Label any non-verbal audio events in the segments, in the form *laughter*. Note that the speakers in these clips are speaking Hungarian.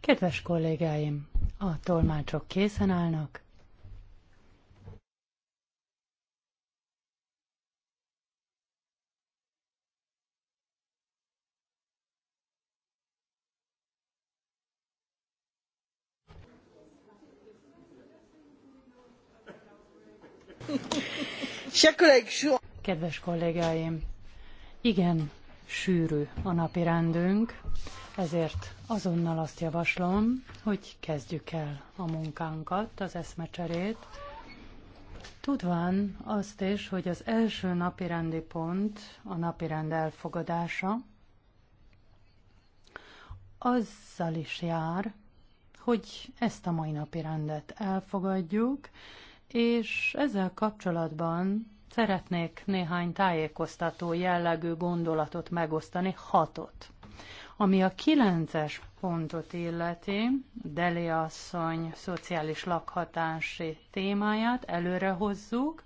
Kedves kollégáim, a tolmácsok készen állnak. Kedves kollégáim, igen, sűrű a napi rendünk, ezért azonnal azt javaslom, hogy kezdjük el a munkánkat, az eszmecserét, Tudván azt is, hogy az első rendi pont a rend elfogadása, azzal is jár, hogy ezt a mai rendet elfogadjuk, és ezzel kapcsolatban Szeretnék néhány tájékoztató jellegű gondolatot megosztani, hatot. Ami a kilences pontot illeti, Deli asszony szociális lakhatási témáját előre hozzuk,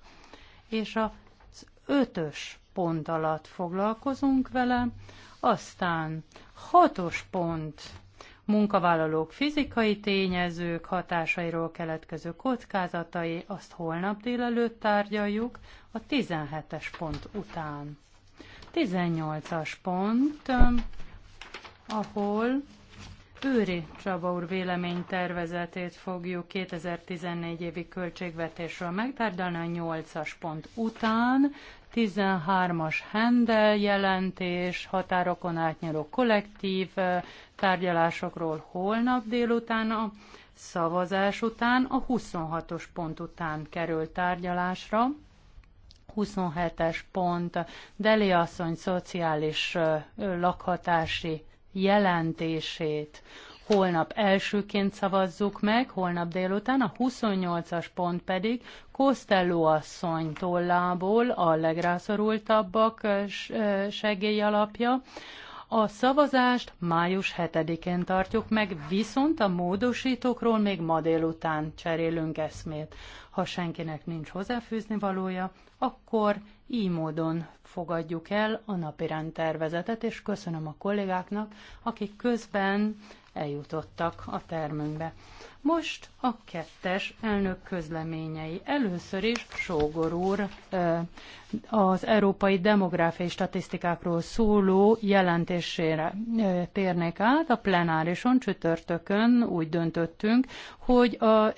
és az ötös pont alatt foglalkozunk vele, aztán hatos pont munkavállalók fizikai tényezők hatásairól keletkező kockázatai, azt holnap délelőtt tárgyaljuk a 17-es pont után. 18-as pont, ahol Őri Csaba úr véleménytervezetét fogjuk 2014 évi költségvetésről megtárgyalni a 8-as pont után. 13-as Hendel jelentés határokon átnyaló kollektív tárgyalásokról holnap délután a szavazás után, a 26-os pont után kerül tárgyalásra. 27-es pont, Deli asszony szociális lakhatási jelentését holnap elsőként szavazzuk meg, holnap délután, a 28-as pont pedig Costello asszony tollából a legrászorultabbak segély alapja, a szavazást május 7-én tartjuk meg, viszont a módosítókról még ma délután cserélünk eszmét. Ha senkinek nincs hozzáfűzni valója, akkor így módon fogadjuk el a napi rendtervezetet, és köszönöm a kollégáknak, akik közben eljutottak a termünkbe. Most a kettes elnök közleményei. Először is Sógor úr az európai demográfiai statisztikákról szóló jelentésére térnek át. A plenárison csütörtökön úgy döntöttünk, hogy a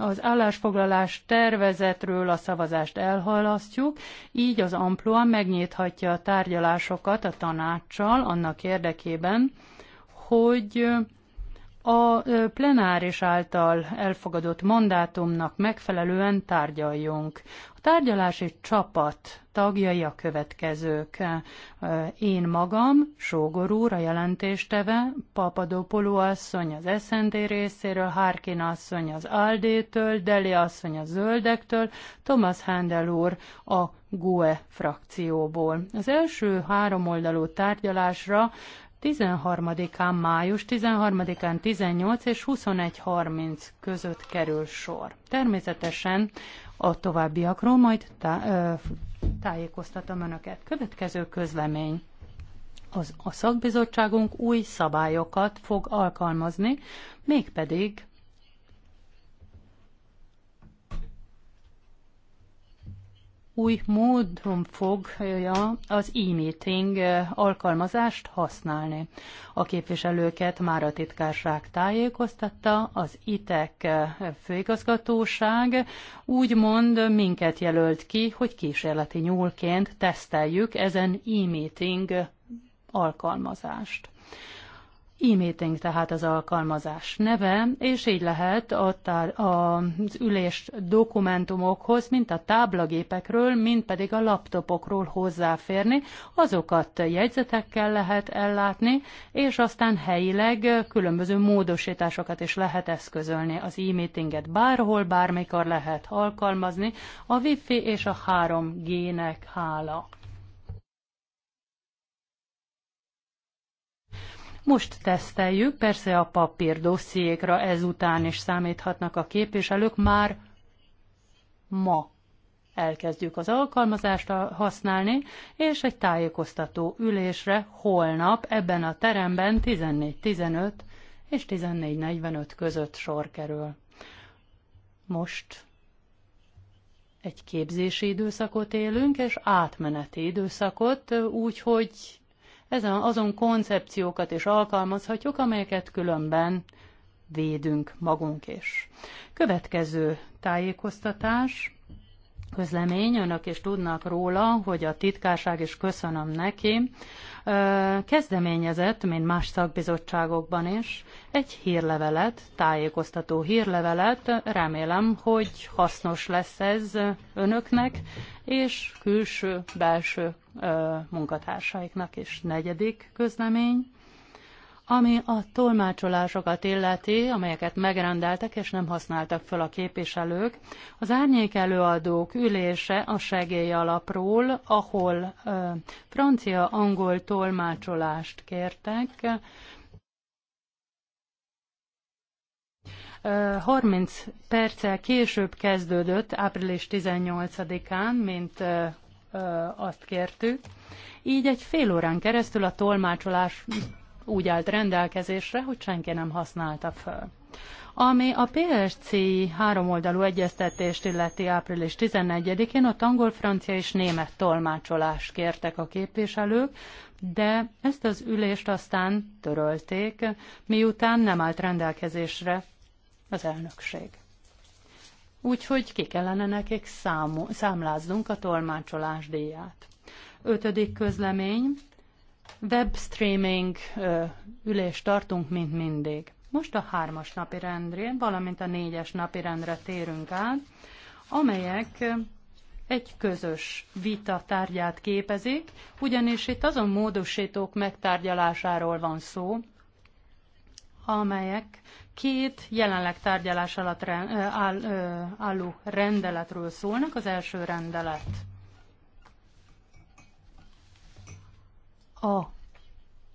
az állásfoglalás tervezetről a szavazást elhalasztjuk, így az Amploa megnyithatja a tárgyalásokat a tanácssal annak érdekében, hogy a plenáris által elfogadott mandátumnak megfelelően tárgyaljunk. A tárgyalási csapat tagjai a következők. Én magam, Sógor úr, a jelentésteve, Papadopoló asszony az SZND részéről, Hárkin asszony az Aldétől, Deli asszony a Zöldektől, Thomas Handel úr a GUE frakcióból. Az első három oldalú tárgyalásra 13-án, május 13-án 18 és 21.30 között kerül sor. Természetesen a továbbiakról majd tá- ö, tájékoztatom Önöket. Következő közlemény. Az, a szakbizottságunk új szabályokat fog alkalmazni, mégpedig új módon fogja az e-meeting alkalmazást használni. A képviselőket már a titkárság tájékoztatta, az ITEK főigazgatóság úgymond minket jelölt ki, hogy kísérleti nyúlként teszteljük ezen e-meeting alkalmazást. E-meeting tehát az alkalmazás neve, és így lehet ott az ülés dokumentumokhoz, mint a táblagépekről, mint pedig a laptopokról hozzáférni. Azokat jegyzetekkel lehet ellátni, és aztán helyileg különböző módosításokat is lehet eszközölni. Az e-meetinget bárhol, bármikor lehet alkalmazni, a Wi-Fi és a 3G-nek hála. Most teszteljük, persze a papír dossziékra ezután is számíthatnak a képviselők, már ma elkezdjük az alkalmazást használni, és egy tájékoztató ülésre holnap ebben a teremben 14.15 és 14.45 között sor kerül. Most egy képzési időszakot élünk, és átmeneti időszakot, úgyhogy ezen azon koncepciókat is alkalmazhatjuk, amelyeket különben védünk magunk is. Következő tájékoztatás, közlemény, önök is tudnak róla, hogy a titkárság is köszönöm neki, kezdeményezett, mint más szakbizottságokban is, egy hírlevelet, tájékoztató hírlevelet. Remélem, hogy hasznos lesz ez önöknek, és külső-belső munkatársaiknak. És negyedik közlemény, ami a tolmácsolásokat illeti, amelyeket megrendeltek és nem használtak föl a képviselők, az árnyék előadók ülése a segély alapról, ahol francia-angol tolmácsolást kértek, 30 perccel később kezdődött, április 18-án, mint azt kértük. Így egy fél órán keresztül a tolmácsolás úgy állt rendelkezésre, hogy senki nem használta föl. Ami a PSC háromoldalú egyeztetést illeti április 14-én, ott angol, francia és német tolmácsolást kértek a képviselők, de ezt az ülést aztán törölték, miután nem állt rendelkezésre az elnökség. Úgyhogy ki kellene nekik számláznunk a tolmácsolás díját. Ötödik közlemény. Webstreaming ülést tartunk, mint mindig. Most a hármas napi rendre, valamint a négyes napi rendre térünk át, amelyek egy közös vita tárgyát képezik, ugyanis itt azon módosítók megtárgyalásáról van szó, amelyek két jelenleg tárgyalás alatt álló rendeletről szólnak. Az első rendelet a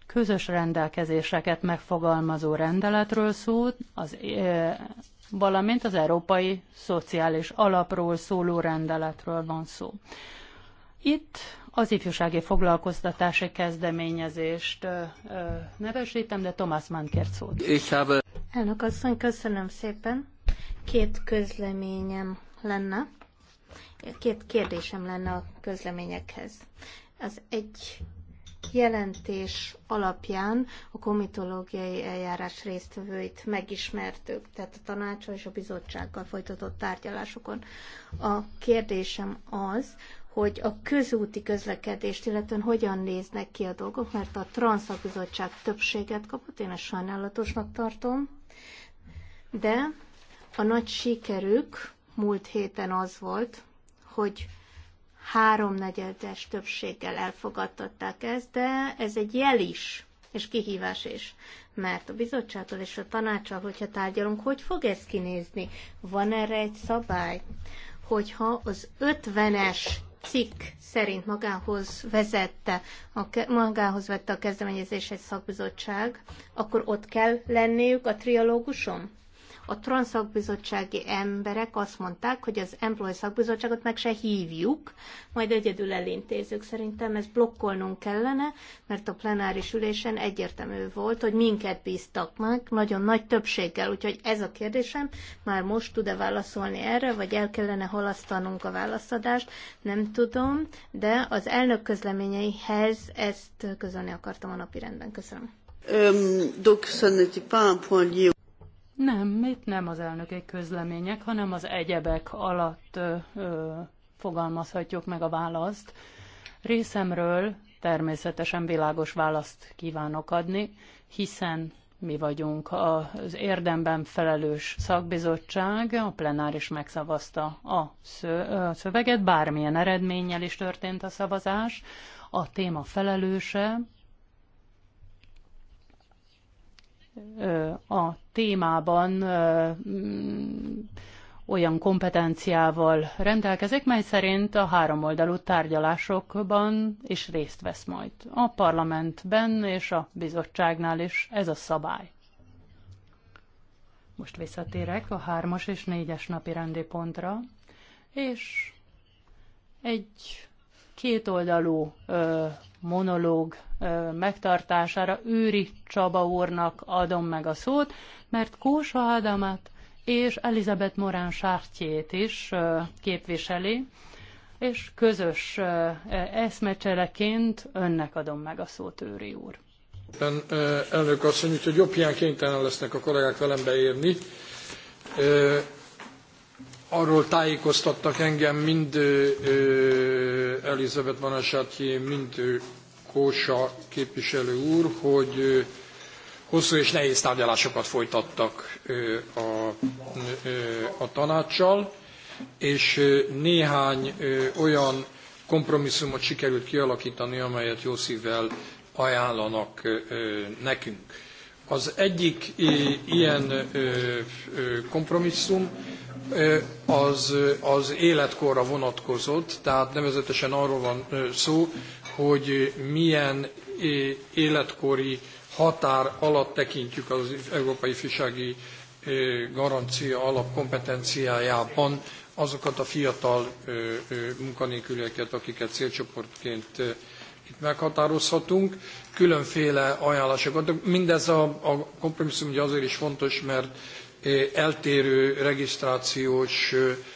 közös rendelkezéseket megfogalmazó rendeletről szól, az, valamint az Európai Szociális Alapról szóló rendeletről van szó. Itt az ifjúsági foglalkoztatási kezdeményezést nevesítem, de Tomás Mann kért szót. Hát, Elnök asszony, köszönöm szépen. Két közleményem lenne, két kérdésem lenne a közleményekhez. Az egy jelentés alapján a komitológiai eljárás résztvevőit megismertük, tehát a tanácsa és a bizottsággal folytatott tárgyalásokon. A kérdésem az, hogy a közúti közlekedést, illetve hogyan néznek ki a dolgok, mert a transzakbizottság többséget kapott, én ezt sajnálatosnak tartom, de a nagy sikerük múlt héten az volt, hogy háromnegyedes többséggel elfogadtatták ezt, de ez egy jel is, és kihívás is. Mert a bizottságtól és a tanácsal, hogyha tárgyalunk, hogy fog ez kinézni? Van erre egy szabály? Hogyha az ötvenes cikk szerint magához vezette, a, magához vette a kezdeményezés egy szakbizottság, akkor ott kell lenniük a trialóguson? a transzakbizottsági emberek azt mondták, hogy az employee szakbizottságot meg se hívjuk, majd egyedül elintézzük. Szerintem ezt blokkolnunk kellene, mert a plenáris ülésen egyértelmű volt, hogy minket bíztak meg nagyon nagy többséggel. Úgyhogy ez a kérdésem, már most tud-e válaszolni erre, vagy el kellene halasztanunk a válaszadást, nem tudom, de az elnök közleményeihez ezt közölni akartam a rendben. Köszönöm. Um, donc, ça n'était pas un point lié nem, itt nem az elnöki közlemények, hanem az egyebek alatt ö, ö, fogalmazhatjuk meg a választ. Részemről természetesen világos választ kívánok adni, hiszen mi vagyunk az érdemben felelős szakbizottság, a plenáris megszavazta a szöveget, bármilyen eredménnyel is történt a szavazás, a téma felelőse, a témában mm, olyan kompetenciával rendelkezik, mely szerint a háromoldalú tárgyalásokban is részt vesz majd. A parlamentben és a bizottságnál is ez a szabály. Most visszatérek a hármas és négyes napi rendi pontra, és egy kétoldalú monológ megtartására Őri Csaba úrnak adom meg a szót, mert Kósa Ádámát és Elizabeth Morán sártjét is képviseli, és közös e, eszmecseleként önnek adom meg a szót, Őri úr. Elnök asszony, úgyhogy jobb hiány kénytelen lesznek a kollégák velem beérni arról tájékoztattak engem mind Elizabeth Vanasátjé, mind Kósa képviselő úr, hogy hosszú és nehéz tárgyalásokat folytattak a, a tanácssal, és néhány olyan kompromisszumot sikerült kialakítani, amelyet jó szívvel ajánlanak nekünk. Az egyik ilyen kompromisszum, az, az életkorra vonatkozott, tehát nevezetesen arról van szó, hogy milyen életkori határ alatt tekintjük az Európai Ifjúsági Garancia Alap kompetenciájában azokat a fiatal munkanélkülieket, akiket célcsoportként itt meghatározhatunk. Különféle ajánlásokat. Mindez a, a kompromisszum ugye azért is fontos, mert eltérő regisztrációs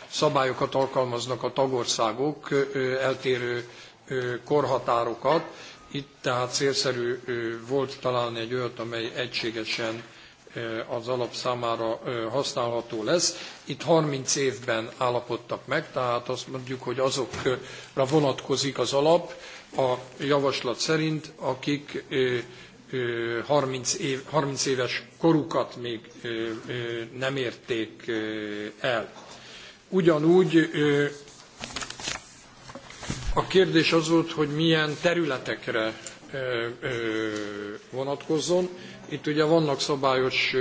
szabályokat alkalmaznak a tagországok, eltérő korhatárokat. Itt tehát célszerű volt találni egy olyat, amely egységesen az alap számára használható lesz. Itt 30 évben állapodtak meg, tehát azt mondjuk, hogy azokra vonatkozik az alap a javaslat szerint, akik 30, év, 30 éves korukat még nem érték el. Ugyanúgy a kérdés az volt, hogy milyen területekre vonatkozzon. Itt ugye vannak szabályos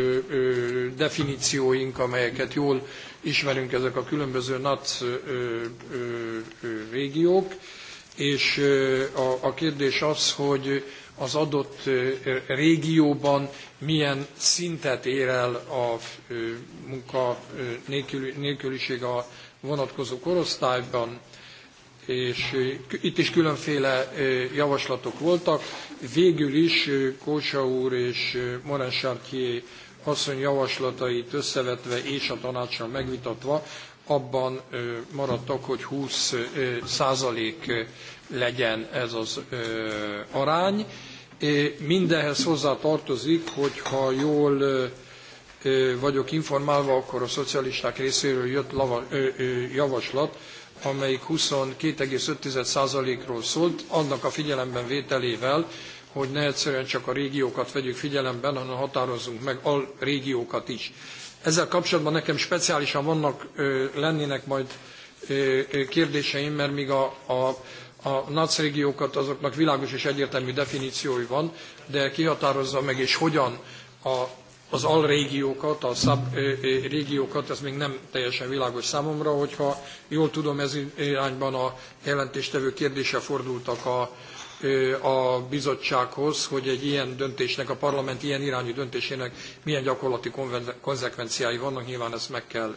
definícióink, amelyeket jól ismerünk ezek a különböző NAT régiók és a, a kérdés az, hogy az adott régióban milyen szintet ér el a munka nélküliség a vonatkozó korosztályban, és itt is különféle javaslatok voltak. Végül is Kósa úr és Morán Sarkier asszony javaslatait összevetve és a tanácssal megvitatva abban maradtak, hogy 20 százalék legyen ez az arány. Mindehhez hozzá tartozik, ha jól vagyok informálva, akkor a szocialisták részéről jött javaslat, amelyik 22,5%-ról szólt, annak a figyelemben vételével, hogy ne egyszerűen csak a régiókat vegyük figyelemben, hanem határozzunk meg a régiókat is. Ezzel kapcsolatban nekem speciálisan vannak, lennének majd kérdéseim, mert míg a, a, a NAC régiókat azoknak világos és egyértelmű definíciói van, de kihatározza meg és hogyan a, az alrégiókat, a szab-régiókat, ez még nem teljesen világos számomra, hogyha jól tudom, ez irányban a jelentéstevő kérdése fordultak a, a bizottsághoz, hogy egy ilyen döntésnek, a parlament ilyen irányú döntésének milyen gyakorlati konzekvenciái vannak, nyilván ezt meg kell,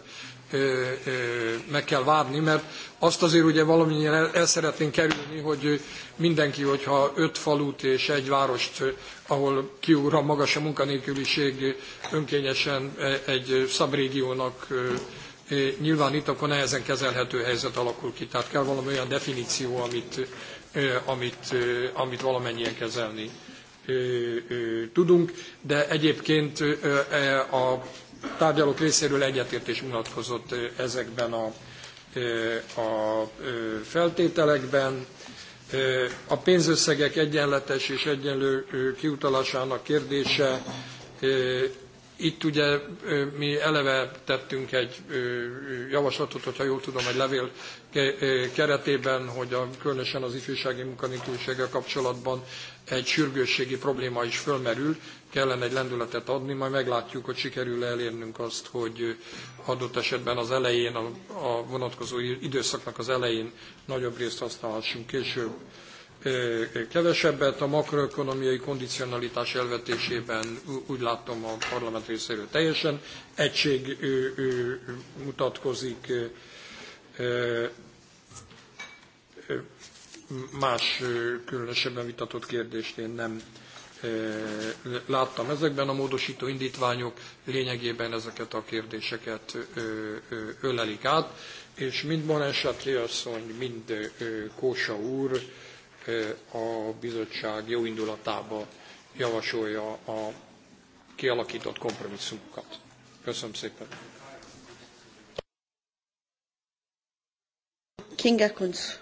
meg kell várni, mert azt azért ugye valamennyire el, el szeretnénk kerülni, hogy mindenki, hogyha öt falut és egy várost, ahol kiúra magas a munkanélküliség, önkényesen e, egy szabrégiónak e, nyilván itt akkor nehezen kezelhető helyzet alakul ki. Tehát kell valami olyan definíció, amit amit, amit valamennyien kezelni tudunk, de egyébként e, a tárgyalók részéről egyetértés mutatkozott ezekben a, a feltételekben. A pénzösszegek egyenletes és egyenlő kiutalásának kérdése itt ugye mi eleve tettünk egy javaslatot, hogyha jól tudom, egy levél keretében, hogy a, különösen az ifjúsági munkanélküliséggel kapcsolatban egy sürgősségi probléma is fölmerül, kellene egy lendületet adni, majd meglátjuk, hogy sikerül elérnünk azt, hogy adott esetben az elején, a, a vonatkozó időszaknak az elején nagyobb részt használhassunk később kevesebbet, a makroökonómiai kondicionalitás elvetésében úgy látom a parlament részéről teljesen egység mutatkozik, más különösebben vitatott kérdést én nem láttam ezekben a módosító indítványok, lényegében ezeket a kérdéseket ölelik át, és mind Manesát asszony, mind Kósa úr, a bizottság jó indulatába javasolja a kialakított kompromisszumokat. Köszönöm szépen. Kinga Kunz.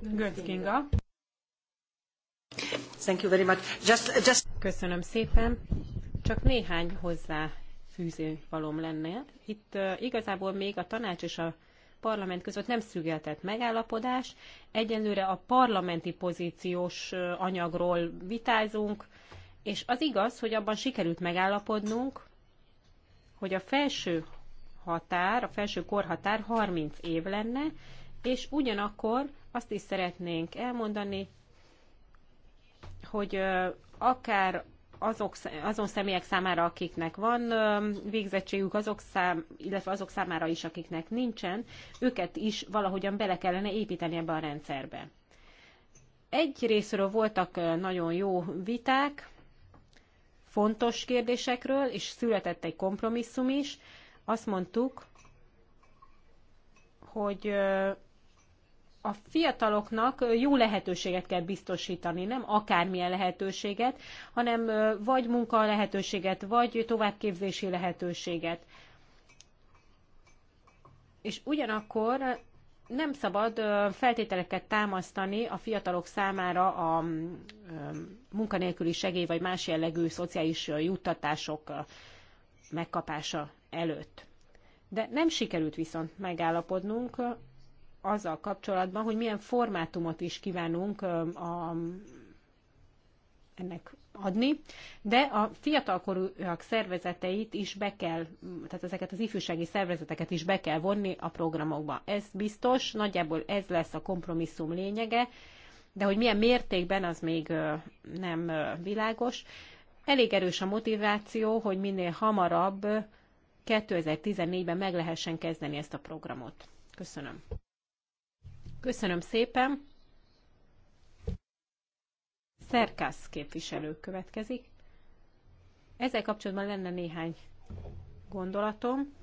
Good, Kinga. Thank you very much. Just, just... Köszönöm szépen. Csak néhány hozzá fűző valom lenne. Itt uh, igazából még a tanács és a parlament között nem szügeltett megállapodás. Egyelőre a parlamenti pozíciós anyagról vitázunk, és az igaz, hogy abban sikerült megállapodnunk, hogy a felső határ, a felső korhatár 30 év lenne, és ugyanakkor azt is szeretnénk elmondani, hogy akár azok, azon személyek számára, akiknek van végzettségük, azok szám, illetve azok számára is, akiknek nincsen, őket is valahogyan bele kellene építeni ebbe a rendszerbe. Egy részről voltak nagyon jó viták, fontos kérdésekről, és született egy kompromisszum is. Azt mondtuk, hogy a fiataloknak jó lehetőséget kell biztosítani, nem akármilyen lehetőséget, hanem vagy munka lehetőséget, vagy továbbképzési lehetőséget. És ugyanakkor nem szabad feltételeket támasztani a fiatalok számára a munkanélküli segély vagy más jellegű szociális juttatások megkapása előtt. De nem sikerült viszont megállapodnunk azzal kapcsolatban, hogy milyen formátumot is kívánunk a, ennek adni, de a fiatalkorúak szervezeteit is be kell, tehát ezeket az ifjúsági szervezeteket is be kell vonni a programokba. Ez biztos, nagyjából ez lesz a kompromisszum lényege, de hogy milyen mértékben, az még nem világos. Elég erős a motiváció, hogy minél hamarabb 2014-ben meg lehessen kezdeni ezt a programot. Köszönöm. Köszönöm szépen. Szerkász képviselő következik. Ezzel kapcsolatban lenne néhány gondolatom,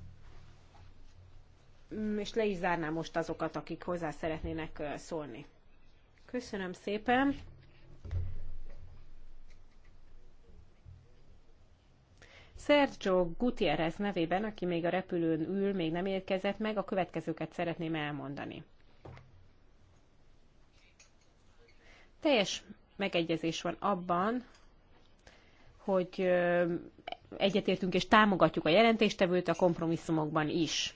mm, és le is zárnám most azokat, akik hozzá szeretnének szólni. Köszönöm szépen. Sergio Gutierrez nevében, aki még a repülőn ül, még nem érkezett meg, a következőket szeretném elmondani. Teljes megegyezés van abban, hogy egyetértünk és támogatjuk a jelentéstevőt a kompromisszumokban is.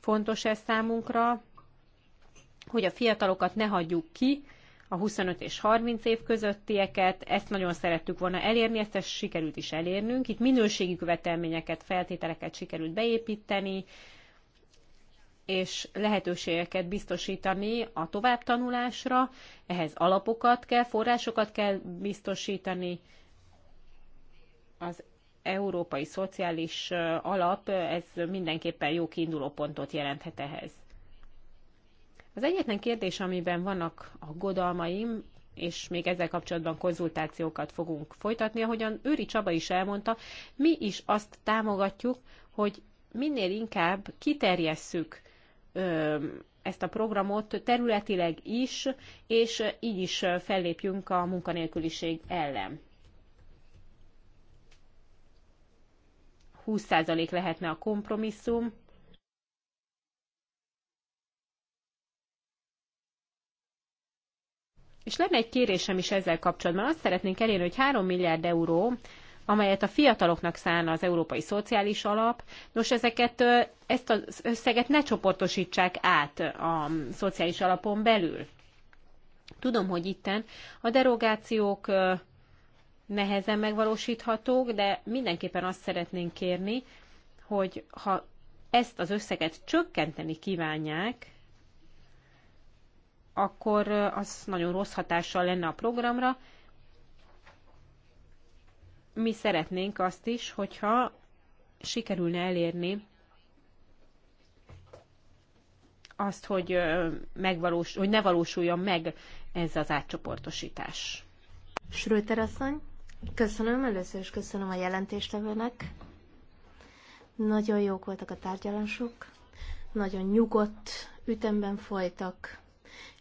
Fontos ez számunkra, hogy a fiatalokat ne hagyjuk ki, a 25 és 30 év közöttieket, ezt nagyon szerettük volna elérni, ezt, ezt sikerült is elérnünk. Itt minőségi követelményeket, feltételeket sikerült beépíteni, és lehetőségeket biztosítani a továbbtanulásra, ehhez alapokat kell, forrásokat kell biztosítani. Az Európai Szociális Alap, ez mindenképpen jó kiinduló pontot jelenthet ehhez. Az egyetlen kérdés, amiben vannak a godalmaim, és még ezzel kapcsolatban konzultációkat fogunk folytatni, ahogyan Őri Csaba is elmondta, mi is azt támogatjuk, hogy minél inkább kiterjesszük ezt a programot területileg is, és így is fellépjünk a munkanélküliség ellen. 20% lehetne a kompromisszum, És lenne egy kérésem is ezzel kapcsolatban. Azt szeretnénk elérni, hogy 3 milliárd euró amelyet a fiataloknak szán az Európai Szociális Alap. Nos, ezeket, ezt az összeget ne csoportosítsák át a szociális alapon belül. Tudom, hogy itten a derogációk nehezen megvalósíthatók, de mindenképpen azt szeretnénk kérni, hogy ha ezt az összeget csökkenteni kívánják, akkor az nagyon rossz hatással lenne a programra, mi szeretnénk azt is, hogyha sikerülne elérni azt, hogy, megvalós, hogy ne valósuljon meg ez az átcsoportosítás. Schröter asszony, köszönöm először, és köszönöm a jelentéstevőnek. Nagyon jók voltak a tárgyalások, nagyon nyugodt ütemben folytak,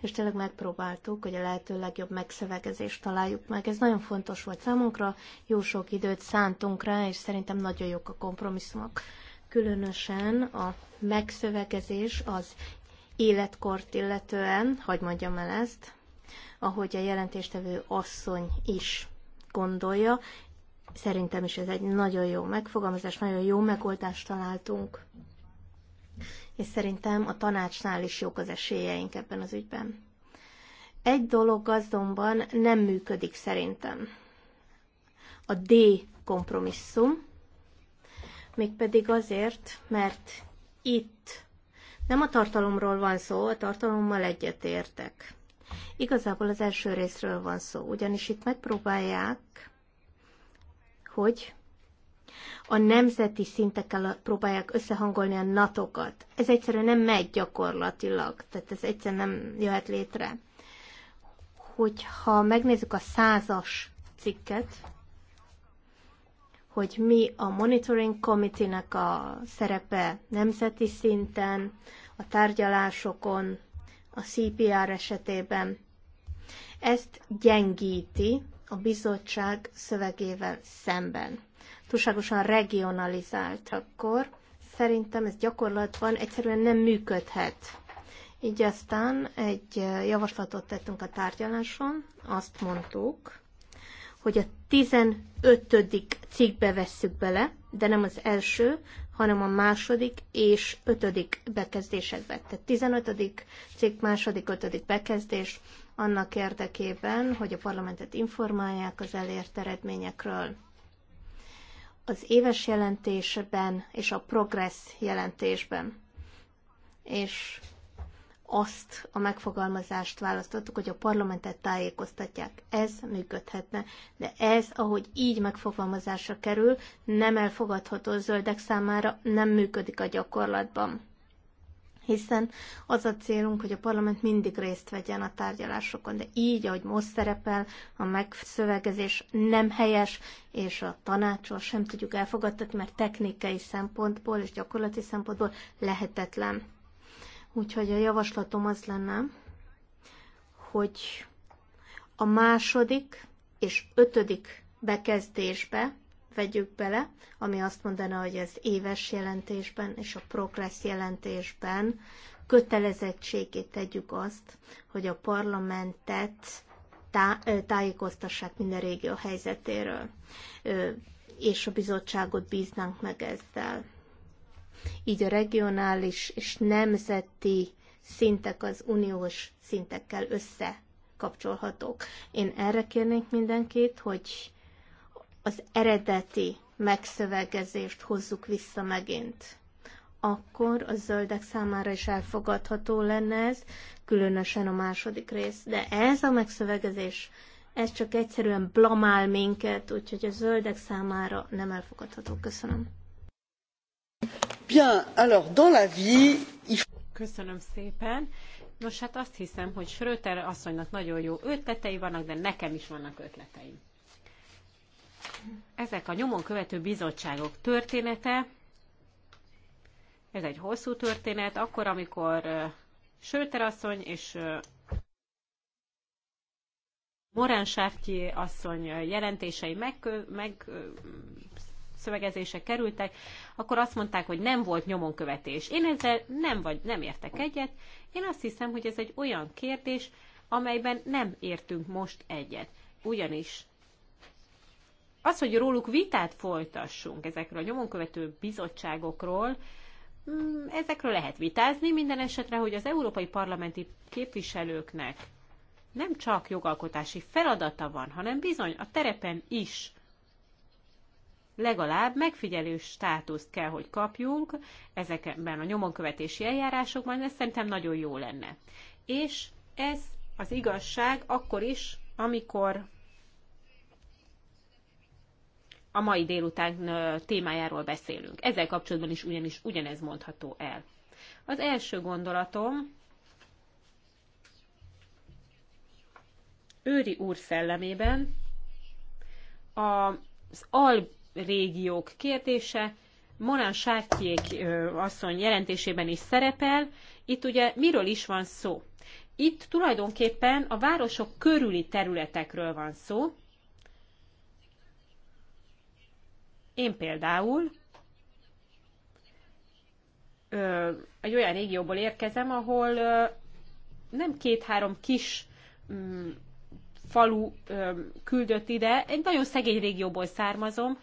és tényleg megpróbáltuk, hogy a lehető legjobb megszövegezést találjuk meg. Ez nagyon fontos volt számunkra, jó sok időt szántunk rá, és szerintem nagyon jók a kompromisszumok. Különösen a megszövegezés az életkort illetően, hogy mondjam el ezt, ahogy a jelentéstevő asszony is gondolja, szerintem is ez egy nagyon jó megfogalmazás, nagyon jó megoldást találtunk és szerintem a tanácsnál is jók az esélyeink ebben az ügyben. Egy dolog azonban nem működik szerintem. A D kompromisszum, mégpedig azért, mert itt nem a tartalomról van szó, a tartalommal egyetértek. Igazából az első részről van szó, ugyanis itt megpróbálják, hogy a nemzeti szintekkel próbálják összehangolni a natokat. Ez egyszerűen nem megy gyakorlatilag, tehát ez egyszerűen nem jöhet létre. Hogyha megnézzük a százas cikket, hogy mi a Monitoring Committee-nek a szerepe nemzeti szinten, a tárgyalásokon, a CPR esetében. Ezt gyengíti a bizottság szövegével szemben túlságosan regionalizált, akkor szerintem ez gyakorlatban egyszerűen nem működhet. Így aztán egy javaslatot tettünk a tárgyaláson, azt mondtuk, hogy a 15. cikkbe vesszük bele, de nem az első, hanem a második és ötödik bekezdésekbe. Tehát 15. cikk, második, ötödik bekezdés annak érdekében, hogy a parlamentet informálják az elért eredményekről az éves jelentésben és a progress jelentésben. És azt a megfogalmazást választottuk, hogy a parlamentet tájékoztatják. Ez működhetne, de ez, ahogy így megfogalmazásra kerül, nem elfogadható a zöldek számára, nem működik a gyakorlatban hiszen az a célunk, hogy a parlament mindig részt vegyen a tárgyalásokon, de így, ahogy most szerepel, a megszövegezés nem helyes, és a tanácsot sem tudjuk elfogadtatni, mert technikai szempontból és gyakorlati szempontból lehetetlen. Úgyhogy a javaslatom az lenne, hogy a második és ötödik bekezdésbe vegyük bele, ami azt mondaná, hogy az éves jelentésben és a progress jelentésben kötelezettségét tegyük azt, hogy a parlamentet tájékoztassák minden régió helyzetéről, és a bizottságot bíznánk meg ezzel. Így a regionális és nemzeti szintek az uniós szintekkel összekapcsolhatók. Én erre kérnék mindenkit, hogy az eredeti megszövegezést hozzuk vissza megint, akkor a zöldek számára is elfogadható lenne ez, különösen a második rész. De ez a megszövegezés, ez csak egyszerűen blamál minket, úgyhogy a zöldek számára nem elfogadható. Köszönöm. Bien, alors dans la vie, il... Köszönöm szépen. Nos, hát azt hiszem, hogy Schröter asszonynak nagyon jó ötletei vannak, de nekem is vannak ötleteim ezek a nyomon követő bizottságok története, ez egy hosszú történet, akkor, amikor Sőter asszony és Morán Sártyi asszony jelentései megszövegezése meg, kerültek, akkor azt mondták, hogy nem volt követés. Én ezzel nem, vagy, nem értek egyet. Én azt hiszem, hogy ez egy olyan kérdés, amelyben nem értünk most egyet. Ugyanis az, hogy róluk vitát folytassunk ezekről a nyomonkövető bizottságokról, mm, ezekről lehet vitázni, minden esetre, hogy az európai parlamenti képviselőknek nem csak jogalkotási feladata van, hanem bizony a terepen is legalább megfigyelő státuszt kell, hogy kapjunk ezekben a nyomonkövetési eljárásokban, ez szerintem nagyon jó lenne. És ez az igazság akkor is, amikor a mai délután témájáról beszélünk. Ezzel kapcsolatban is ugyanis ugyanez mondható el. Az első gondolatom Őri úr szellemében az alrégiók kérdése Morán Sártyék asszony jelentésében is szerepel. Itt ugye miről is van szó? Itt tulajdonképpen a városok körüli területekről van szó, Én például ö, egy olyan régióból érkezem, ahol ö, nem két-három kis m, mm, falu ö, küldött ide, egy nagyon szegény régióból származom,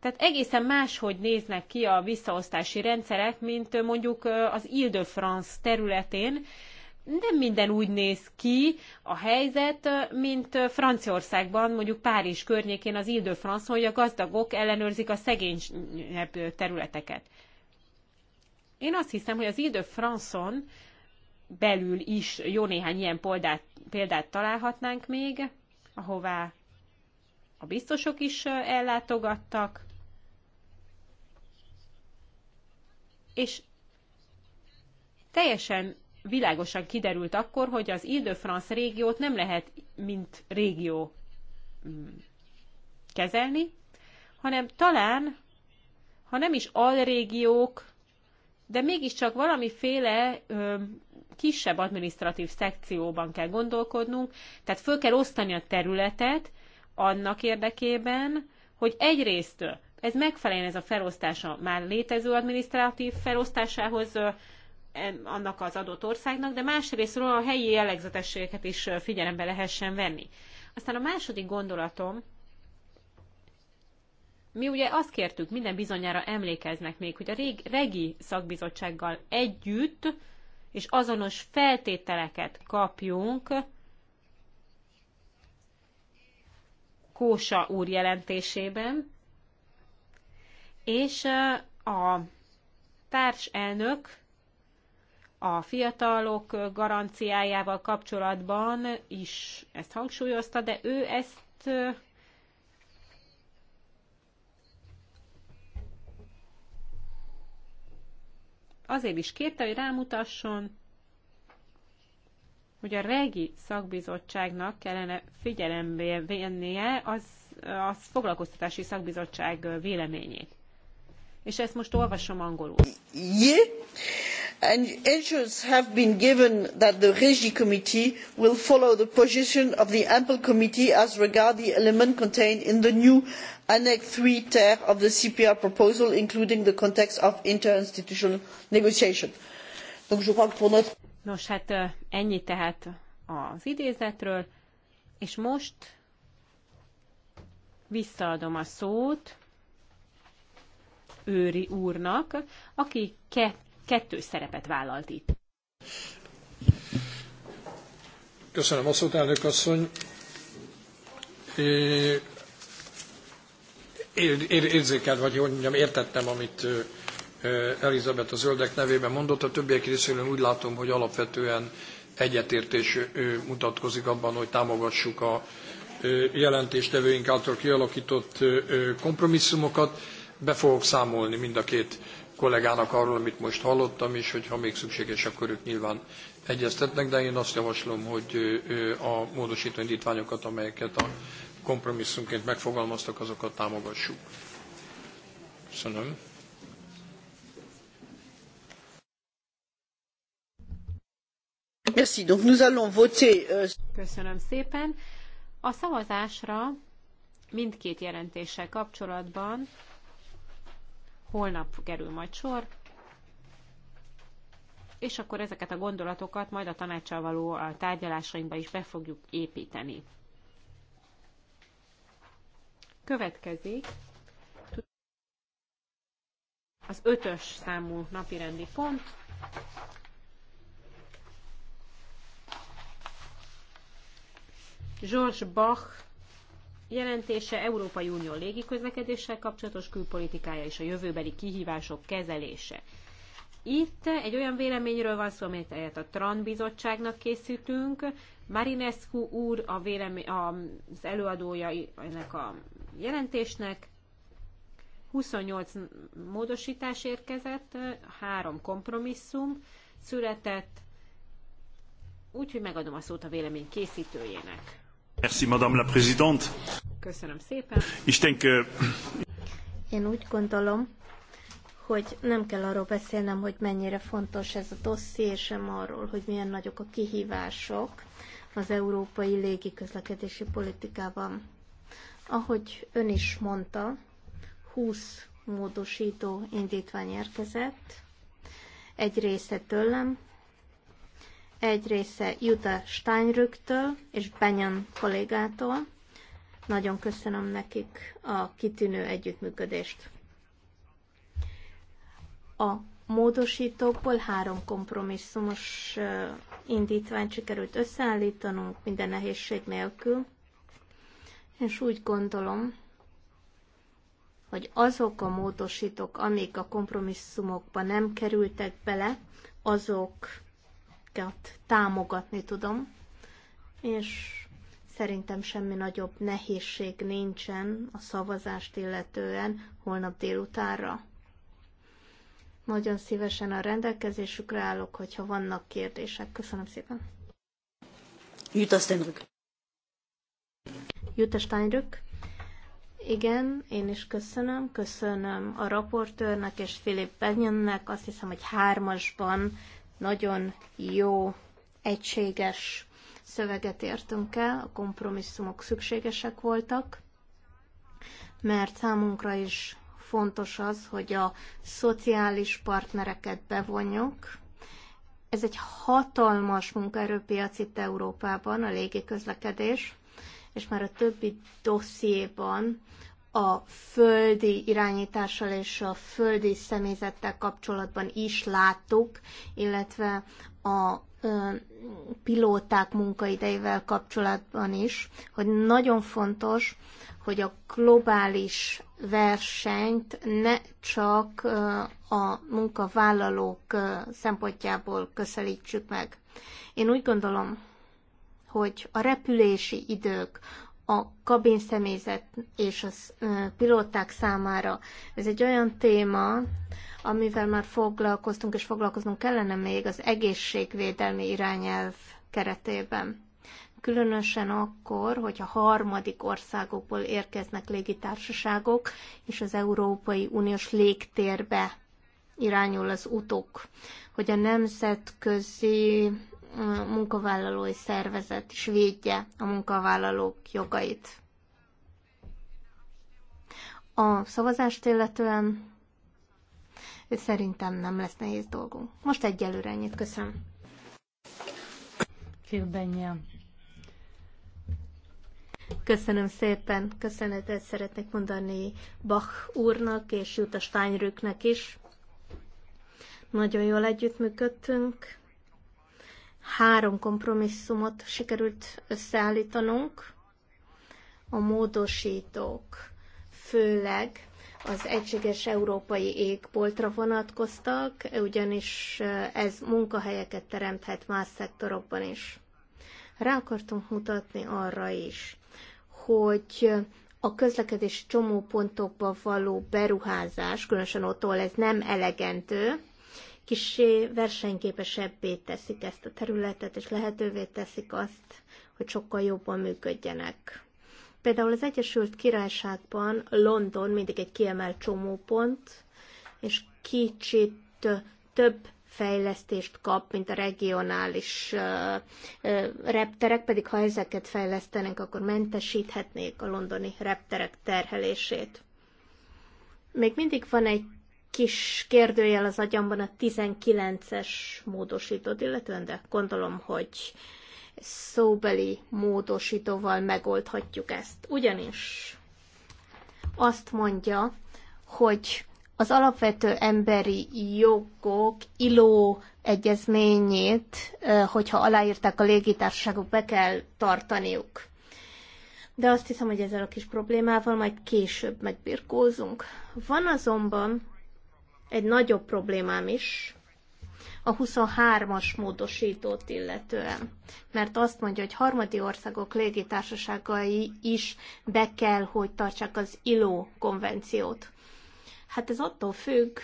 tehát egészen máshogy néznek ki a visszaosztási rendszerek, mint mondjuk az Ile-de-France területén, nem minden úgy néz ki a helyzet, mint Franciaországban, mondjuk Párizs környékén az Ildő france hogy a gazdagok ellenőrzik a szegényebb területeket. Én azt hiszem, hogy az Ildő de france belül is jó néhány ilyen példát, példát találhatnánk még, ahová a biztosok is ellátogattak, és teljesen világosan kiderült akkor, hogy az Ile-de-France régiót nem lehet mint régió mm, kezelni, hanem talán, ha nem is alrégiók, de mégiscsak valamiféle ö, kisebb administratív szekcióban kell gondolkodnunk, tehát föl kell osztani a területet annak érdekében, hogy egyrészt ez megfeleljen ez a felosztása már létező administratív felosztásához, annak az adott országnak, de másrésztről a helyi jellegzetességeket is figyelembe lehessen venni. Aztán a második gondolatom, mi ugye azt kértük, minden bizonyára emlékeznek még, hogy a rég, regi szakbizottsággal együtt és azonos feltételeket kapjunk Kósa úr jelentésében, és a társelnök a fiatalok garanciájával kapcsolatban is ezt hangsúlyozta, de ő ezt azért is kérte, hogy rámutasson, hogy a regi szakbizottságnak kellene figyelembe vennie az, az foglalkoztatási szakbizottság véleményét és ezt most olvasom angolul. Yeah. And answers have been given that the Regi Committee will follow the position of the Ample Committee as regard the element contained in the new Annex 3 ter of the CPR proposal, including the context of interinstitutional negotiation. Donc je crois que pour notre... Nos, hát ennyi tehát az idézetről, és most visszaadom a szót őri úrnak, aki ke- kettős szerepet vállalt itt. Köszönöm a szót, elnök asszony. É, ér, vagy hogy mondjam, értettem, amit Elizabeth a zöldek nevében mondott. A többiek részéről úgy látom, hogy alapvetően egyetértés mutatkozik abban, hogy támogassuk a jelentéstevőink által kialakított kompromisszumokat be fogok számolni mind a két kollégának arról, amit most hallottam, és hogyha még szükséges, akkor ők nyilván egyeztetnek, de én azt javaslom, hogy a módosító indítványokat, amelyeket a kompromisszumként megfogalmaztak, azokat támogassuk. Köszönöm. Merci. nous allons voter. Euh, Köszönöm szépen. A szavazásra mindkét jelentéssel kapcsolatban holnap kerül majd sor, és akkor ezeket a gondolatokat majd a tanácssal való a tárgyalásainkba is be fogjuk építeni. Következik az ötös számú napirendi pont. George Bach jelentése Európai Unió légiközlekedéssel kapcsolatos külpolitikája és a jövőbeli kihívások kezelése. Itt egy olyan véleményről van szó, amelyet a TRAN bizottságnak készítünk. Marinescu úr a vélemény, az előadója ennek a jelentésnek. 28 módosítás érkezett, három kompromisszum született, úgyhogy megadom a szót a vélemény készítőjének. Köszönöm szépen. Én úgy gondolom, hogy nem kell arról beszélnem, hogy mennyire fontos ez a dosszié, sem arról, hogy milyen nagyok a kihívások az európai légiközlekedési politikában. Ahogy ön is mondta, 20 módosító indítvány érkezett, egy része tőlem, egy része Jutta Steinrücktől és Benyan kollégától. Nagyon köszönöm nekik a kitűnő együttműködést. A módosítókból három kompromisszumos indítványt sikerült összeállítanunk minden nehézség nélkül, és úgy gondolom, hogy azok a módosítók, amik a kompromisszumokba nem kerültek bele, azok ezeket támogatni tudom, és szerintem semmi nagyobb nehézség nincsen a szavazást illetően holnap délutánra. Nagyon szívesen a rendelkezésükre állok, hogyha vannak kérdések. Köszönöm szépen. Jutta Steinrück. Jutta Steinrück. Igen, én is köszönöm. Köszönöm a raportőrnek és Filip Benyönnek. Azt hiszem, hogy hármasban nagyon jó, egységes szöveget értünk el, a kompromisszumok szükségesek voltak, mert számunkra is fontos az, hogy a szociális partnereket bevonjuk. Ez egy hatalmas munkaerőpiac itt Európában, a légiközlekedés, és már a többi dossziéban a földi irányítással és a földi személyzettel kapcsolatban is láttuk, illetve a pilóták munkaidejével kapcsolatban is, hogy nagyon fontos, hogy a globális versenyt ne csak a munkavállalók szempontjából közelítsük meg. Én úgy gondolom, hogy a repülési idők, a kabin személyzet és a pilóták számára. Ez egy olyan téma, amivel már foglalkoztunk, és foglalkoznunk kellene még az egészségvédelmi irányelv keretében. Különösen akkor, hogy a harmadik országokból érkeznek légitársaságok, és az Európai Uniós légtérbe irányul az utuk, hogy a nemzetközi munkavállalói szervezet is védje a munkavállalók jogait. A szavazást illetően szerintem nem lesz nehéz dolgunk. Most egyelőre ennyit köszönöm. Filbennyel. Köszönöm szépen, köszönetet szeretnék mondani Bach úrnak és Jutta Steinrücknek is. Nagyon jól együttműködtünk, Három kompromisszumot sikerült összeállítanunk. A módosítók főleg az egységes európai égboltra vonatkoztak, ugyanis ez munkahelyeket teremthet más szektorokban is. Rá akartunk mutatni arra is, hogy a közlekedési csomópontokba való beruházás, különösen ottól ez nem elegendő, kisé versenyképesebbé teszik ezt a területet, és lehetővé teszik azt, hogy sokkal jobban működjenek. Például az Egyesült Királyságban London mindig egy kiemelt csomópont, és kicsit több fejlesztést kap, mint a regionális repterek, pedig ha ezeket fejlesztenek, akkor mentesíthetnék a londoni repterek terhelését. Még mindig van egy kis kérdőjel az agyamban a 19-es módosítót illetően, de gondolom, hogy szóbeli módosítóval megoldhatjuk ezt. Ugyanis azt mondja, hogy az alapvető emberi jogok ILO egyezményét, hogyha aláírták a légitársaságok, be kell tartaniuk. De azt hiszem, hogy ezzel a kis problémával majd később megbirkózunk. Van azonban egy nagyobb problémám is, a 23-as módosítót illetően. Mert azt mondja, hogy harmadi országok légitársaságai is be kell, hogy tartsák az ILO konvenciót. Hát ez attól függ,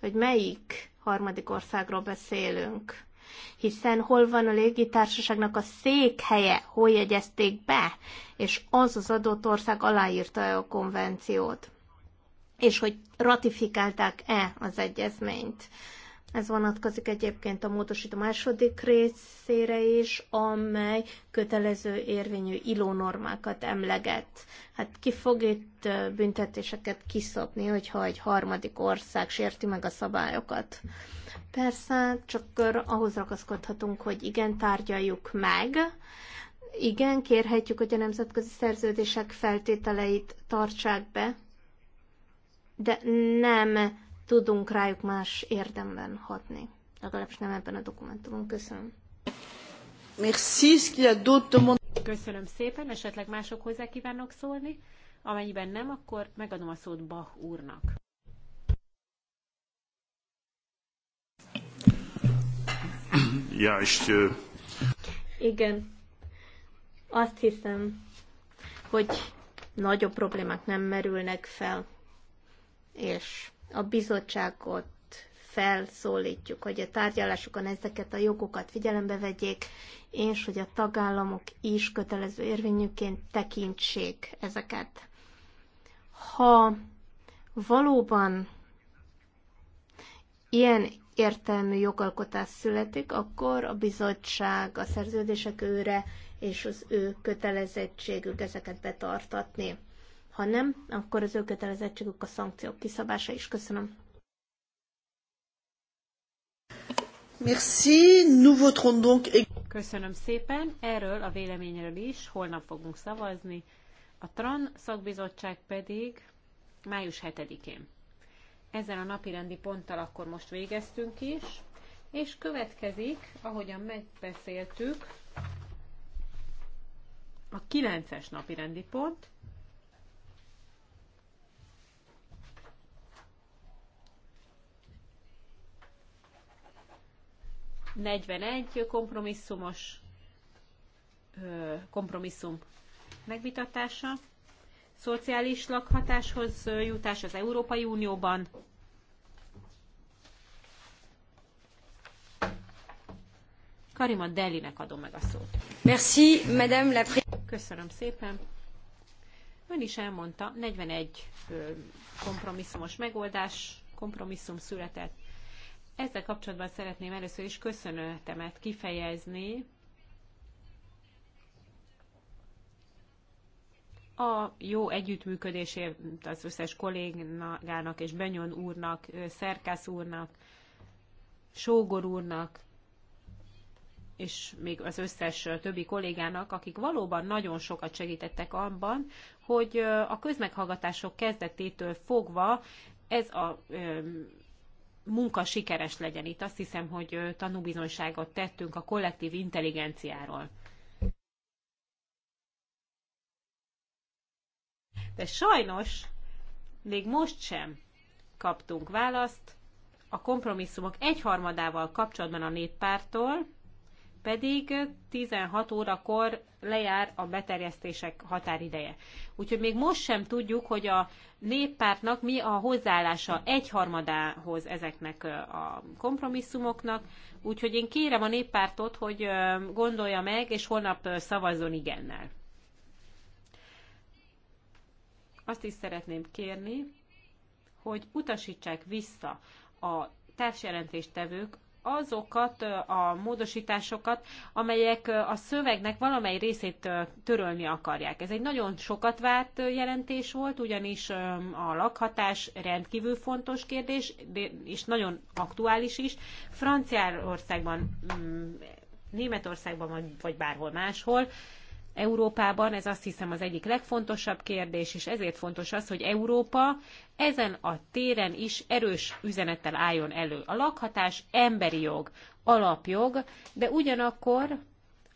hogy melyik harmadik országról beszélünk. Hiszen hol van a légitársaságnak a székhelye, hol jegyezték be, és az az adott ország aláírta a konvenciót és hogy ratifikálták-e az egyezményt. Ez vonatkozik egyébként a módosító második részére is, amely kötelező érvényű ilónormákat emleget. Hát ki fog itt büntetéseket kiszabni, hogyha egy harmadik ország sérti meg a szabályokat? Persze, csak ahhoz ragaszkodhatunk, hogy igen, tárgyaljuk meg, igen, kérhetjük, hogy a nemzetközi szerződések feltételeit tartsák be, de nem tudunk rájuk más érdemben hatni. Legalábbis nem ebben a dokumentumon. Köszönöm. Merci, Köszönöm szépen, esetleg mások hozzá kívánok szólni. Amennyiben nem, akkor megadom a szót Bach úrnak. Ja, és... Igen. Azt hiszem, hogy nagyobb problémák nem merülnek fel és a bizottságot felszólítjuk, hogy a tárgyalásokon ezeket a jogokat figyelembe vegyék, és hogy a tagállamok is kötelező érvényűként tekintsék ezeket. Ha valóban ilyen értelmű jogalkotás születik, akkor a bizottság a szerződések őre és az ő kötelezettségük ezeket betartatni. Ha nem, akkor az ő kötelezettségük a szankciók kiszabása is. Köszönöm. Merci, nous voterons donc... Köszönöm szépen. Erről a véleményről is holnap fogunk szavazni. A TRAN szakbizottság pedig május 7-én. Ezzel a napirendi ponttal akkor most végeztünk is, és következik, ahogyan megbeszéltük, a 9-es napirendi pont, 41 kompromisszumos kompromisszum megvitatása, szociális lakhatáshoz jutás az Európai Unióban, Karima Delinek adom meg a szót. Merci, Madame la Köszönöm szépen. Ön is elmondta, 41 kompromisszumos megoldás, kompromisszum született ezzel kapcsolatban szeretném először is köszönetemet kifejezni a jó együttműködésért az összes kollégának és Benyon úrnak, Szerkász úrnak, Sógor úrnak, és még az összes többi kollégának, akik valóban nagyon sokat segítettek abban, hogy a közmeghallgatások kezdetétől fogva ez a munka sikeres legyen itt. Azt hiszem, hogy tanúbizonyságot tettünk a kollektív intelligenciáról. De sajnos még most sem kaptunk választ a kompromisszumok egyharmadával kapcsolatban a néppártól, pedig 16 órakor lejár a beterjesztések határideje. Úgyhogy még most sem tudjuk, hogy a néppártnak mi a hozzáállása egyharmadához ezeknek a kompromisszumoknak, úgyhogy én kérem a néppártot, hogy gondolja meg, és holnap szavazzon igennel. Azt is szeretném kérni, hogy utasítsák vissza a társjelentéstevők azokat a módosításokat, amelyek a szövegnek valamely részét törölni akarják. Ez egy nagyon sokat várt jelentés volt, ugyanis a lakhatás rendkívül fontos kérdés, és nagyon aktuális is. Franciaországban, mm, Németországban vagy bárhol máshol Európában, ez azt hiszem az egyik legfontosabb kérdés, és ezért fontos az, hogy Európa ezen a téren is erős üzenettel álljon elő. A lakhatás emberi jog, alapjog, de ugyanakkor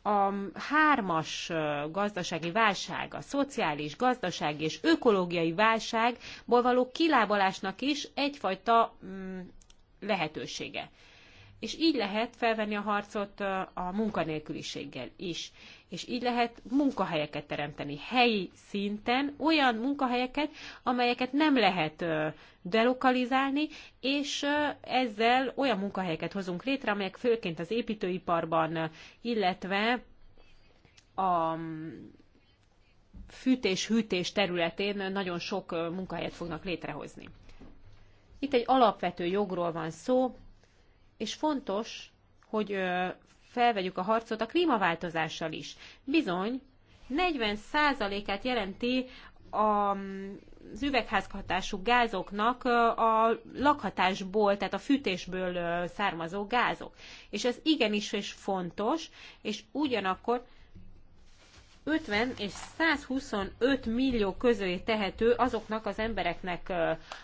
a hármas gazdasági válság, a szociális, gazdasági és ökológiai válságból való kilábalásnak is egyfajta mm, lehetősége. És így lehet felvenni a harcot a munkanélküliséggel is és így lehet munkahelyeket teremteni helyi szinten, olyan munkahelyeket, amelyeket nem lehet delokalizálni, és ezzel olyan munkahelyeket hozunk létre, amelyek főként az építőiparban, illetve a mm, fűtés-hűtés területén nagyon sok munkahelyet fognak létrehozni. Itt egy alapvető jogról van szó, és fontos, hogy felvegyük a harcot a klímaváltozással is. Bizony, 40%-át jelenti a az üvegházhatású gázoknak a lakhatásból, tehát a fűtésből származó gázok. És ez igenis is fontos, és ugyanakkor 50 és 125 millió közé tehető azoknak az embereknek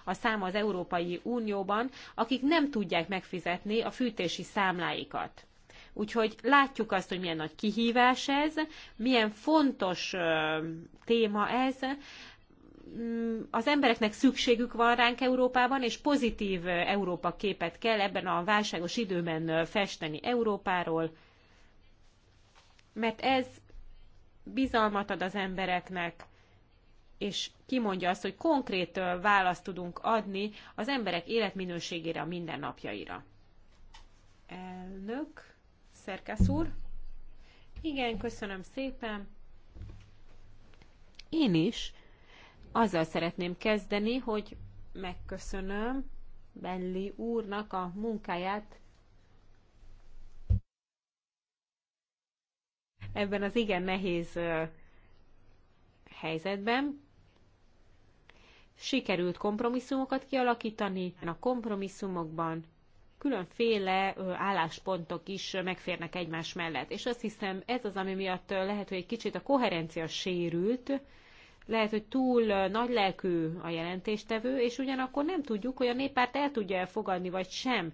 a száma az Európai Unióban, akik nem tudják megfizetni a fűtési számláikat. Úgyhogy látjuk azt, hogy milyen nagy kihívás ez, milyen fontos téma ez, mm, az embereknek szükségük van ránk Európában, és pozitív Európa képet kell ebben a válságos időben festeni Európáról, mert ez bizalmat ad az embereknek, és kimondja azt, hogy konkrét választ tudunk adni az emberek életminőségére, a mindennapjaira. Elnök. Szerkesz úr. Igen, köszönöm szépen. Én is azzal szeretném kezdeni, hogy megköszönöm Belli úrnak a munkáját ebben az igen nehéz helyzetben. Sikerült kompromisszumokat kialakítani, a kompromisszumokban különféle álláspontok is megférnek egymás mellett. És azt hiszem, ez az, ami miatt lehet, hogy egy kicsit a koherencia sérült, lehet, hogy túl nagy lelkű a jelentéstevő, és ugyanakkor nem tudjuk, hogy a néppárt el tudja elfogadni, vagy sem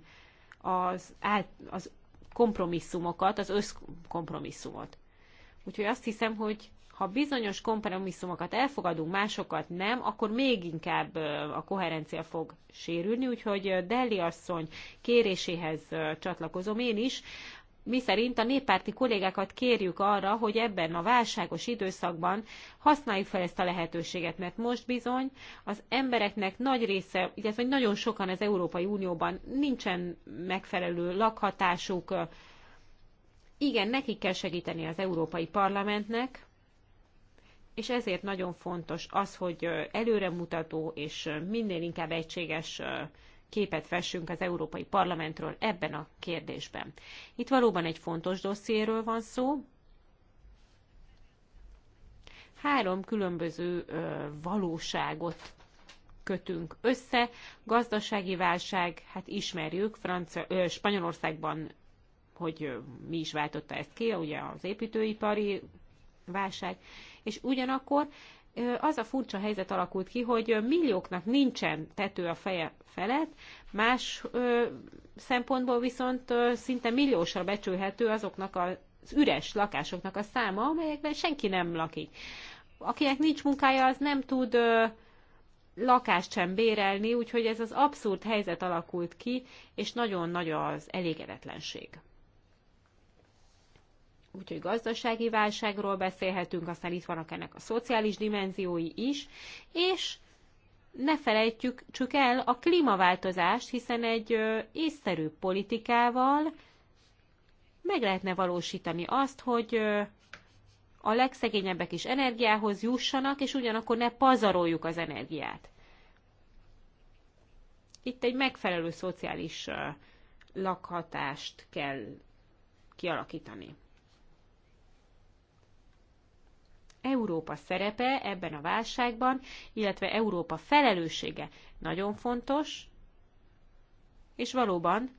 az, át, az kompromisszumokat, az összkompromisszumot. Úgyhogy azt hiszem, hogy ha bizonyos kompromisszumokat elfogadunk, másokat nem, akkor még inkább a koherencia fog sérülni, úgyhogy Delli asszony kéréséhez csatlakozom én is, mi szerint a néppárti kollégákat kérjük arra, hogy ebben a válságos időszakban használjuk fel ezt a lehetőséget, mert most bizony az embereknek nagy része, illetve nagyon sokan az Európai Unióban nincsen megfelelő lakhatásuk. Igen, nekik kell segíteni az Európai Parlamentnek, és ezért nagyon fontos az, hogy előremutató és minél inkább egységes képet fessünk az Európai Parlamentről ebben a kérdésben. Itt valóban egy fontos dossziéről van szó. Három különböző valóságot kötünk össze. Gazdasági válság, hát ismerjük, Francia, ö, Spanyolországban hogy mi is váltotta ezt ki, ugye az építőipari válság. És ugyanakkor az a furcsa helyzet alakult ki, hogy millióknak nincsen tető a feje felett, más szempontból viszont szinte milliósra becsülhető azoknak az üres lakásoknak a száma, amelyekben senki nem lakik. Akinek nincs munkája, az nem tud lakást sem bérelni, úgyhogy ez az abszurd helyzet alakult ki, és nagyon nagy az elégedetlenség. Úgyhogy gazdasági válságról beszélhetünk, aztán itt vannak ennek a szociális dimenziói is, és ne felejtjük csak el a klímaváltozást, hiszen egy észszerű politikával meg lehetne valósítani azt, hogy a legszegényebbek is energiához jussanak, és ugyanakkor ne pazaroljuk az energiát. Itt egy megfelelő szociális lakhatást kell kialakítani. Európa szerepe ebben a válságban, illetve Európa felelőssége nagyon fontos, és valóban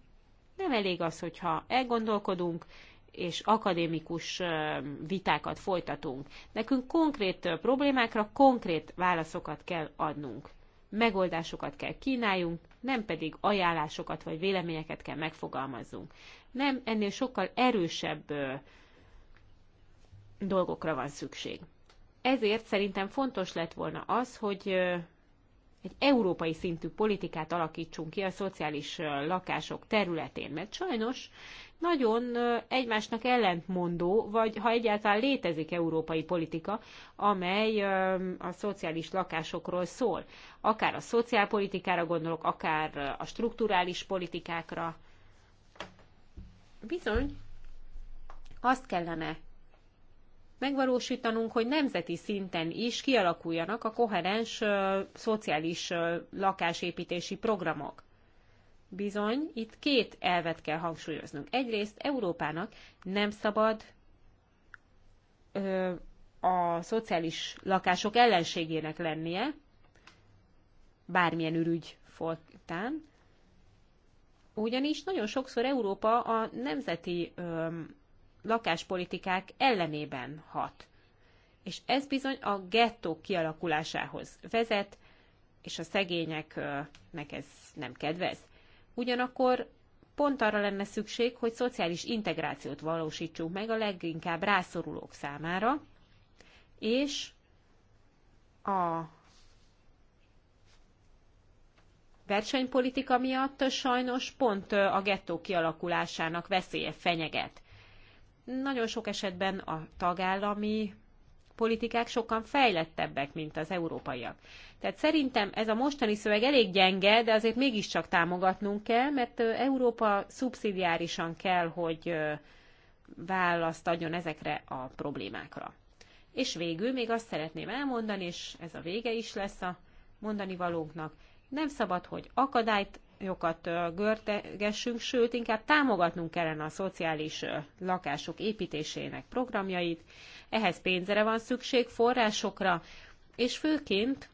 nem elég az, hogyha elgondolkodunk, és akadémikus vitákat folytatunk. Nekünk konkrét problémákra konkrét válaszokat kell adnunk. Megoldásokat kell kínáljunk, nem pedig ajánlásokat vagy véleményeket kell megfogalmazzunk. Nem, ennél sokkal erősebb dolgokra van szükség. Ezért szerintem fontos lett volna az, hogy egy európai szintű politikát alakítsunk ki a szociális lakások területén, mert sajnos nagyon egymásnak ellentmondó, vagy ha egyáltalán létezik európai politika, amely a szociális lakásokról szól. Akár a szociálpolitikára gondolok, akár a strukturális politikákra. Bizony, azt kellene megvalósítanunk, hogy nemzeti szinten is kialakuljanak a koherens szociális lakásépítési programok. Bizony, itt két elvet kell hangsúlyoznunk. Egyrészt Európának nem szabad ö, a szociális lakások ellenségének lennie, bármilyen ürügy folytán, ugyanis nagyon sokszor Európa a nemzeti ö, lakáspolitikák ellenében hat. És ez bizony a gettók kialakulásához vezet, és a szegényeknek ez nem kedvez. Ugyanakkor pont arra lenne szükség, hogy szociális integrációt valósítsunk meg a leginkább rászorulók számára, és a versenypolitika miatt sajnos pont a gettó kialakulásának veszélye fenyeget. Nagyon sok esetben a tagállami politikák sokkal fejlettebbek, mint az európaiak. Tehát szerintem ez a mostani szöveg elég gyenge, de azért mégiscsak támogatnunk kell, mert Európa szubszidiárisan kell, hogy választ adjon ezekre a problémákra. És végül még azt szeretném elmondani, és ez a vége is lesz a mondani valónknak, nem szabad, hogy akadályt árakat görtegessünk, sőt, inkább támogatnunk kellene a szociális lakások építésének programjait. Ehhez pénzre van szükség, forrásokra, és főként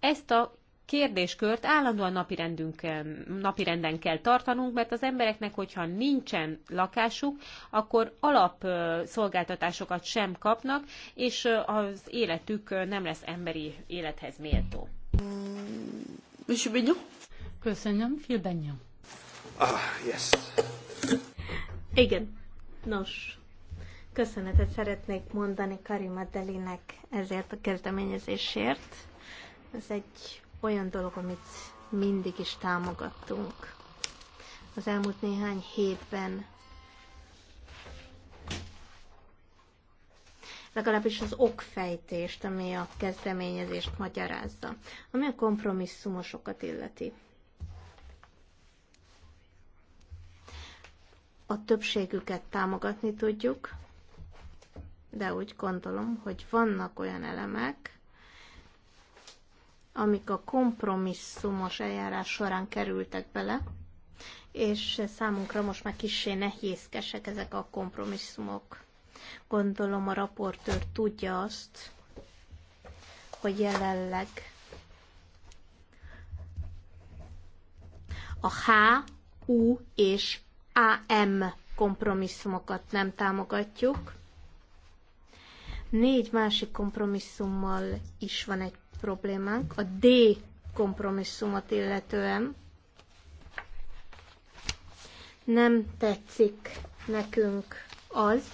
ezt a kérdéskört állandóan napirendünkön, napirenden kell tartanunk, mert az embereknek, hogyha nincsen lakásuk, akkor alapszolgáltatásokat sem kapnak, és az életük nem lesz emberi élethez méltó. Monsieur Benyon? Köszönöm, Phil Benyon. Ah, yes. Igen. Nos, köszönetet szeretnék mondani Karima Delinek ezért a kezdeményezésért. Ez egy olyan dolog, amit mindig is támogattunk. Az elmúlt néhány hétben legalábbis az okfejtést, ami a kezdeményezést magyarázza, ami a kompromisszumosokat illeti. A többségüket támogatni tudjuk, de úgy gondolom, hogy vannak olyan elemek, amik a kompromisszumos eljárás során kerültek bele, és számunkra most már kissé nehézkesek ezek a kompromisszumok. Gondolom a raportőr tudja azt, hogy jelenleg a H, U és AM kompromisszumokat nem támogatjuk. Négy másik kompromisszummal is van egy problémánk. A D kompromisszumot illetően nem tetszik nekünk az,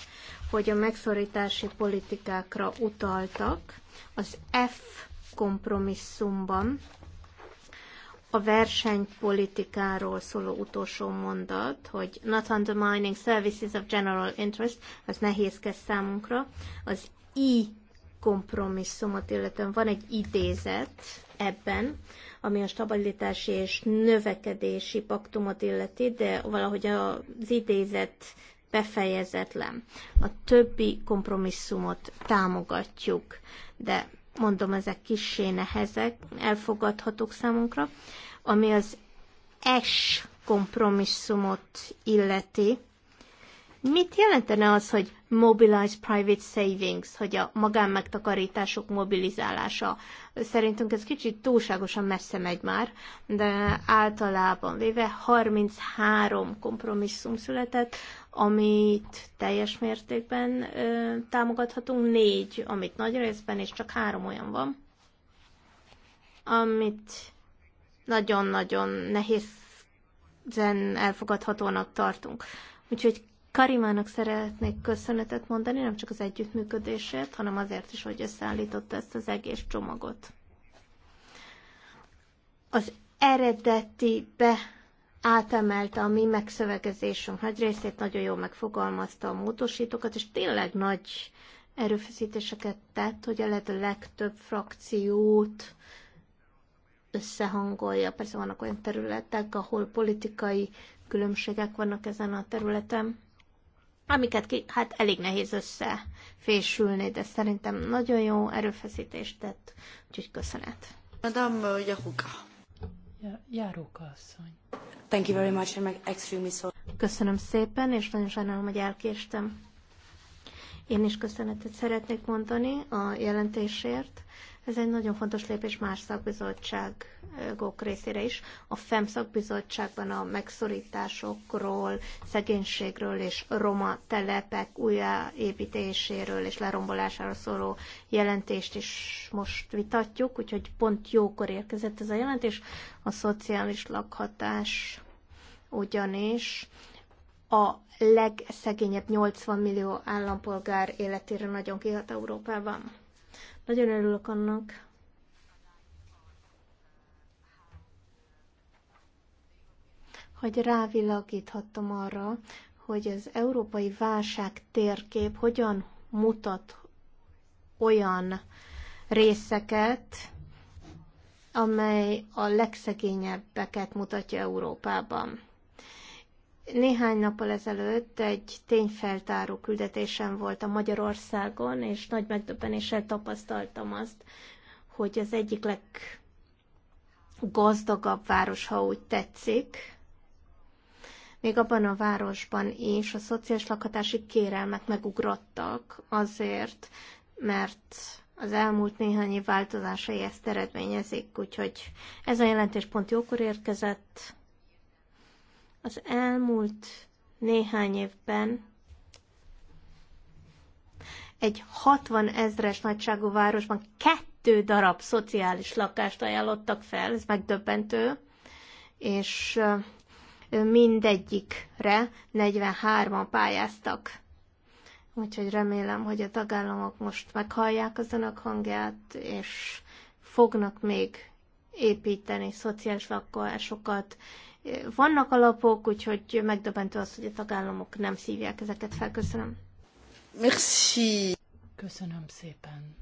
hogy a megszorítási politikákra utaltak, az F kompromisszumban a versenypolitikáról szóló utolsó mondat, hogy not undermining services of general interest, az nehézkes számunkra. Az I kompromisszumot, illetve van egy idézet ebben, ami a stabilitási és növekedési paktumot illeti, de valahogy az idézet befejezetlen. A többi kompromisszumot támogatjuk, de mondom, ezek kissé nehezek, elfogadhatók számunkra. Ami az S kompromisszumot illeti, Mit jelentene az, hogy mobilize private savings, hogy a magánmegtakarítások mobilizálása? Szerintünk ez kicsit túlságosan messze megy már, de általában véve 33 kompromisszum született, amit teljes mértékben ö, támogathatunk, négy, amit nagy részben, és csak három olyan van, amit nagyon-nagyon nehézen elfogadhatónak tartunk. Úgyhogy Karimának szeretnék köszönetet mondani, nem csak az együttműködésért, hanem azért is, hogy összeállította ezt az egész csomagot. Az be átemelte a mi megszövegezésünk nagy részét, nagyon jól megfogalmazta a módosítókat, és tényleg nagy erőfeszítéseket tett, hogy a lehető legtöbb frakciót összehangolja. Persze vannak olyan területek, ahol politikai különbségek vannak ezen a területen, amiket ki, hát elég nehéz összefésülni, de szerintem nagyon jó erőfeszítést tett, úgyhogy köszönet. Madame Jaruka. Jaruka asszony. Thank you very much, and extremely sorry. Köszönöm szépen, és nagyon sajnálom, hogy elkéstem. Én is köszönetet szeretnék mondani a jelentésért, ez egy nagyon fontos lépés más szakbizottságok részére is. A FEM szakbizottságban a megszorításokról, szegénységről és roma telepek újjáépítéséről és lerombolásáról szóló jelentést is most vitatjuk, úgyhogy pont jókor érkezett ez a jelentés. A szociális lakhatás ugyanis a legszegényebb 80 millió állampolgár életére nagyon kihat Európában. Nagyon örülök annak, hogy rávilágíthattam arra, hogy az európai válság térkép hogyan mutat olyan részeket, amely a legszegényebbeket mutatja Európában. Néhány nappal ezelőtt egy tényfeltáró küldetésem volt a Magyarországon, és nagy megdöbbenéssel tapasztaltam azt, hogy az egyik leggazdagabb város, ha úgy tetszik, még abban a városban is a szociális lakhatási kérelmek megugrottak azért, mert az elmúlt néhány év változásai ezt eredményezik, úgyhogy ez a jelentés pont jókor érkezett, az elmúlt néhány évben egy 60 ezres nagyságú városban kettő darab szociális lakást ajánlottak fel, ez megdöbbentő, és mindegyikre 43-an pályáztak. Úgyhogy remélem, hogy a tagállamok most meghallják az önök hangját, és fognak még építeni szociális lakásokat, vannak alapok, úgyhogy megdöbbentő az, hogy a tagállamok nem szívják ezeket fel. Köszönöm. Merci. Köszönöm szépen.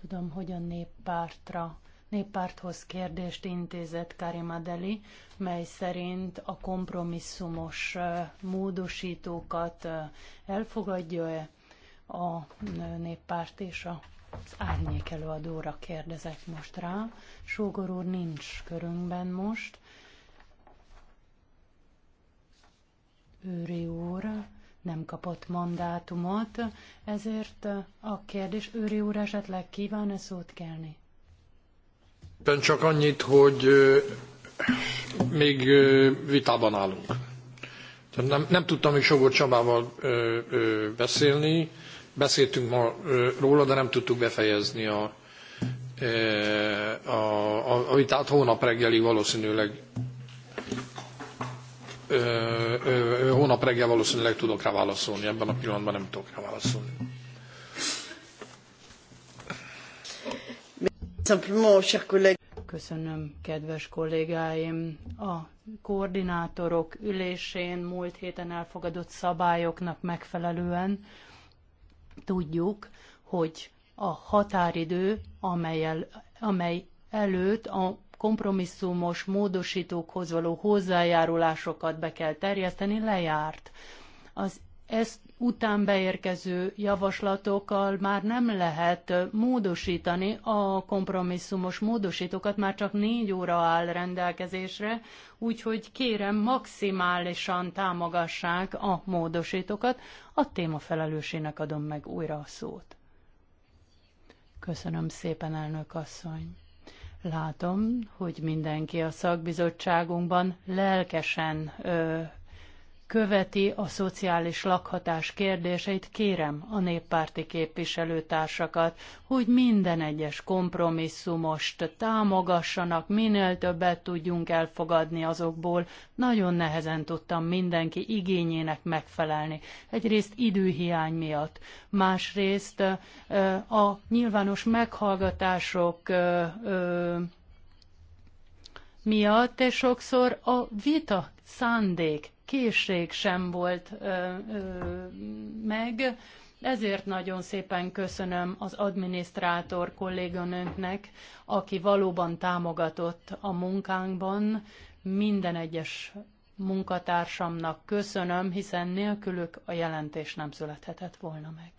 Tudom, hogy a néppártra néppárthoz kérdést intézett Karim Adeli, mely szerint a kompromisszumos módosítókat elfogadja-e a néppárt és a az árnyék előadóra kérdezek most rá. Sógor úr nincs körünkben most. Őri úr nem kapott mandátumot, ezért a kérdés Őri úr esetleg kíván-e szót kelni? Csak annyit, hogy még vitában állunk. Nem, nem tudtam még Sogor Csabával beszélni, beszéltünk ma róla, de nem tudtuk befejezni a, a, a, a vitát. Hónap reggelig valószínűleg hónap reggel valószínűleg tudok rá válaszolni, ebben a pillanatban nem tudok rá válaszolni. Köszönöm, kedves kollégáim! A koordinátorok ülésén múlt héten elfogadott szabályoknak megfelelően Tudjuk, hogy a határidő, amelyel, amely előtt a kompromisszumos módosítókhoz való hozzájárulásokat be kell terjeszteni, lejárt. Az ezt után beérkező javaslatokkal már nem lehet módosítani a kompromisszumos módosítókat, már csak négy óra áll rendelkezésre, úgyhogy kérem maximálisan támogassák a módosítókat. A téma felelősének adom meg újra a szót. Köszönöm szépen, elnök asszony. Látom, hogy mindenki a szakbizottságunkban lelkesen ö, követi a szociális lakhatás kérdéseit, kérem a néppárti képviselőtársakat, hogy minden egyes kompromisszumost támogassanak, minél többet tudjunk elfogadni azokból. Nagyon nehezen tudtam mindenki igényének megfelelni. Egyrészt időhiány miatt, másrészt a nyilvános meghallgatások miatt, és sokszor a vita szándék, készség sem volt ö, ö, meg, ezért nagyon szépen köszönöm az adminisztrátor kolléganőnknek, aki valóban támogatott a munkánkban. Minden egyes munkatársamnak köszönöm, hiszen nélkülük a jelentés nem születhetett volna meg.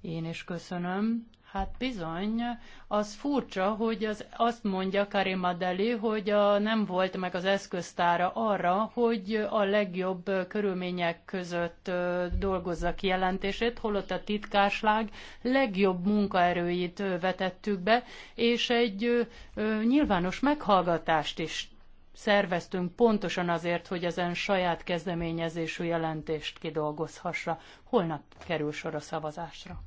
Én is köszönöm. Hát bizony, az furcsa, hogy az, azt mondja Karim Adeli, hogy a, nem volt meg az eszköztára arra, hogy a legjobb körülmények között dolgozza ki jelentését, holott a titkárság legjobb munkaerőit vetettük be, és egy ö, nyilvános meghallgatást is szerveztünk pontosan azért, hogy ezen saját kezdeményezésű jelentést kidolgozhassa. Holnap kerül sor a szavazásra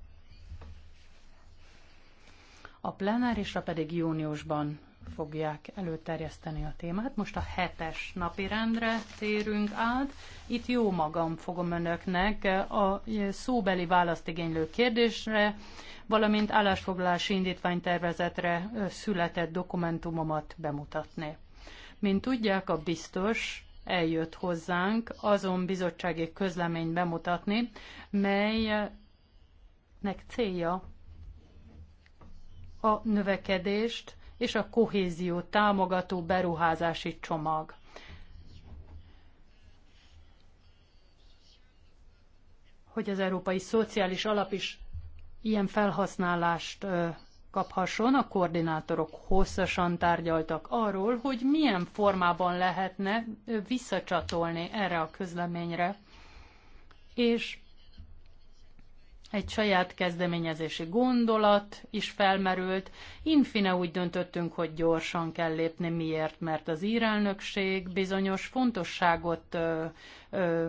a plenárisra pedig júniusban fogják előterjeszteni a témát. Most a hetes napi rendre térünk át. Itt jó magam fogom önöknek a szóbeli választigénylő kérdésre, valamint állásfoglalási indítványtervezetre született dokumentumomat bemutatni. Mint tudják, a biztos eljött hozzánk azon bizottsági közleményt bemutatni, melynek célja a növekedést és a kohézió támogató beruházási csomag. Hogy az Európai Szociális Alap is ilyen felhasználást kaphasson, a koordinátorok hosszasan tárgyaltak arról, hogy milyen formában lehetne visszacsatolni erre a közleményre, és egy saját kezdeményezési gondolat is felmerült. Infine úgy döntöttünk, hogy gyorsan kell lépni. Miért? Mert az írelnökség bizonyos fontosságot ö, ö,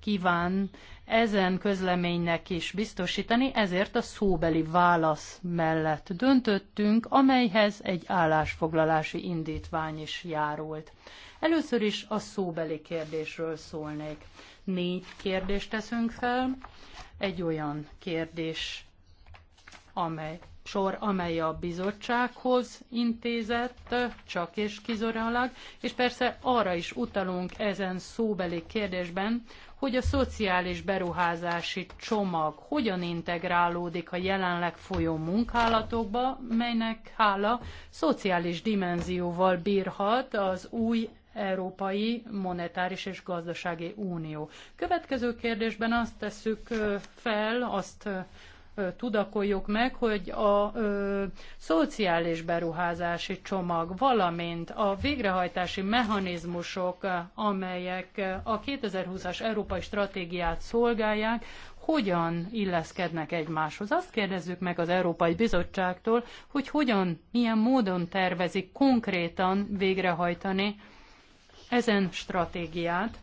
kíván ezen közleménynek is biztosítani, ezért a szóbeli válasz mellett döntöttünk, amelyhez egy állásfoglalási indítvány is járult. Először is a szóbeli kérdésről szólnék. Négy kérdést teszünk fel. Egy olyan kérdés, amely sor, amely a bizottsághoz intézett, csak és kizorálag, és persze arra is utalunk ezen szóbeli kérdésben, hogy a szociális beruházási csomag hogyan integrálódik a jelenleg folyó munkálatokba, melynek hála szociális dimenzióval bírhat az új Európai Monetáris és Gazdasági Unió. Következő kérdésben azt tesszük fel, azt tudakoljuk meg, hogy a ö, szociális beruházási csomag, valamint a végrehajtási mechanizmusok, amelyek a 2020-as európai stratégiát szolgálják, hogyan illeszkednek egymáshoz. Azt kérdezzük meg az Európai Bizottságtól, hogy hogyan, milyen módon tervezik konkrétan végrehajtani ezen stratégiát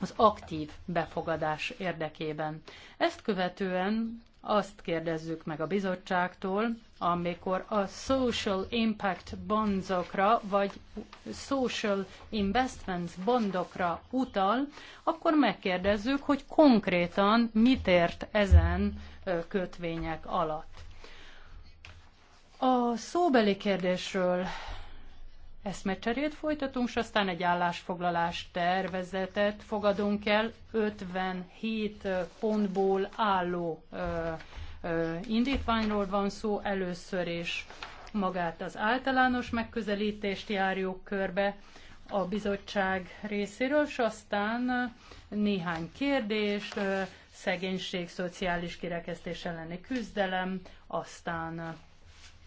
az aktív befogadás érdekében. Ezt követően azt kérdezzük meg a bizottságtól, amikor a social impact bondokra vagy social investments bondokra utal, akkor megkérdezzük, hogy konkrétan mit ért ezen kötvények alatt. A szóbeli kérdésről eszmecserét folytatunk, és aztán egy állásfoglalás tervezetet fogadunk el 57 pontból álló indítványról van szó először is magát az általános megközelítést járjuk körbe a bizottság részéről, és aztán néhány kérdést, szegénység, szociális kirekesztés elleni küzdelem, aztán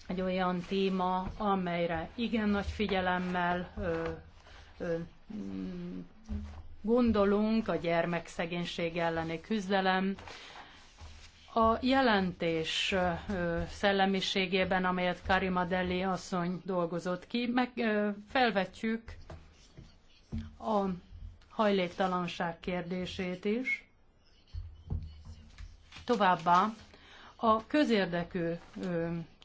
egy olyan téma, amelyre igen nagy figyelemmel ö, ö, gondolunk, a gyermekszegénység elleni küzdelem. A jelentés szellemiségében, amelyet Karima Deli asszony dolgozott ki, meg felvetjük a hajléktalanság kérdését is. Továbbá a közérdekű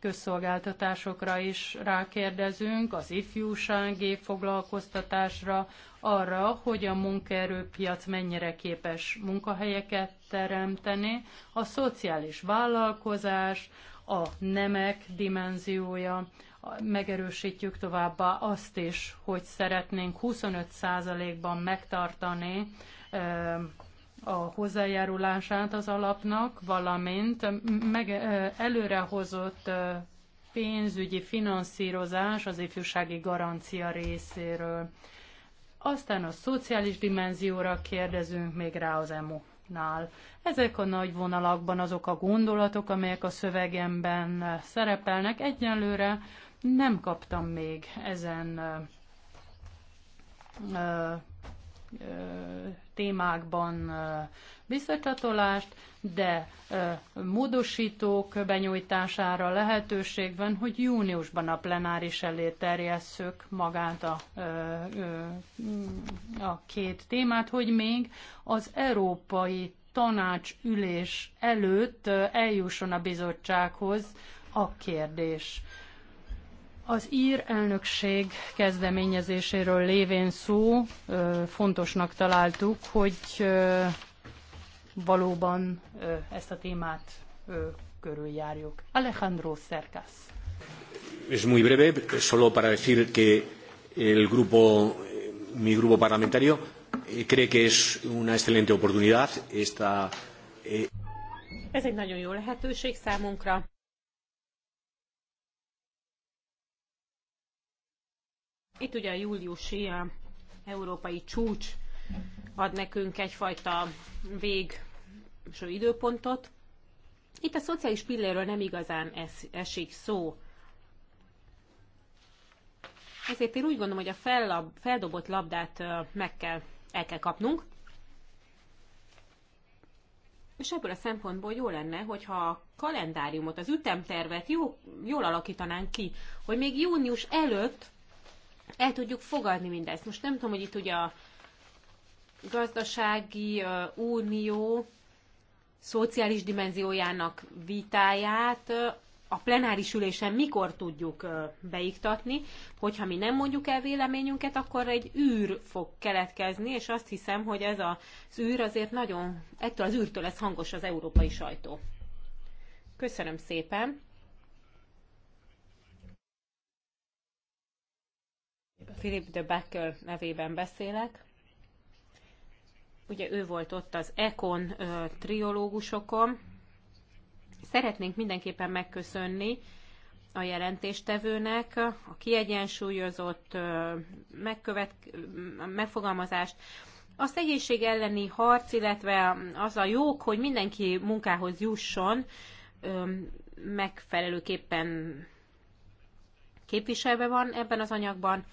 közszolgáltatásokra is rákérdezünk, az ifjúsági foglalkoztatásra, arra, hogy a munkaerőpiac mennyire képes munkahelyeket teremteni, a szociális vállalkozás, a nemek dimenziója, megerősítjük továbbá azt is, hogy szeretnénk 25%-ban megtartani a hozzájárulását az alapnak, valamint meg, előrehozott pénzügyi finanszírozás az ifjúsági garancia részéről. Aztán a szociális dimenzióra kérdezünk még rá az EMU. Nál. Ezek a nagy vonalakban azok a gondolatok, amelyek a szövegemben szerepelnek. Egyenlőre nem kaptam még ezen témákban visszacsatolást, de módosítók benyújtására lehetőség van, hogy júniusban a plenáris elé terjesszük magát a, a két témát, hogy még az európai tanács ülés előtt eljusson a bizottsághoz a kérdés. Az ír elnökség kezdeményezéséről lévén szó fontosnak találtuk, hogy valóban ezt a témát körüljárjuk. Alejandro Cercas. Es muy breve, solo para decir que el grupo, mi grupo parlamentario eh, cree que es una excelente oportunidad esta. Eh, Ez egy nagyon jó lehetőség számunkra Itt ugye a júliusi a európai csúcs ad nekünk egyfajta végső időpontot. Itt a szociális pilléről nem igazán es, esik szó. Ezért én úgy gondolom, hogy a fellab, feldobott labdát meg kell, el kell kapnunk. És ebből a szempontból jó lenne, hogyha a kalendáriumot, az ütemtervet jó, jól alakítanánk ki, hogy még június előtt el tudjuk fogadni mindezt. Most nem tudom, hogy itt ugye a gazdasági unió szociális dimenziójának vitáját a plenáris ülésen mikor tudjuk beiktatni, hogyha mi nem mondjuk el véleményünket, akkor egy űr fog keletkezni, és azt hiszem, hogy ez az űr azért nagyon, ettől az űrtől lesz hangos az európai sajtó. Köszönöm szépen! Philip de Becker nevében beszélek. Ugye ő volt ott az Econ triológusokon. Szeretnénk mindenképpen megköszönni a jelentéstevőnek a kiegyensúlyozott megkövet, megfogalmazást, a szegénység elleni harc, illetve az a jók, hogy mindenki munkához jusson, megfelelőképpen képviselve van ebben az anyagban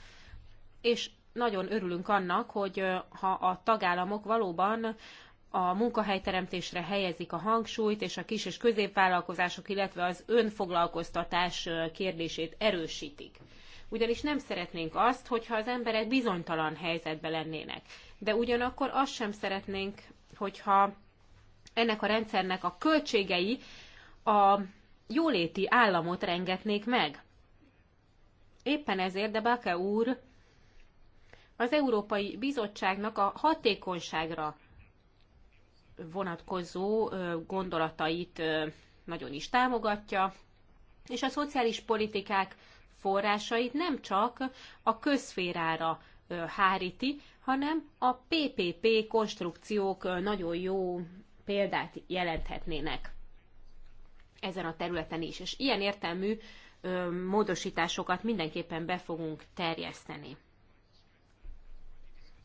és nagyon örülünk annak, hogy ha a tagállamok valóban a munkahelyteremtésre helyezik a hangsúlyt, és a kis- és középvállalkozások, illetve az önfoglalkoztatás kérdését erősítik. Ugyanis nem szeretnénk azt, hogyha az emberek bizonytalan helyzetben lennének. De ugyanakkor azt sem szeretnénk, hogyha ennek a rendszernek a költségei a jóléti államot rengetnék meg. Éppen ezért de Bake úr az Európai Bizottságnak a hatékonyságra vonatkozó gondolatait nagyon is támogatja, és a szociális politikák forrásait nem csak a közférára háríti, hanem a PPP konstrukciók nagyon jó példát jelenthetnének ezen a területen is. És ilyen értelmű módosításokat mindenképpen be fogunk terjeszteni.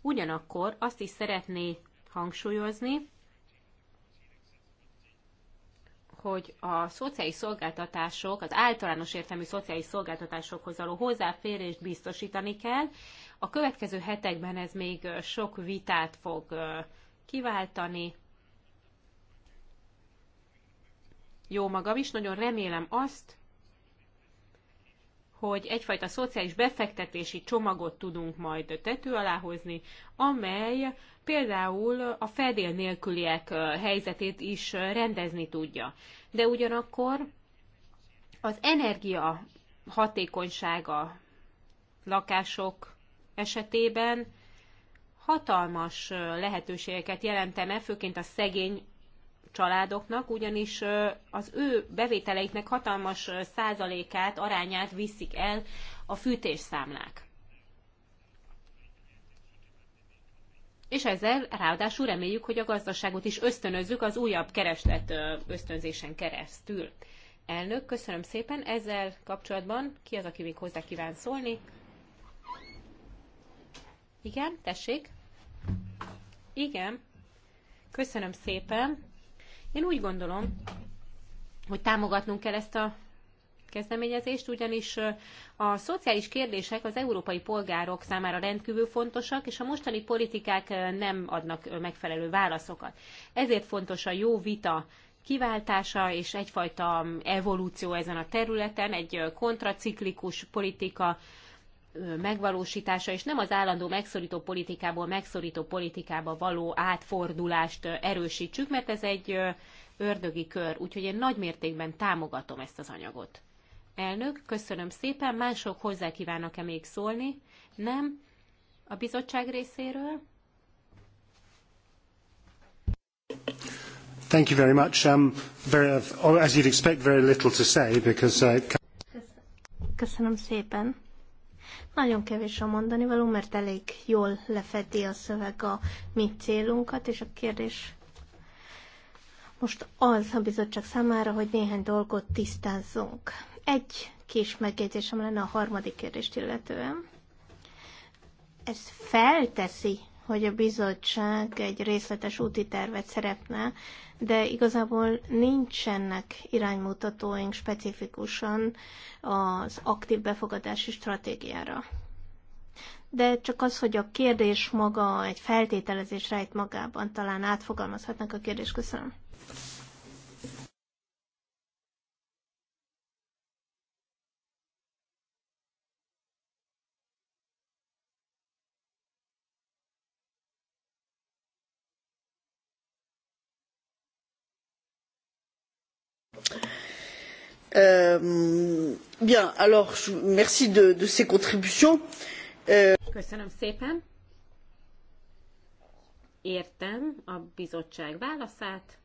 Ugyanakkor azt is szeretné hangsúlyozni, hogy a szociális szolgáltatások, az általános értelmű szociális szolgáltatásokhoz való hozzáférést biztosítani kell. A következő hetekben ez még sok vitát fog kiváltani. Jó magam is, nagyon remélem azt, hogy egyfajta szociális befektetési csomagot tudunk majd tető alá hozni, amely például a fedél nélküliek helyzetét is rendezni tudja. De ugyanakkor az energia hatékonysága lakások esetében hatalmas lehetőségeket jelentene, főként a szegény családoknak, ugyanis az ő bevételeiknek hatalmas százalékát, arányát viszik el a fűtésszámlák. És ezzel ráadásul reméljük, hogy a gazdaságot is ösztönözzük az újabb kereslet ösztönzésen keresztül. Elnök, köszönöm szépen. Ezzel kapcsolatban ki az, aki még hozzá kíván szólni? Igen, tessék. Igen. Köszönöm szépen. Én úgy gondolom, hogy támogatnunk kell ezt a kezdeményezést, ugyanis a szociális kérdések az európai polgárok számára rendkívül fontosak, és a mostani politikák nem adnak megfelelő válaszokat. Ezért fontos a jó vita kiváltása és egyfajta evolúció ezen a területen, egy kontraciklikus politika megvalósítása, és nem az állandó megszorító politikából megszorító politikába való átfordulást erősítsük, mert ez egy ördögi kör, úgyhogy én nagy mértékben támogatom ezt az anyagot. Elnök, köszönöm szépen, mások hozzá kívánnak-e még szólni? Nem? A bizottság részéről? Thank you very much. Um, very, uh, oh, as you'd expect, very little to say because. Uh... Köszönöm szépen. Nagyon kevés a mondani való, mert elég jól lefedi a szöveg a mi célunkat, és a kérdés most az a bizottság számára, hogy néhány dolgot tisztázzunk. Egy kis megjegyzésem lenne a harmadik kérdést illetően. Ez felteszi, hogy a bizottság egy részletes úti tervet szeretne de igazából nincsenek iránymutatóink specifikusan az aktív befogadási stratégiára. De csak az, hogy a kérdés maga egy feltételezés rejt magában, talán átfogalmazhatnak a kérdést. Köszönöm. Euh, merci de ces contributions. Euh, Köszönöm szépen. Értem a bizottság válaszát,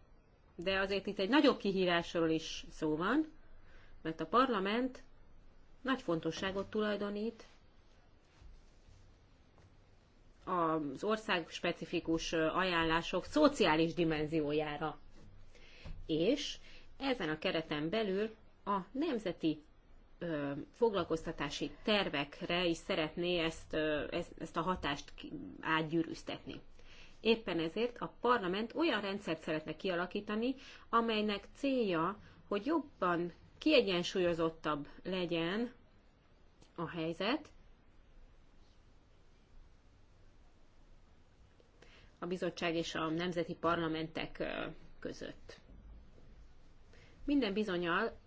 de azért itt egy nagyobb kihívásról is szó van, mert a parlament nagy fontosságot tulajdonít az ország specifikus ajánlások szociális dimenziójára. És ezen a kereten belül a nemzeti ö, foglalkoztatási tervekre is szeretné ezt, ö, ezt, ezt a hatást átgyűrűztetni. Éppen ezért a parlament olyan rendszert szeretne kialakítani, amelynek célja, hogy jobban kiegyensúlyozottabb legyen a helyzet. a bizottság és a nemzeti parlamentek között. Minden bizonyal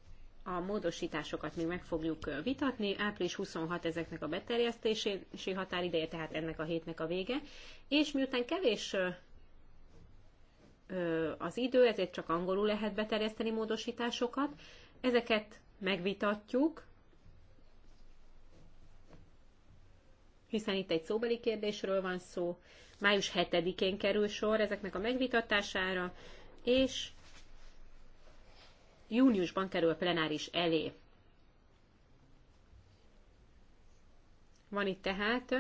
a módosításokat még meg fogjuk vitatni. Április 26 ezeknek a beterjesztési határideje, tehát ennek a hétnek a vége. És miután kevés az idő, ezért csak angolul lehet beterjeszteni módosításokat. Ezeket megvitatjuk, hiszen itt egy szóbeli kérdésről van szó. Május 7-én kerül sor ezeknek a megvitatására, és júniusban kerül plenáris elé. Van itt tehát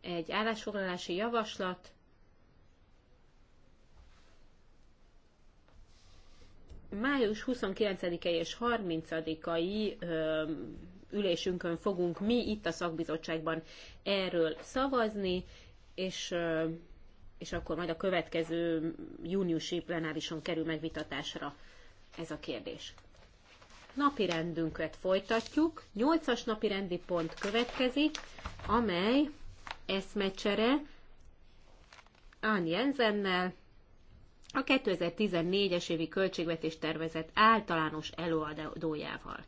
egy állásfoglalási javaslat, május 29-e és 30-ai ülésünkön fogunk mi itt a szakbizottságban erről szavazni, és, és akkor majd a következő júniusi plenárison kerül megvitatásra ez a kérdés. Napi rendünket folytatjuk. Nyolcas napi rendi pont következik, amely eszmecsere Ann Jensennel, a 2014-es évi költségvetés tervezet általános előadójával.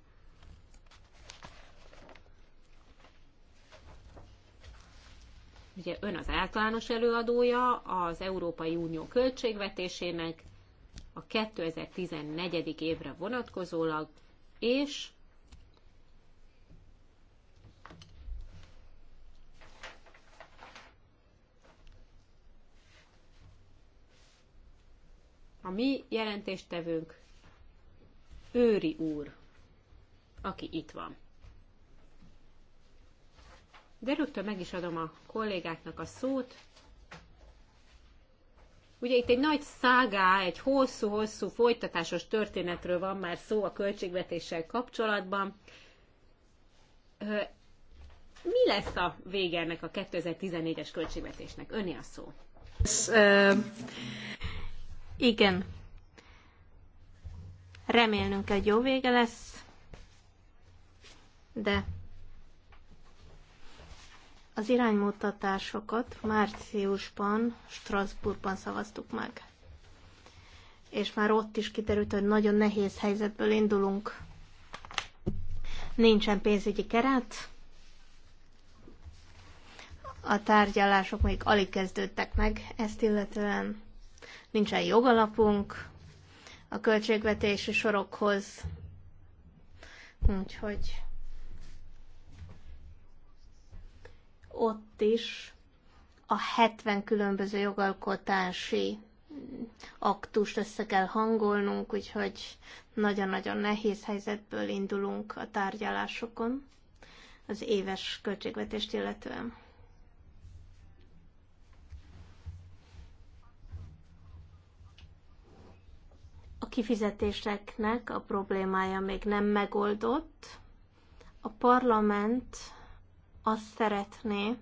Ugye ön az általános előadója az Európai Unió költségvetésének, a 2014. évre vonatkozólag, és a mi jelentéstevőnk Őri úr, aki itt van. De rögtön meg is adom a kollégáknak a szót, Ugye itt egy nagy szágá, egy hosszú-hosszú folytatásos történetről van már szó a költségvetéssel kapcsolatban. Mi lesz a vége ennek a 2014-es költségvetésnek? Öné a szó. Igen. Remélnünk egy jó vége lesz, de az iránymutatásokat márciusban Strasbourgban szavaztuk meg. És már ott is kiderült, hogy nagyon nehéz helyzetből indulunk. Nincsen pénzügyi keret. A tárgyalások még alig kezdődtek meg ezt illetően. Nincsen jogalapunk a költségvetési sorokhoz. Úgyhogy ott is a 70 különböző jogalkotási aktust össze kell hangolnunk, úgyhogy nagyon-nagyon nehéz helyzetből indulunk a tárgyalásokon az éves költségvetést illetően. A kifizetéseknek a problémája még nem megoldott. A parlament azt szeretné,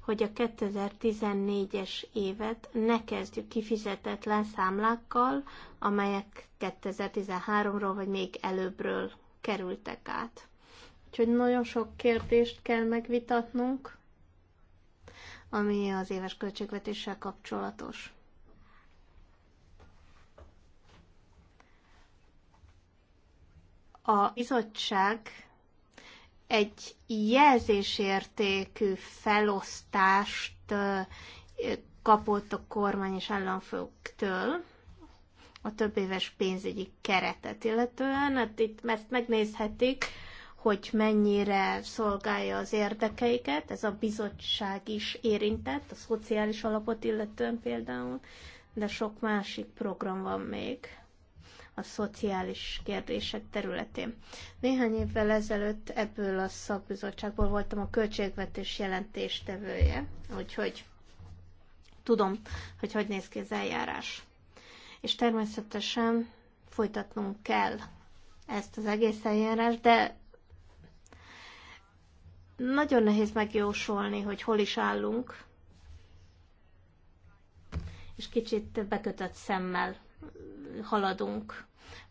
hogy a 2014-es évet ne kezdjük kifizetetlen számlákkal, amelyek 2013-ról vagy még előbbről kerültek át. Úgyhogy nagyon sok kérdést kell megvitatnunk, ami az éves költségvetéssel kapcsolatos. A bizottság egy jelzésértékű felosztást kapott a kormány és államfőktől a több éves pénzügyi keretet illetően. Hát itt ezt megnézhetik, hogy mennyire szolgálja az érdekeiket. Ez a bizottság is érintett, a szociális alapot illetően például, de sok másik program van még a szociális kérdések területén. Néhány évvel ezelőtt ebből a szakbizottságból voltam a költségvetés jelentéstevője, úgyhogy tudom, hogy hogy néz ki az eljárás. És természetesen folytatnunk kell ezt az egész eljárást, de nagyon nehéz megjósolni, hogy hol is állunk, és kicsit bekötött szemmel haladunk.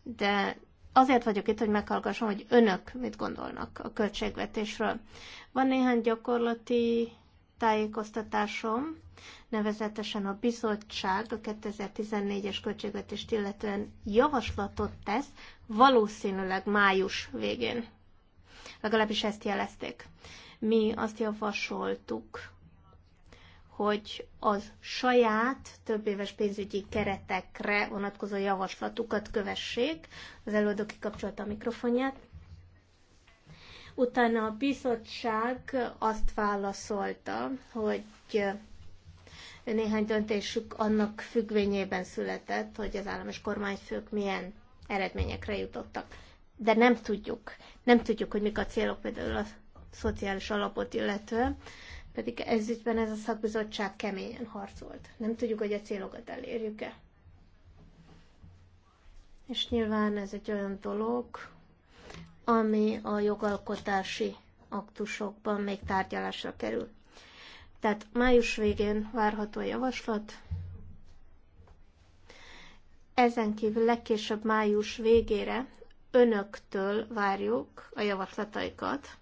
De azért vagyok itt, hogy meghallgassam, hogy önök mit gondolnak a költségvetésről. Van néhány gyakorlati tájékoztatásom, nevezetesen a bizottság a 2014-es költségvetést illetően javaslatot tesz, valószínűleg május végén. Legalábbis ezt jelezték. Mi azt javasoltuk, hogy az saját éves pénzügyi keretekre vonatkozó javaslatukat kövessék. Az előadó kikapcsolta a mikrofonját. Utána a bizottság azt válaszolta, hogy néhány döntésük annak függvényében született, hogy az állam és kormányfők milyen eredményekre jutottak. De nem tudjuk. Nem tudjuk, hogy mik a célok például a szociális alapot illetően pedig ezügyben ez a szakbizottság keményen harcolt. Nem tudjuk, hogy a célokat elérjük-e. És nyilván ez egy olyan dolog, ami a jogalkotási aktusokban még tárgyalásra kerül. Tehát május végén várható a javaslat. Ezen kívül legkésőbb május végére önöktől várjuk a javaslataikat,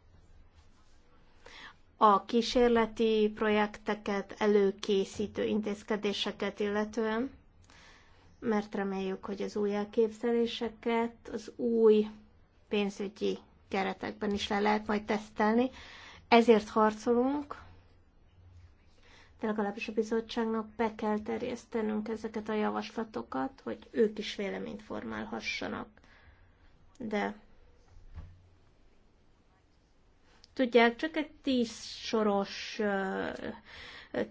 a kísérleti projekteket, előkészítő intézkedéseket illetően, mert reméljük, hogy az új elképzeléseket az új pénzügyi keretekben is le lehet majd tesztelni. Ezért harcolunk, de legalábbis a bizottságnak be kell terjesztenünk ezeket a javaslatokat, hogy ők is véleményt formálhassanak. De tudják, csak egy tíz soros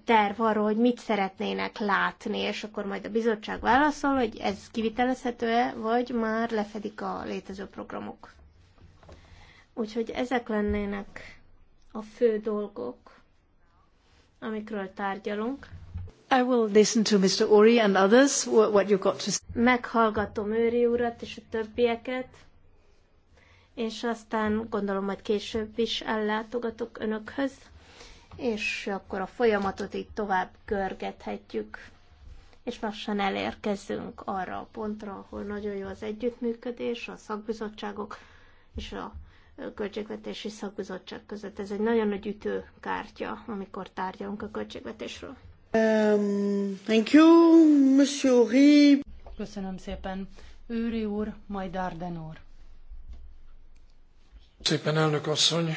terv arról, hogy mit szeretnének látni, és akkor majd a bizottság válaszol, hogy ez kivitelezhető-e, vagy már lefedik a létező programok. Úgyhogy ezek lennének a fő dolgok, amikről tárgyalunk. I will listen to Mr. Ori and others, what you got to say. Meghallgatom Őri urat és a többieket és aztán gondolom majd később is ellátogatok önökhöz, és akkor a folyamatot itt tovább görgethetjük, és lassan elérkezünk arra a pontra, ahol nagyon jó az együttműködés, a szakbizottságok és a költségvetési szakbizottság között. Ez egy nagyon nagy ütőkártya, amikor tárgyalunk a költségvetésről. Um, thank you, Monsieur Uri. Köszönöm szépen. Őri úr, majd Arden úr. Szépen elnök asszony,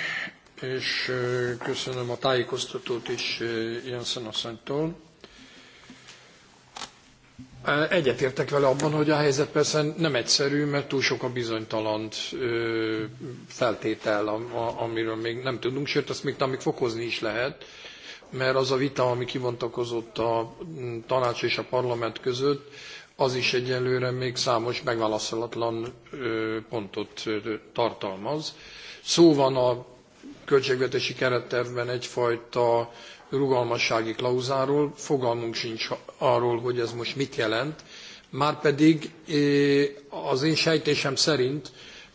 és köszönöm a tájékoztatót is Jensen asszonytól. Egyetértek vele abban, hogy a helyzet persze nem egyszerű, mert túl sok a bizonytalan feltétel, amiről még nem tudunk, sőt, azt még talán fokozni is lehet, mert az a vita, ami kivontakozott a tanács és a parlament között, az is egyelőre még számos megválaszolatlan pontot tartalmaz. Szó van a költségvetési kerettervben egyfajta rugalmassági klauzáról, fogalmunk sincs arról, hogy ez most mit jelent. Márpedig az én sejtésem szerint,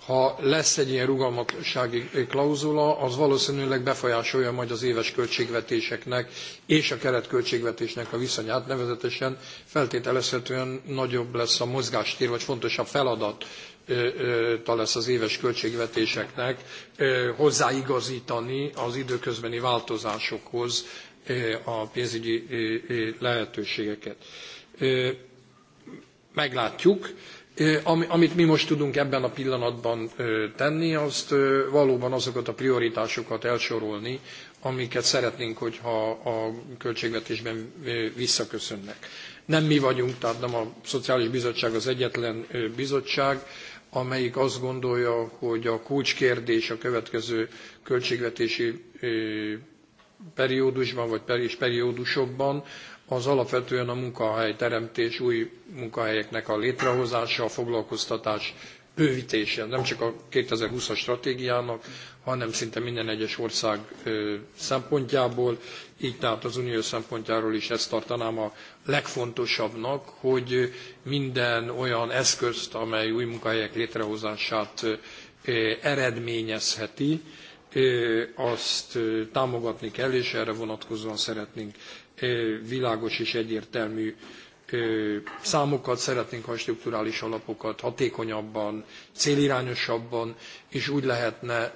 ha lesz egy ilyen rugalmassági klauzula, az valószínűleg befolyásolja majd az éves költségvetéseknek és a keretköltségvetésnek a viszonyát, nevezetesen feltételezhetően nagyobb lesz a mozgástér, vagy fontosabb feladat lesz az éves költségvetéseknek hozzáigazítani az időközbeni változásokhoz a pénzügyi lehetőségeket. Meglátjuk. Amit mi most tudunk ebben a pillanatban tenni, azt valóban azokat a prioritásokat elsorolni, amiket szeretnénk, hogyha a költségvetésben visszaköszönnek. Nem mi vagyunk, tehát nem a Szociális Bizottság az egyetlen bizottság, amelyik azt gondolja, hogy a kulcskérdés a következő költségvetési periódusban, vagy per periódusokban az alapvetően a munkahely teremtés, új munkahelyeknek a létrehozása, a foglalkoztatás bővítése, nem csak a 2020-as stratégiának, hanem szinte minden egyes ország szempontjából. Így tehát az unió szempontjáról is ezt tartanám a legfontosabbnak, hogy minden olyan eszközt, amely új munkahelyek létrehozását eredményezheti, azt támogatni kell, és erre vonatkozóan szeretnénk világos és egyértelmű számokat, szeretnénk, ha strukturális alapokat hatékonyabban, célirányosabban, és úgy lehetne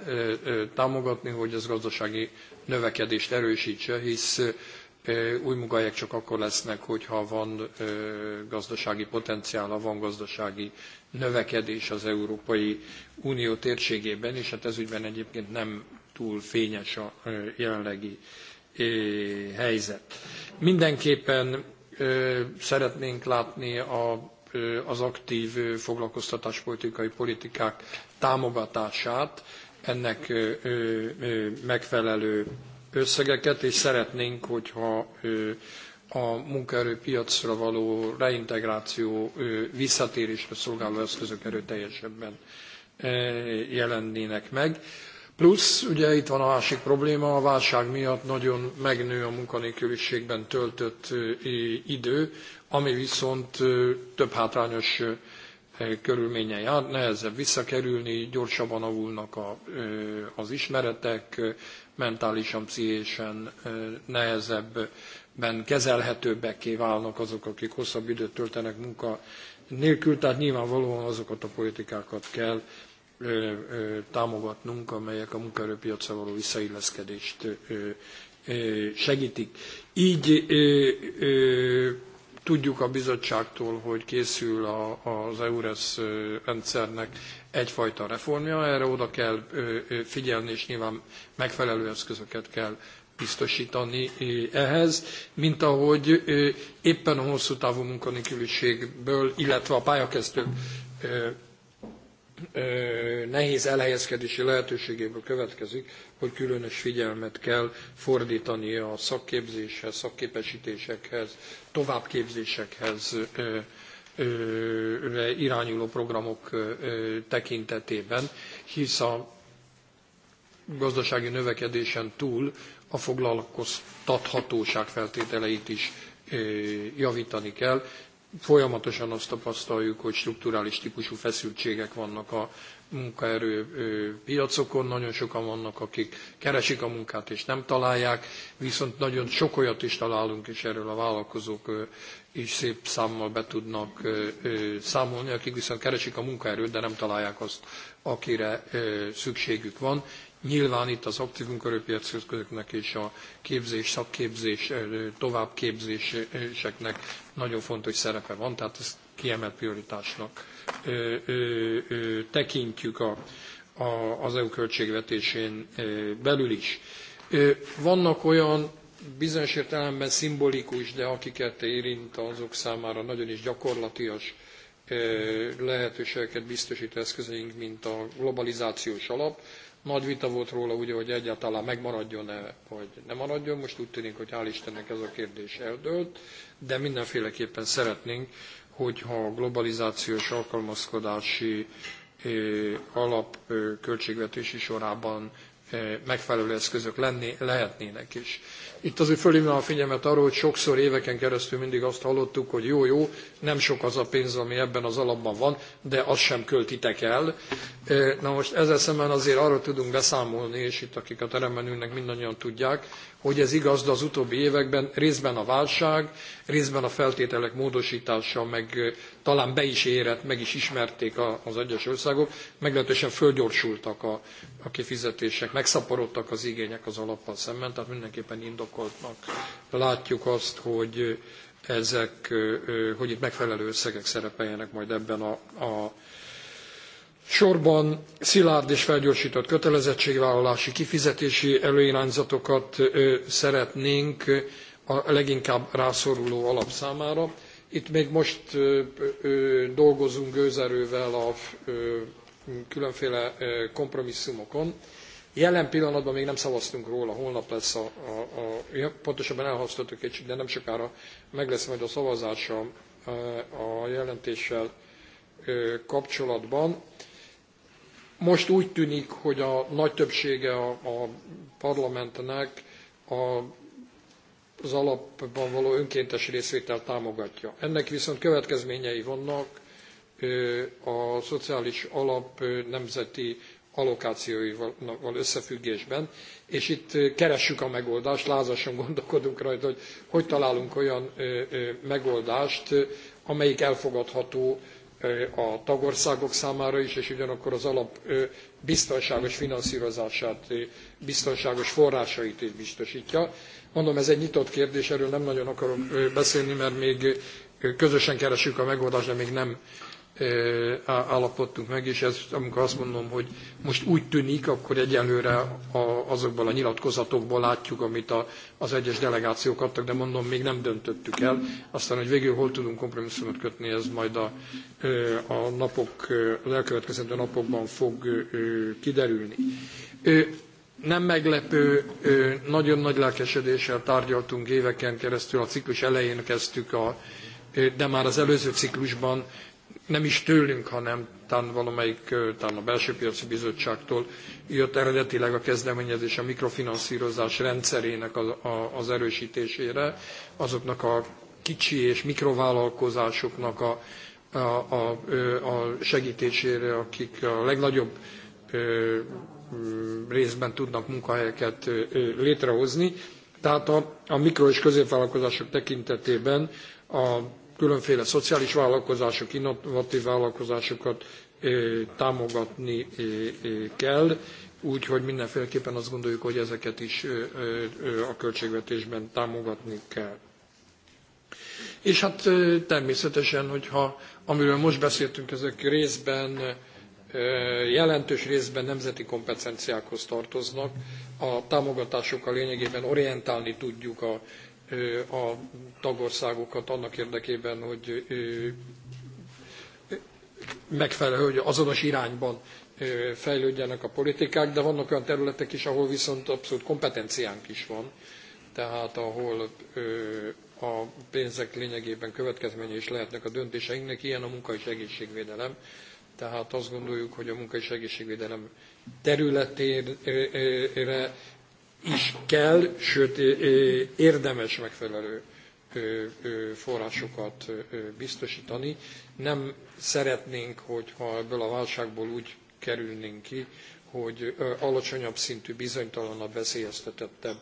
támogatni, hogy ez gazdasági növekedést erősítse, hisz új munkahelyek csak akkor lesznek, hogyha van gazdasági ha van gazdasági növekedés az Európai Unió térségében, és hát ez ügyben egyébként nem túl fényes a jelenlegi helyzet. Mindenképpen szeretnénk látni a, az aktív foglalkoztatáspolitikai politikák támogatását, ennek megfelelő összegeket, és szeretnénk, hogyha a munkaerőpiacra való reintegráció visszatérésre szolgáló eszközök erőteljesebben jelennének meg. Plusz, ugye itt van a másik probléma, a válság miatt nagyon megnő a munkanélküliségben töltött idő, ami viszont több hátrányos körülményen jár, nehezebb visszakerülni, gyorsabban avulnak a, az ismeretek, mentálisan, pszichésen nehezebben kezelhetőbbeké válnak azok, akik hosszabb időt töltenek munka nélkül, tehát nyilvánvalóan azokat a politikákat kell támogatnunk, amelyek a munkaerőpiacra való visszailleszkedést segítik. Így tudjuk a bizottságtól, hogy készül a, az EURES rendszernek egyfajta reformja, erre oda kell figyelni, és nyilván megfelelő eszközöket kell biztosítani ehhez, mint ahogy éppen a hosszú távú munkanélküliségből, illetve a pályakezdők nehéz elhelyezkedési lehetőségéből következik, hogy különös figyelmet kell fordítani a szakképzéshez, szakképesítésekhez, továbbképzésekhez irányuló programok tekintetében, hisz a gazdasági növekedésen túl a foglalkoztathatóság feltételeit is javítani kell, Folyamatosan azt tapasztaljuk, hogy strukturális típusú feszültségek vannak a munkaerő piacokon, nagyon sokan vannak, akik keresik a munkát és nem találják, viszont nagyon sok olyat is találunk, és erről a vállalkozók is szép számmal be tudnak számolni, akik viszont keresik a munkaerőt, de nem találják azt, akire szükségük van. Nyilván itt az aktív munkaerőpiaci eszközöknek és a képzés, szakképzés, továbbképzéseknek nagyon fontos szerepe van, tehát ezt kiemelt prioritásnak tekintjük a, a, az EU költségvetésén belül is. Vannak olyan bizonyos értelemben szimbolikus, de akiket érint azok számára nagyon is gyakorlatias lehetőségeket biztosít eszközeink, mint a globalizációs alap, nagy vita volt róla, ugye, hogy egyáltalán megmaradjon-e, vagy nem maradjon. Most úgy tűnik, hogy hál' Istennek ez a kérdés eldőlt, de mindenféleképpen szeretnénk, hogyha a globalizációs alkalmazkodási eh, alapköltségvetési eh, sorában eh, megfelelő eszközök lenni, lehetnének is. Itt azért fölhívnám a figyelmet arra, hogy sokszor éveken keresztül mindig azt hallottuk, hogy jó, jó, nem sok az a pénz, ami ebben az alapban van, de azt sem költitek el. Na most ezzel szemben azért arra tudunk beszámolni, és itt akik a teremben ülnek, mindannyian tudják, hogy ez igaz, de az utóbbi években részben a válság, részben a feltételek módosítása, meg talán be is érett, meg is ismerték az egyes országok, meglehetősen fölgyorsultak a, a kifizetések, megszaporodtak az igények az alappal szemben, tehát mindenképpen indok indokoltnak. Látjuk azt, hogy ezek, hogy itt megfelelő összegek szerepeljenek majd ebben a, a sorban szilárd és felgyorsított kötelezettségvállalási kifizetési előirányzatokat szeretnénk a leginkább rászoruló alap számára. Itt még most dolgozunk gőzerővel a különféle kompromisszumokon. Jelen pillanatban még nem szavaztunk róla, holnap lesz a, a, a pontosabban elhasztottuk egy, de nem sokára meg lesz majd a szavazása a jelentéssel kapcsolatban. Most úgy tűnik, hogy a nagy többsége a, a parlamentnek a, az alapban való önkéntes részvétel támogatja. Ennek viszont következményei vannak a szociális alap nemzeti allokációival összefüggésben, és itt keressük a megoldást, lázasan gondolkodunk rajta, hogy hogy találunk olyan megoldást, amelyik elfogadható a tagországok számára is, és ugyanakkor az alap biztonságos finanszírozását, biztonságos forrásait is biztosítja. Mondom, ez egy nyitott kérdés, erről nem nagyon akarok beszélni, mert még közösen keresünk a megoldást, de még nem állapodtunk meg, és ez, amikor azt mondom, hogy most úgy tűnik, akkor egyelőre a, azokból a nyilatkozatokból látjuk, amit a, az egyes delegációk adtak, de mondom, még nem döntöttük el. Aztán, hogy végül hol tudunk kompromisszumot kötni, ez majd a, a napok, az elkövetkezendő napokban fog kiderülni. Nem meglepő, nagyon nagy lelkesedéssel tárgyaltunk éveken keresztül, a ciklus elején kezdtük a, de már az előző ciklusban nem is tőlünk, hanem talán valamelyik, talán a belső piaci bizottságtól jött eredetileg a kezdeményezés a mikrofinanszírozás rendszerének az, a, az erősítésére, azoknak a kicsi és mikrovállalkozásoknak a, a, a, a segítésére, akik a legnagyobb részben tudnak munkahelyeket létrehozni. Tehát a, a mikro és középvállalkozások tekintetében a különféle szociális vállalkozások, innovatív vállalkozásokat támogatni kell, úgyhogy mindenféleképpen azt gondoljuk, hogy ezeket is a költségvetésben támogatni kell. És hát természetesen, hogyha amiről most beszéltünk, ezek részben, jelentős részben nemzeti kompetenciákhoz tartoznak, a támogatásokkal lényegében orientálni tudjuk a a tagországokat annak érdekében, hogy megfelelő, hogy azonos irányban fejlődjenek a politikák, de vannak olyan területek is, ahol viszont abszolút kompetenciánk is van, tehát ahol a pénzek lényegében következménye is lehetnek a döntéseinknek, ilyen a munka és egészségvédelem. Tehát azt gondoljuk, hogy a munka és egészségvédelem területére is kell, sőt érdemes megfelelő forrásokat biztosítani. Nem szeretnénk, hogyha ebből a válságból úgy kerülnénk ki, hogy alacsonyabb szintű, bizonytalanabb, veszélyeztetettebb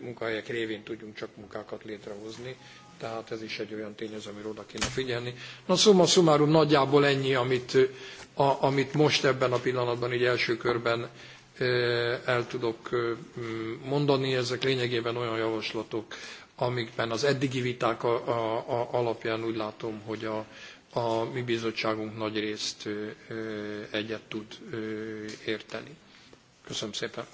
munkahelyek révén tudjunk csak munkákat létrehozni. Tehát ez is egy olyan tényező, amire oda kéne figyelni. Na szóma szumárum nagyjából ennyi, amit, a, amit most ebben a pillanatban így első körben el tudok mm, mondani. Ezek lényegében olyan javaslatok, amikben az eddigi viták a, a, a alapján úgy látom, hogy a, a mi bizottságunk nagy részt egyet tud érteni. Köszönöm szépen.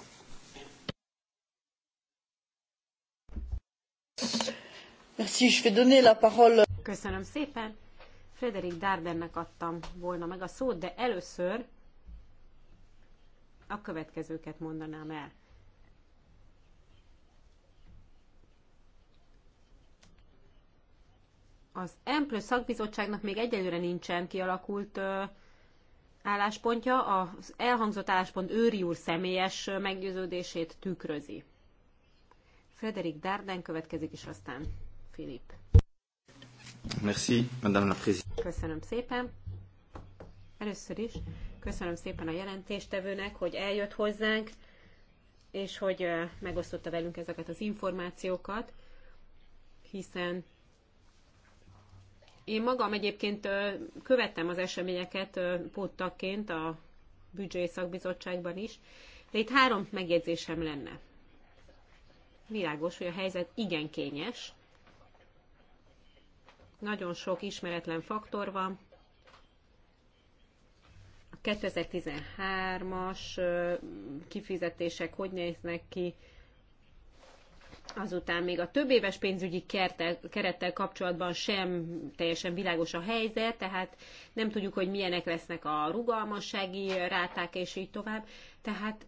Köszönöm szépen. Frederik Dardennek adtam volna meg a szót, de először a következőket mondanám el. Az M szakbizottságnak még egyelőre nincsen kialakult ö, álláspontja, az elhangzott álláspont Őri úr személyes meggyőződését tükrözi. Frederik Darden következik, és aztán Filip. Merci, Madame la Présidente. Köszönöm szépen. Először is Köszönöm szépen a jelentéstevőnek, hogy eljött hozzánk, és hogy megosztotta velünk ezeket az információkat, hiszen én magam egyébként követtem az eseményeket póttakként a büdzsé szakbizottságban is, de itt három megjegyzésem lenne. Világos, hogy a helyzet igen kényes, nagyon sok ismeretlen faktor van, 2013-as kifizetések hogy néznek ki, azután még a több éves pénzügyi kertel, kerettel kapcsolatban sem teljesen világos a helyzet, tehát nem tudjuk, hogy milyenek lesznek a rugalmassági ráták, és így tovább. Tehát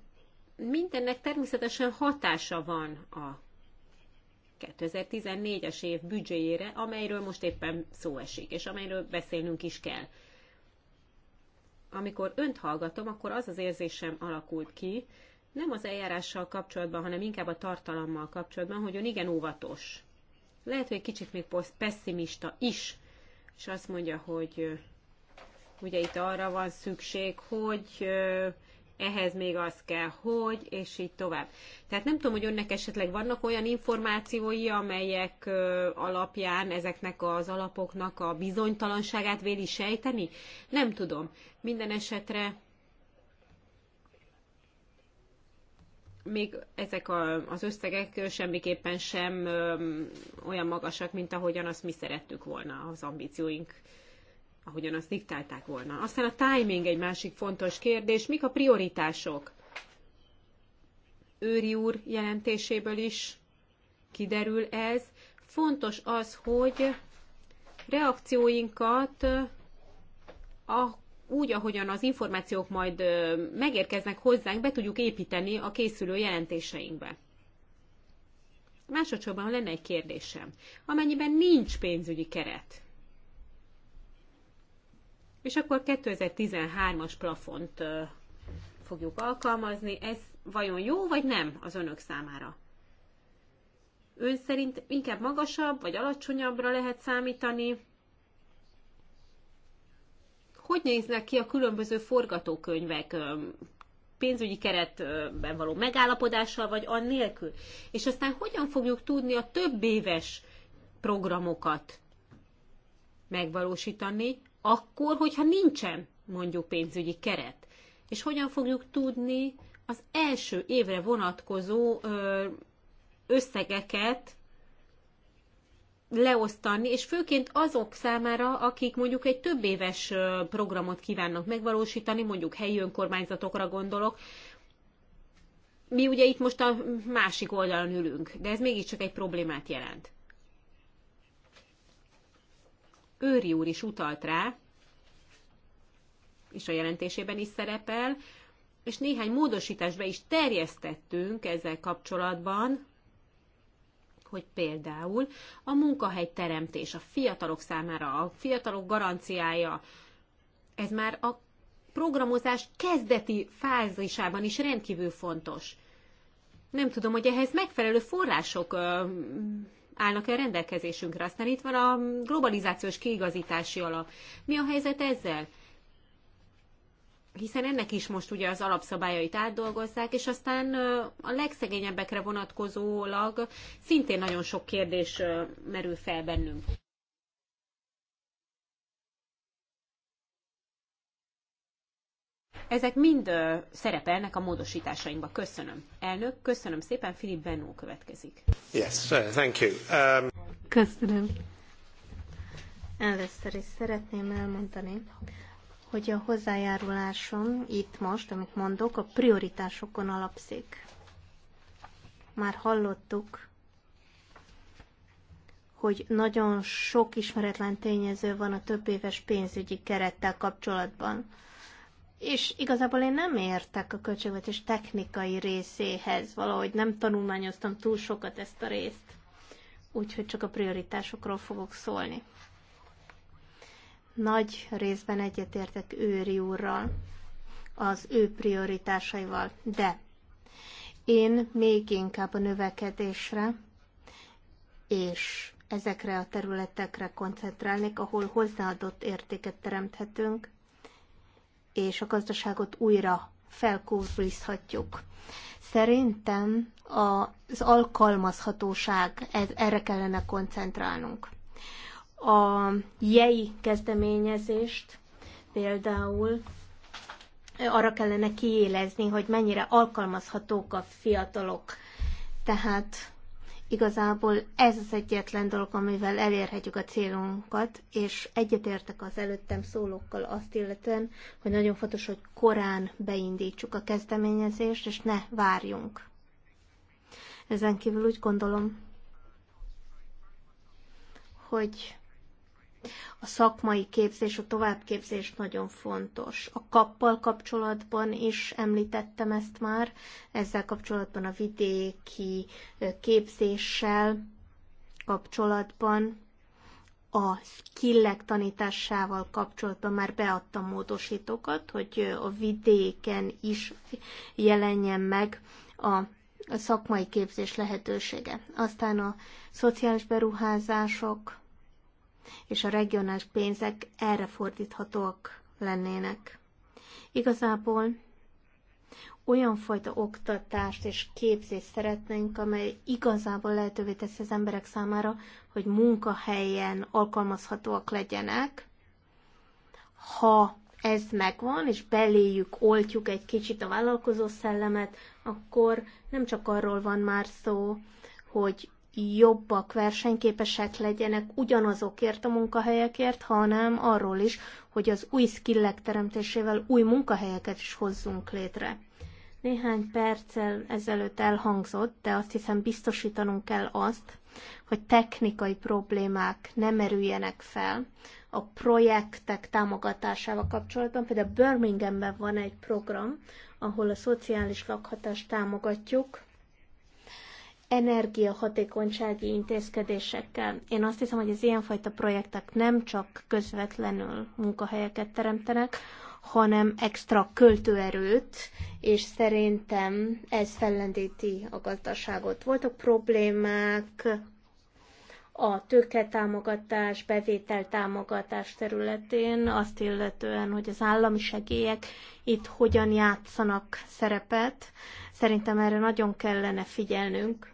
mindennek természetesen hatása van a 2014-es év büdzséjére, amelyről most éppen szó esik, és amelyről beszélnünk is kell amikor önt hallgatom, akkor az az érzésem alakult ki, nem az eljárással kapcsolatban, hanem inkább a tartalommal kapcsolatban, hogy ön igen óvatos. Lehet, hogy egy kicsit még pessimista is, és azt mondja, hogy ugye itt arra van szükség, hogy ehhez még az kell, hogy, és így tovább. Tehát nem tudom, hogy önnek esetleg vannak olyan információi, amelyek alapján ezeknek az alapoknak a bizonytalanságát véli sejteni? Nem tudom. Minden esetre még ezek a, az összegek semmiképpen sem olyan magasak, mint ahogyan azt mi szerettük volna az ambícióink ahogyan azt diktálták volna. Aztán a timing egy másik fontos kérdés. Mik a prioritások? Őri úr jelentéséből is kiderül ez. Fontos az, hogy reakcióinkat a, úgy, ahogyan az információk majd megérkeznek hozzánk, be tudjuk építeni a készülő jelentéseinkbe. Másodszorban lenne egy kérdésem. Amennyiben nincs pénzügyi keret, és akkor 2013-as plafont fogjuk alkalmazni. Ez vajon jó, vagy nem az önök számára? Ön szerint inkább magasabb, vagy alacsonyabbra lehet számítani? Hogy néznek ki a különböző forgatókönyvek pénzügyi keretben való megállapodással, vagy annélkül? És aztán hogyan fogjuk tudni a több éves programokat megvalósítani, akkor, hogyha nincsen mondjuk pénzügyi keret? És hogyan fogjuk tudni az első évre vonatkozó összegeket leosztani, és főként azok számára, akik mondjuk egy több éves programot kívánnak megvalósítani, mondjuk helyi önkormányzatokra gondolok. Mi ugye itt most a másik oldalon ülünk, de ez mégiscsak egy problémát jelent. Őri úr is utalt rá, és a jelentésében is szerepel, és néhány módosításba is terjesztettünk ezzel kapcsolatban, hogy például a munkahely teremtés a fiatalok számára, a fiatalok garanciája, ez már a programozás kezdeti fázisában is rendkívül fontos. Nem tudom, hogy ehhez megfelelő források állnak-e a rendelkezésünkre. Aztán itt van a globalizációs kiigazítási alap. Mi a helyzet ezzel? hiszen ennek is most ugye az alapszabályait átdolgozzák, és aztán a legszegényebbekre vonatkozólag szintén nagyon sok kérdés merül fel bennünk. Ezek mind szerepelnek a módosításainkba. Köszönöm. Elnök, köszönöm szépen. Filip Bennó következik. Yes, thank you. Um... Köszönöm. Először is szeretném elmondani, hogy a hozzájárulásom itt most, amit mondok, a prioritásokon alapszik. Már hallottuk, hogy nagyon sok ismeretlen tényező van a több éves pénzügyi kerettel kapcsolatban és igazából én nem értek a költségvetés technikai részéhez, valahogy nem tanulmányoztam túl sokat ezt a részt, úgyhogy csak a prioritásokról fogok szólni. Nagy részben egyetértek Őri úrral, az ő prioritásaival, de én még inkább a növekedésre és ezekre a területekre koncentrálnék, ahol hozzáadott értéket teremthetünk, és a gazdaságot újra felkúrizhatjuk. Szerintem az alkalmazhatóság, ez, erre kellene koncentrálnunk. A jei kezdeményezést például arra kellene kiélezni, hogy mennyire alkalmazhatók a fiatalok. Tehát Igazából ez az egyetlen dolog, amivel elérhetjük a célunkat, és egyetértek az előttem szólókkal azt illetően, hogy nagyon fontos, hogy korán beindítsuk a kezdeményezést, és ne várjunk. Ezen kívül úgy gondolom, hogy a szakmai képzés, a továbbképzés nagyon fontos. A kappal kapcsolatban is említettem ezt már, ezzel kapcsolatban a vidéki képzéssel kapcsolatban a skillek tanításával kapcsolatban már beadtam módosítókat, hogy a vidéken is jelenjen meg a szakmai képzés lehetősége. Aztán a szociális beruházások, és a regionális pénzek erre fordíthatóak lennének. Igazából olyan fajta oktatást és képzést szeretnénk, amely igazából lehetővé teszi az emberek számára, hogy munkahelyen alkalmazhatóak legyenek. Ha ez megvan, és beléjük oltjuk egy kicsit a vállalkozó szellemet, akkor nem csak arról van már szó, hogy jobbak, versenyképesek legyenek ugyanazokért a munkahelyekért, hanem arról is, hogy az új skillek teremtésével új munkahelyeket is hozzunk létre. Néhány perccel ezelőtt elhangzott, de azt hiszem biztosítanunk kell azt, hogy technikai problémák nem merüljenek fel a projektek támogatásával kapcsolatban. Például Birminghamben van egy program, ahol a szociális lakhatást támogatjuk, energiahatékonysági intézkedésekkel. Én azt hiszem, hogy az ilyenfajta projektek nem csak közvetlenül munkahelyeket teremtenek, hanem extra költőerőt, és szerintem ez fellendíti a gazdaságot. Voltak problémák a tőketámogatás, bevételtámogatás területén, azt illetően, hogy az állami segélyek itt hogyan játszanak szerepet. Szerintem erre nagyon kellene figyelnünk,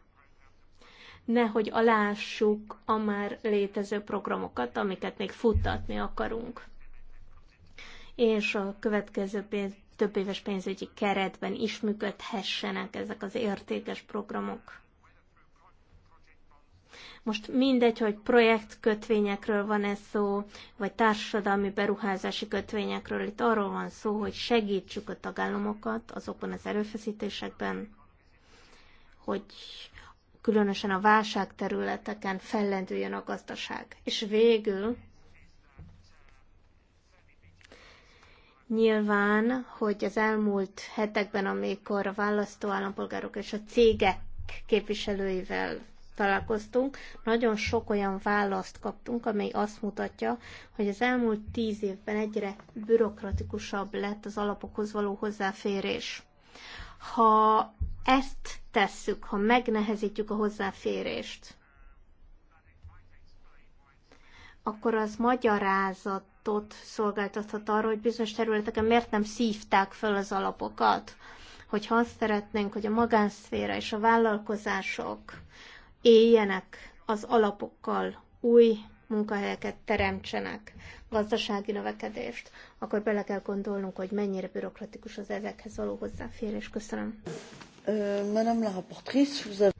nehogy alássuk a már létező programokat, amiket még futtatni akarunk. És a következő pénz, több éves pénzügyi keretben is működhessenek ezek az értékes programok. Most mindegy, hogy projektkötvényekről van ez szó, vagy társadalmi beruházási kötvényekről, itt arról van szó, hogy segítsük a tagállamokat azokban az erőfeszítésekben, hogy különösen a területeken fellendüljön a gazdaság. És végül nyilván, hogy az elmúlt hetekben, amikor a választó állampolgárok és a cégek képviselőivel találkoztunk, nagyon sok olyan választ kaptunk, amely azt mutatja, hogy az elmúlt tíz évben egyre bürokratikusabb lett az alapokhoz való hozzáférés ha ezt tesszük, ha megnehezítjük a hozzáférést, akkor az magyarázatot szolgáltathat arra, hogy bizonyos területeken miért nem szívták fel az alapokat. Hogyha azt szeretnénk, hogy a magánszféra és a vállalkozások éljenek az alapokkal, új munkahelyeket teremtsenek, gazdasági növekedést, akkor bele kell gondolnunk, hogy mennyire bürokratikus az ezekhez való hozzáférés. Köszönöm.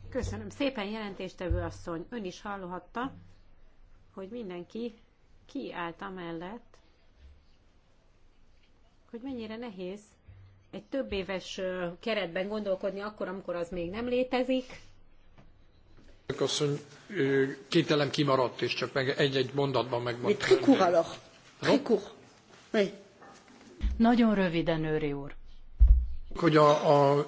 Köszönöm szépen, jelentéstevő asszony. Ön is hallhatta, hogy mindenki kiállt amellett, hogy mennyire nehéz egy több éves keretben gondolkodni akkor, amikor az még nem létezik, Köszön, kételem kimaradt, és csak egy-egy mondatban megmaradt. Trikúr alors. Oui. Nagyon röviden, Őri úr. Hogy a, a,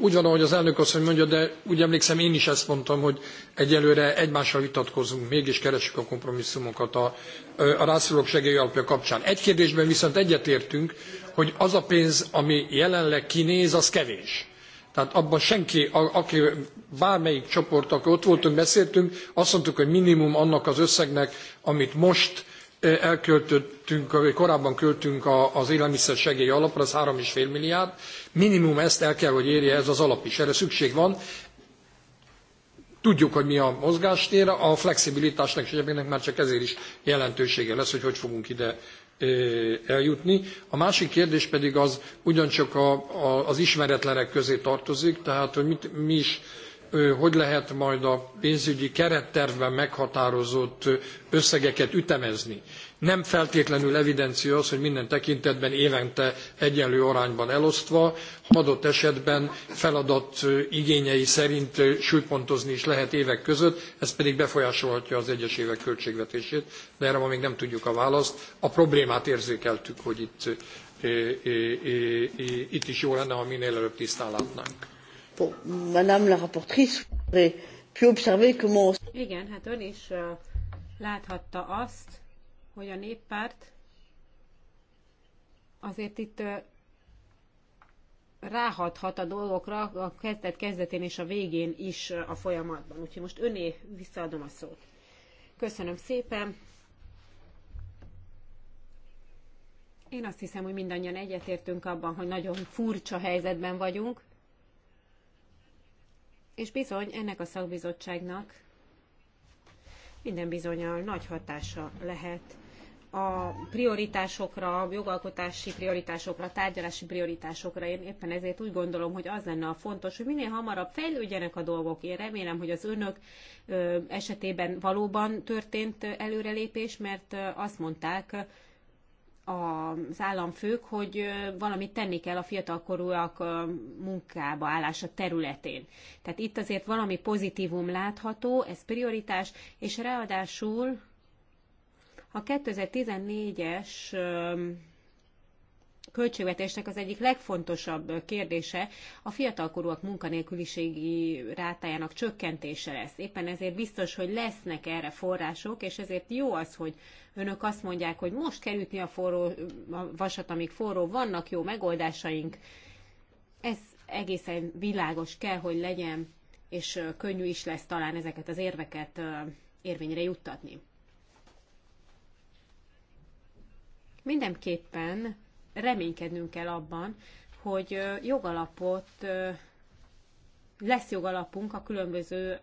úgy van, ahogy az elnök asszony mondja, de úgy emlékszem, én is ezt mondtam, hogy egyelőre egymással vitatkozunk, mégis keressük a kompromisszumokat a, a rászorulók segélyalapja kapcsán. Egy kérdésben viszont egyetértünk, hogy az a pénz, ami jelenleg kinéz, az kevés tehát abban senki, aki bármelyik csoport, aki ott voltunk, beszéltünk, azt mondtuk, hogy minimum annak az összegnek, amit most elköltöttünk, vagy korábban költünk az élelmiszer segély alapra, az 3,5 milliárd, minimum ezt el kell, hogy érje ez az alap is. Erre szükség van. Tudjuk, hogy mi a mozgástér, a flexibilitásnak és egyébként már csak ezért is jelentősége lesz, hogy hogy fogunk ide eljutni. A másik kérdés pedig az ugyancsak a, a, az ismeretlenek közé tartozik, tehát hogy mit, mi is hogy lehet majd a pénzügyi kerettervben meghatározott összegeket ütemezni. Nem feltétlenül evidencia az, hogy minden tekintetben évente egyenlő arányban elosztva, adott esetben feladat igényei szerint súlypontozni is lehet évek között, ez pedig befolyásolhatja az egyes évek költségvetését, de erre ma még nem tudjuk a választ. A problémát érzékeltük, hogy itt, itt is jó lenne, ha minél előbb tisztán látnánk. Bon, Madame la puis observer Igen, hát ön is láthatta azt, hogy a néppárt azért itt ráhathat a dolgokra a kezdet kezdetén és a végén is a folyamatban. Úgyhogy most öné visszaadom a szót. Köszönöm szépen. Én azt hiszem, hogy mindannyian egyetértünk abban, hogy nagyon furcsa helyzetben vagyunk. És bizony ennek a szakbizottságnak minden bizonyal nagy hatása lehet a prioritásokra, jogalkotási prioritásokra, tárgyalási prioritásokra. Én éppen ezért úgy gondolom, hogy az lenne a fontos, hogy minél hamarabb fejlődjenek a dolgok. Én remélem, hogy az önök esetében valóban történt előrelépés, mert azt mondták, az államfők, hogy valamit tenni kell a fiatalkorúak munkába állása területén. Tehát itt azért valami pozitívum látható, ez prioritás, és ráadásul a 2014-es költségvetésnek az egyik legfontosabb kérdése a fiatalkorúak munkanélküliségi rátájának csökkentése lesz. Éppen ezért biztos, hogy lesznek erre források, és ezért jó az, hogy önök azt mondják, hogy most kell ütni a, forró, a vasat, amíg forró, vannak jó megoldásaink. Ez egészen világos kell, hogy legyen, és könnyű is lesz talán ezeket az érveket érvényre juttatni. mindenképpen reménykednünk kell abban, hogy jogalapot, lesz jogalapunk a különböző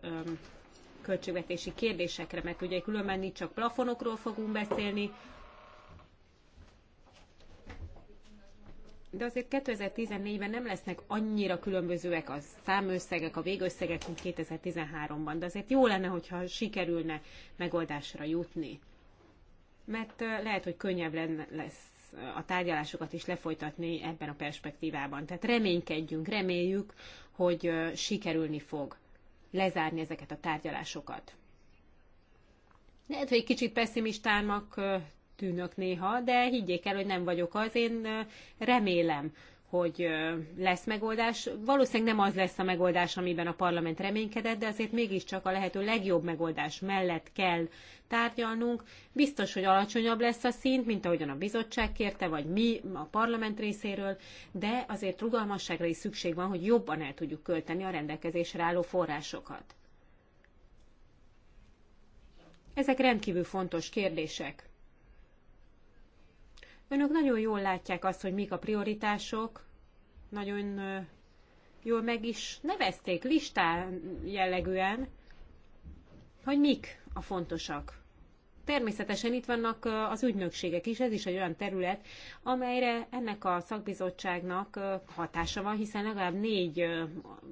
költségvetési kérdésekre, mert ugye különben itt csak plafonokról fogunk beszélni, de azért 2014-ben nem lesznek annyira különbözőek a számösszegek, a végösszegek, mint 2013-ban, de azért jó lenne, hogyha sikerülne megoldásra jutni mert lehet, hogy könnyebb lesz a tárgyalásokat is lefolytatni ebben a perspektívában. Tehát reménykedjünk, reméljük, hogy sikerülni fog lezárni ezeket a tárgyalásokat. Lehet, hogy egy kicsit pessimistának tűnök néha, de higgyék el, hogy nem vagyok az. Én remélem, hogy lesz megoldás. Valószínűleg nem az lesz a megoldás, amiben a parlament reménykedett, de azért mégiscsak a lehető legjobb megoldás mellett kell tárgyalnunk. Biztos, hogy alacsonyabb lesz a szint, mint ahogyan a bizottság kérte, vagy mi a parlament részéről, de azért rugalmasságra is szükség van, hogy jobban el tudjuk költeni a rendelkezésre álló forrásokat. Ezek rendkívül fontos kérdések. Önök nagyon jól látják azt, hogy mik a prioritások, nagyon jól meg is nevezték listán jellegűen, hogy mik a fontosak. Természetesen itt vannak az ügynökségek is, ez is egy olyan terület, amelyre ennek a szakbizottságnak hatása van, hiszen legalább négy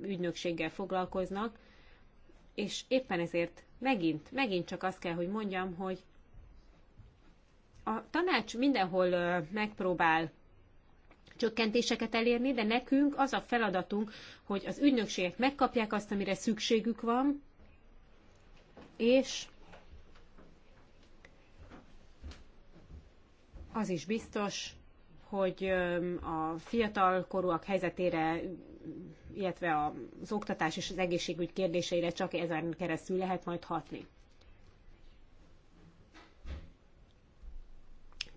ügynökséggel foglalkoznak, és éppen ezért megint, megint csak azt kell, hogy mondjam, hogy a tanács mindenhol megpróbál csökkentéseket elérni, de nekünk az a feladatunk, hogy az ügynökségek megkapják azt, amire szükségük van, és az is biztos, hogy a fiatalkorúak helyzetére, illetve az oktatás és az egészségügy kérdéseire csak ezen keresztül lehet majd hatni.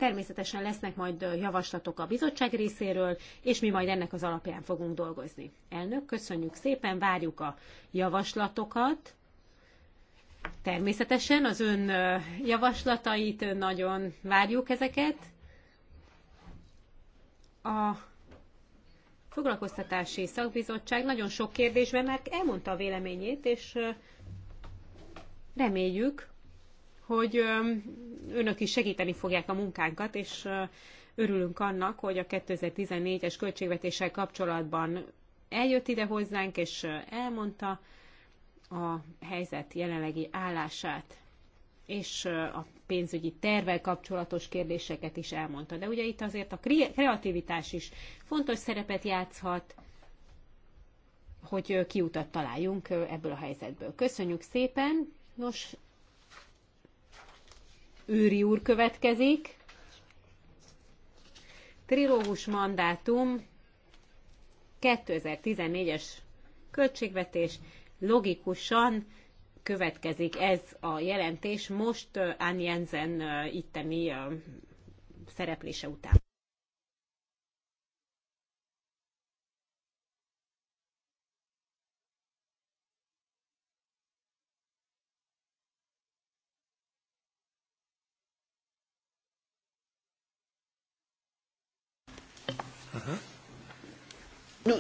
Természetesen lesznek majd javaslatok a bizottság részéről, és mi majd ennek az alapján fogunk dolgozni. Elnök, köszönjük szépen, várjuk a javaslatokat. Természetesen az ön javaslatait nagyon várjuk ezeket. A foglalkoztatási szakbizottság nagyon sok kérdésben már elmondta a véleményét, és reméljük, hogy önök is segíteni fogják a munkánkat, és örülünk annak, hogy a 2014-es költségvetéssel kapcsolatban eljött ide hozzánk, és elmondta a helyzet jelenlegi állását, és a pénzügyi tervel kapcsolatos kérdéseket is elmondta. De ugye itt azért a kreativitás is fontos szerepet játszhat, hogy kiutat találjunk ebből a helyzetből. Köszönjük szépen! Nos, Őri úr következik. Trilógus mandátum 2014-es költségvetés logikusan következik ez a jelentés most uh, Ann Jensen uh, itteni uh, szereplése után.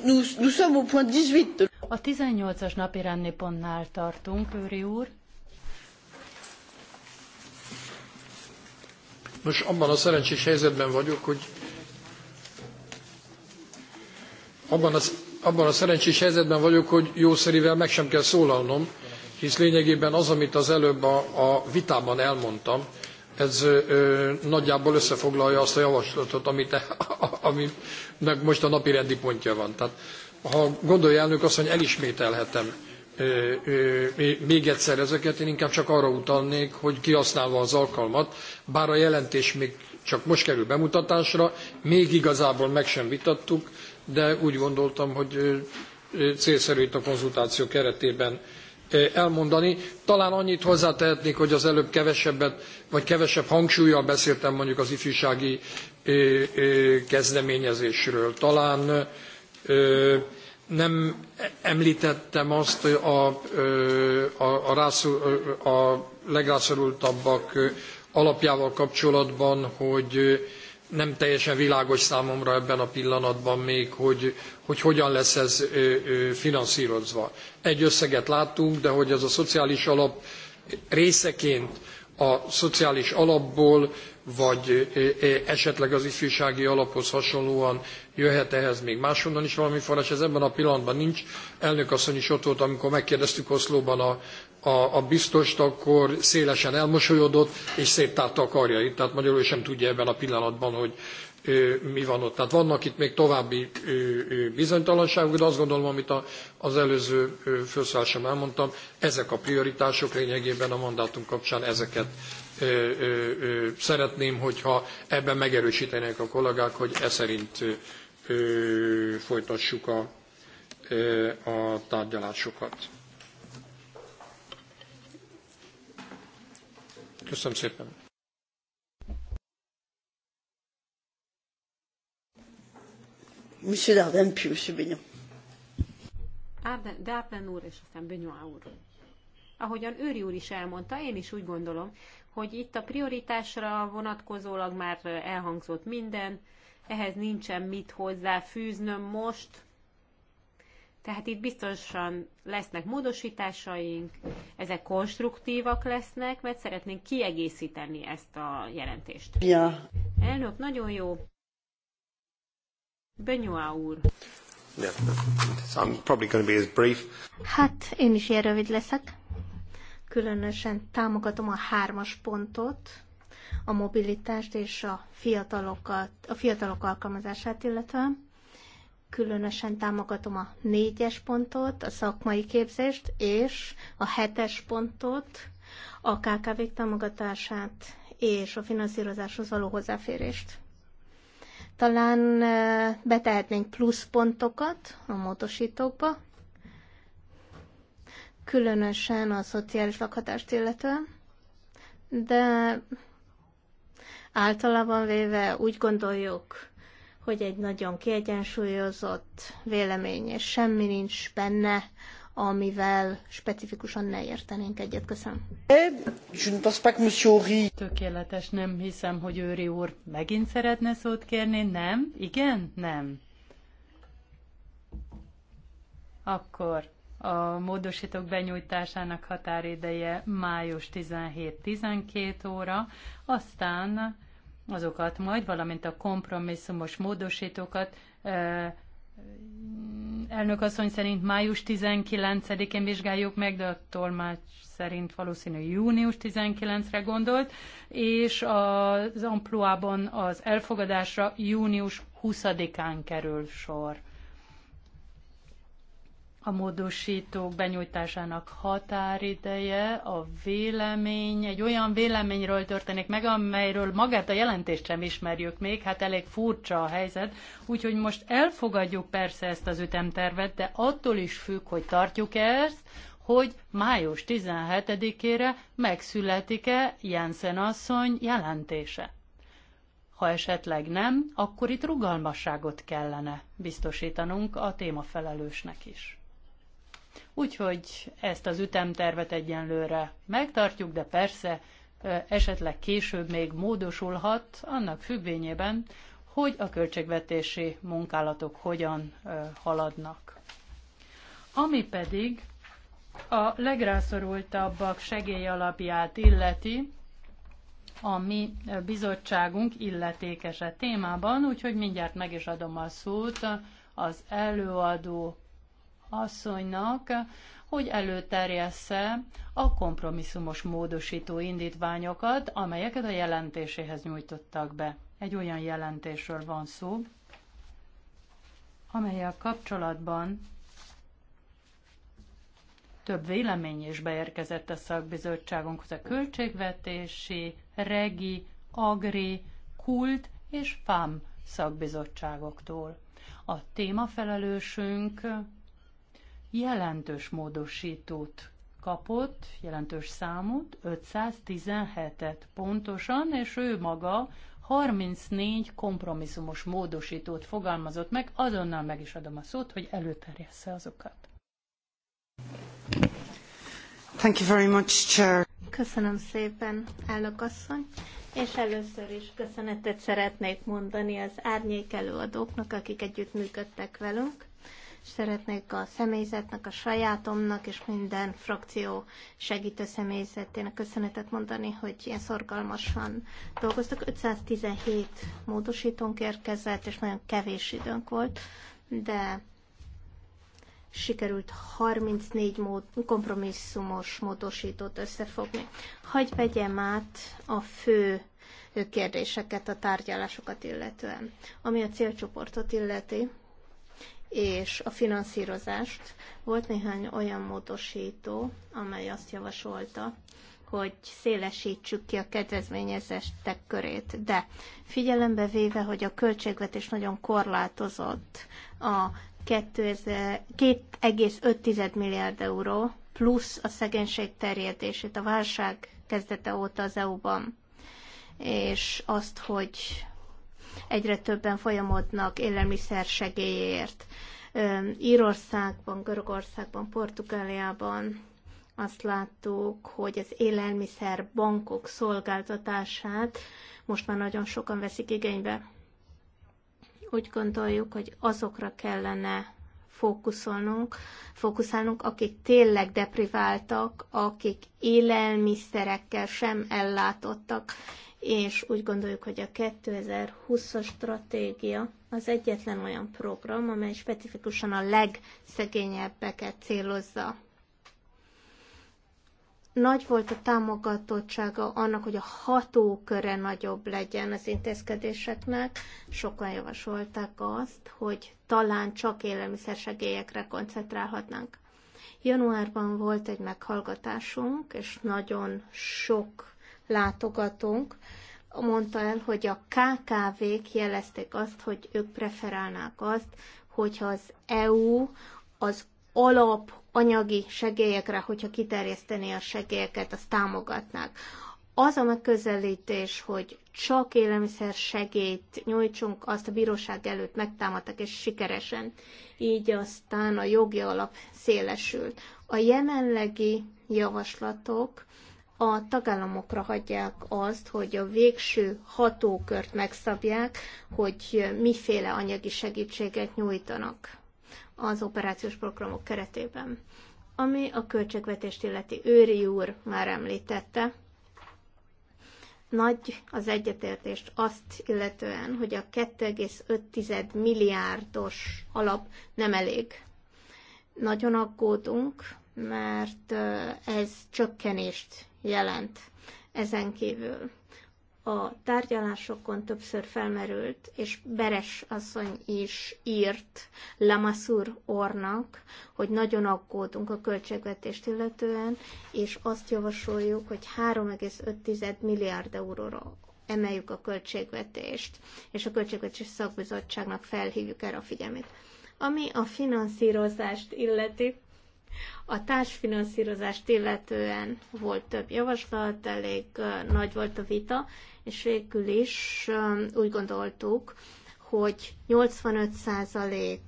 Nous, sommes au point 18. A 18-as napi rendi pontnál tartunk, Őri úr. Most abban a szerencsés helyzetben vagyok, hogy abban a, abban a szerencsés helyzetben vagyok, hogy jószerivel meg sem kell szólalnom, hisz lényegében az, amit az előbb a, a vitában elmondtam, ez ö, nagyjából összefoglalja azt a javaslatot, amit, *laughs* aminek most a napi rendi pontja van. Tehát, ha gondolja elnök azt, hogy elismételhetem ö, ö, még egyszer ezeket, én inkább csak arra utalnék, hogy kihasználva az alkalmat, bár a jelentés még csak most kerül bemutatásra, még igazából meg sem vitattuk, de úgy gondoltam, hogy célszerű itt a konzultáció keretében elmondani. Talán annyit hozzátehetnék, hogy az előbb kevesebbet, vagy kevesebb hangsúlyjal beszéltem mondjuk az ifjúsági kezdeményezésről. Talán nem említettem azt a, a, a, rászul, a legrászorultabbak alapjával kapcsolatban, hogy nem teljesen világos számomra ebben a pillanatban még, hogy, hogy hogyan lesz ez finanszírozva. Egy összeget láttunk, de hogy ez a szociális alap részeként a szociális alapból, vagy esetleg az ifjúsági alaphoz hasonlóan jöhet ehhez még máshonnan is valami forrás. Ez ebben a pillanatban nincs. Elnök asszony is ott volt, amikor megkérdeztük Oszlóban a a, a biztost, akkor szélesen elmosolyodott, és széttárta a karjait. Tehát magyarul sem tudja ebben a pillanatban, hogy ö, mi van ott. Tehát vannak itt még további ö, ö, bizonytalanságok, de azt gondolom, amit a, az előző főszáll elmondtam, ezek a prioritások lényegében a mandátum kapcsán ezeket ö, ö, szeretném, hogyha ebben megerősítenék a kollégák, hogy e szerint folytassuk a, a tárgyalásokat. Köszönöm szépen. Monsieur Darden, puis Monsieur Bignon. Darden úr, és aztán Bignon úr. Ahogyan Őri úr is elmondta, én is úgy gondolom, hogy itt a prioritásra vonatkozólag már elhangzott minden, ehhez nincsen mit hozzá most, tehát itt biztosan lesznek módosításaink, ezek konstruktívak lesznek, mert szeretnénk kiegészíteni ezt a jelentést. Ja. Elnök, nagyon jó. Benyua úr. Yeah, I'm probably going to be as brief. Hát, én is ilyen rövid leszek. Különösen támogatom a hármas pontot, a mobilitást és a fiatalokat, a fiatalok alkalmazását illetően különösen támogatom a négyes pontot, a szakmai képzést, és a hetes pontot, a kkv támogatását és a finanszírozáshoz való hozzáférést. Talán betehetnénk plusz pontokat a módosítókba, különösen a szociális lakhatást illetően, de általában véve úgy gondoljuk, hogy egy nagyon kiegyensúlyozott vélemény, és semmi nincs benne, amivel specifikusan ne értenénk egyet. Köszönöm. Tökéletes, nem hiszem, hogy Őri úr megint szeretne szót kérni. Nem? Igen? Nem. Akkor a módosítók benyújtásának határideje május 17-12 óra, aztán azokat majd, valamint a kompromisszumos módosítókat elnök asszony szerint május 19-én vizsgáljuk meg, de a tolmács szerint valószínű június 19-re gondolt, és az ampluában az elfogadásra június 20-án kerül sor a módosítók benyújtásának határideje, a vélemény, egy olyan véleményről történik meg, amelyről magát a jelentést sem ismerjük még, hát elég furcsa a helyzet, úgyhogy most elfogadjuk persze ezt az ütemtervet, de attól is függ, hogy tartjuk -e ezt, hogy május 17-ére megszületik-e Jensen asszony jelentése. Ha esetleg nem, akkor itt rugalmasságot kellene biztosítanunk a témafelelősnek is. Úgyhogy ezt az ütemtervet egyenlőre megtartjuk, de persze esetleg később még módosulhat annak függvényében, hogy a költségvetési munkálatok hogyan haladnak. Ami pedig a legrászorultabbak segélyalapját illeti, a mi bizottságunk illetékese témában, úgyhogy mindjárt meg is adom a szót az előadó asszonynak, hogy előterjessze a kompromisszumos módosító indítványokat, amelyeket a jelentéséhez nyújtottak be. Egy olyan jelentésről van szó, amelyel kapcsolatban több vélemény is beérkezett a szakbizottságunkhoz a költségvetési, regi, agri, kult és fám szakbizottságoktól. A témafelelősünk jelentős módosítót kapott, jelentős számot, 517-et pontosan, és ő maga 34 kompromisszumos módosítót fogalmazott meg, azonnal meg is adom a szót, hogy előterjessze azokat. Thank you very much, Chair. Köszönöm szépen, elnök asszony, és először is köszönetet szeretnék mondani az árnyék előadóknak, akik együttműködtek velünk Szeretnék a személyzetnek, a sajátomnak és minden frakció segítő személyzetének köszönetet mondani, hogy ilyen szorgalmasan dolgoztak. 517 módosítónk érkezett, és nagyon kevés időnk volt, de sikerült 34 mód, kompromisszumos módosítót összefogni. Hagy vegyem át a fő kérdéseket, a tárgyalásokat illetően. Ami a célcsoportot illeti, és a finanszírozást. Volt néhány olyan módosító, amely azt javasolta, hogy szélesítsük ki a kedvezményezettek körét, de figyelembe véve, hogy a költségvetés nagyon korlátozott, a 2,5 milliárd euró plusz a szegénység terjedését, a válság kezdete óta az EU-ban, és azt, hogy egyre többen folyamodnak élelmiszer segélyért. Írországban, Görögországban, Portugáliában azt láttuk, hogy az élelmiszer bankok szolgáltatását most már nagyon sokan veszik igénybe. Úgy gondoljuk, hogy azokra kellene fókuszolnunk, fókuszálnunk, akik tényleg depriváltak, akik élelmiszerekkel sem ellátottak, és úgy gondoljuk, hogy a 2020-as stratégia az egyetlen olyan program, amely specifikusan a legszegényebbeket célozza. Nagy volt a támogatottsága annak, hogy a hatóköre nagyobb legyen az intézkedéseknek. Sokan javasolták azt, hogy talán csak élelmiszersegélyekre koncentrálhatnánk. Januárban volt egy meghallgatásunk, és nagyon sok látogatónk mondta el, hogy a KKV-k jelezték azt, hogy ők preferálnák azt, hogyha az EU az alap anyagi segélyekre, hogyha kiterjesztené a segélyeket, azt támogatnák. Az a megközelítés, hogy csak élelmiszer segélyt nyújtsunk, azt a bíróság előtt megtámadtak, és sikeresen. Így aztán a jogi alap szélesült. A jelenlegi javaslatok a tagállamokra hagyják azt, hogy a végső hatókört megszabják, hogy miféle anyagi segítséget nyújtanak az operációs programok keretében. Ami a költségvetést illeti, Őri úr már említette, nagy az egyetértést azt illetően, hogy a 2,5 milliárdos alap nem elég. Nagyon aggódunk, mert ez csökkenést jelent. Ezen kívül a tárgyalásokon többször felmerült, és Beres asszony is írt Lamassur Ornak, hogy nagyon aggódunk a költségvetést illetően, és azt javasoljuk, hogy 3,5 milliárd euróra emeljük a költségvetést, és a költségvetés szakbizottságnak felhívjuk erre a figyelmét. Ami a finanszírozást illeti, a társfinanszírozást illetően volt több javaslat, elég nagy volt a vita, és végül is úgy gondoltuk, hogy 85%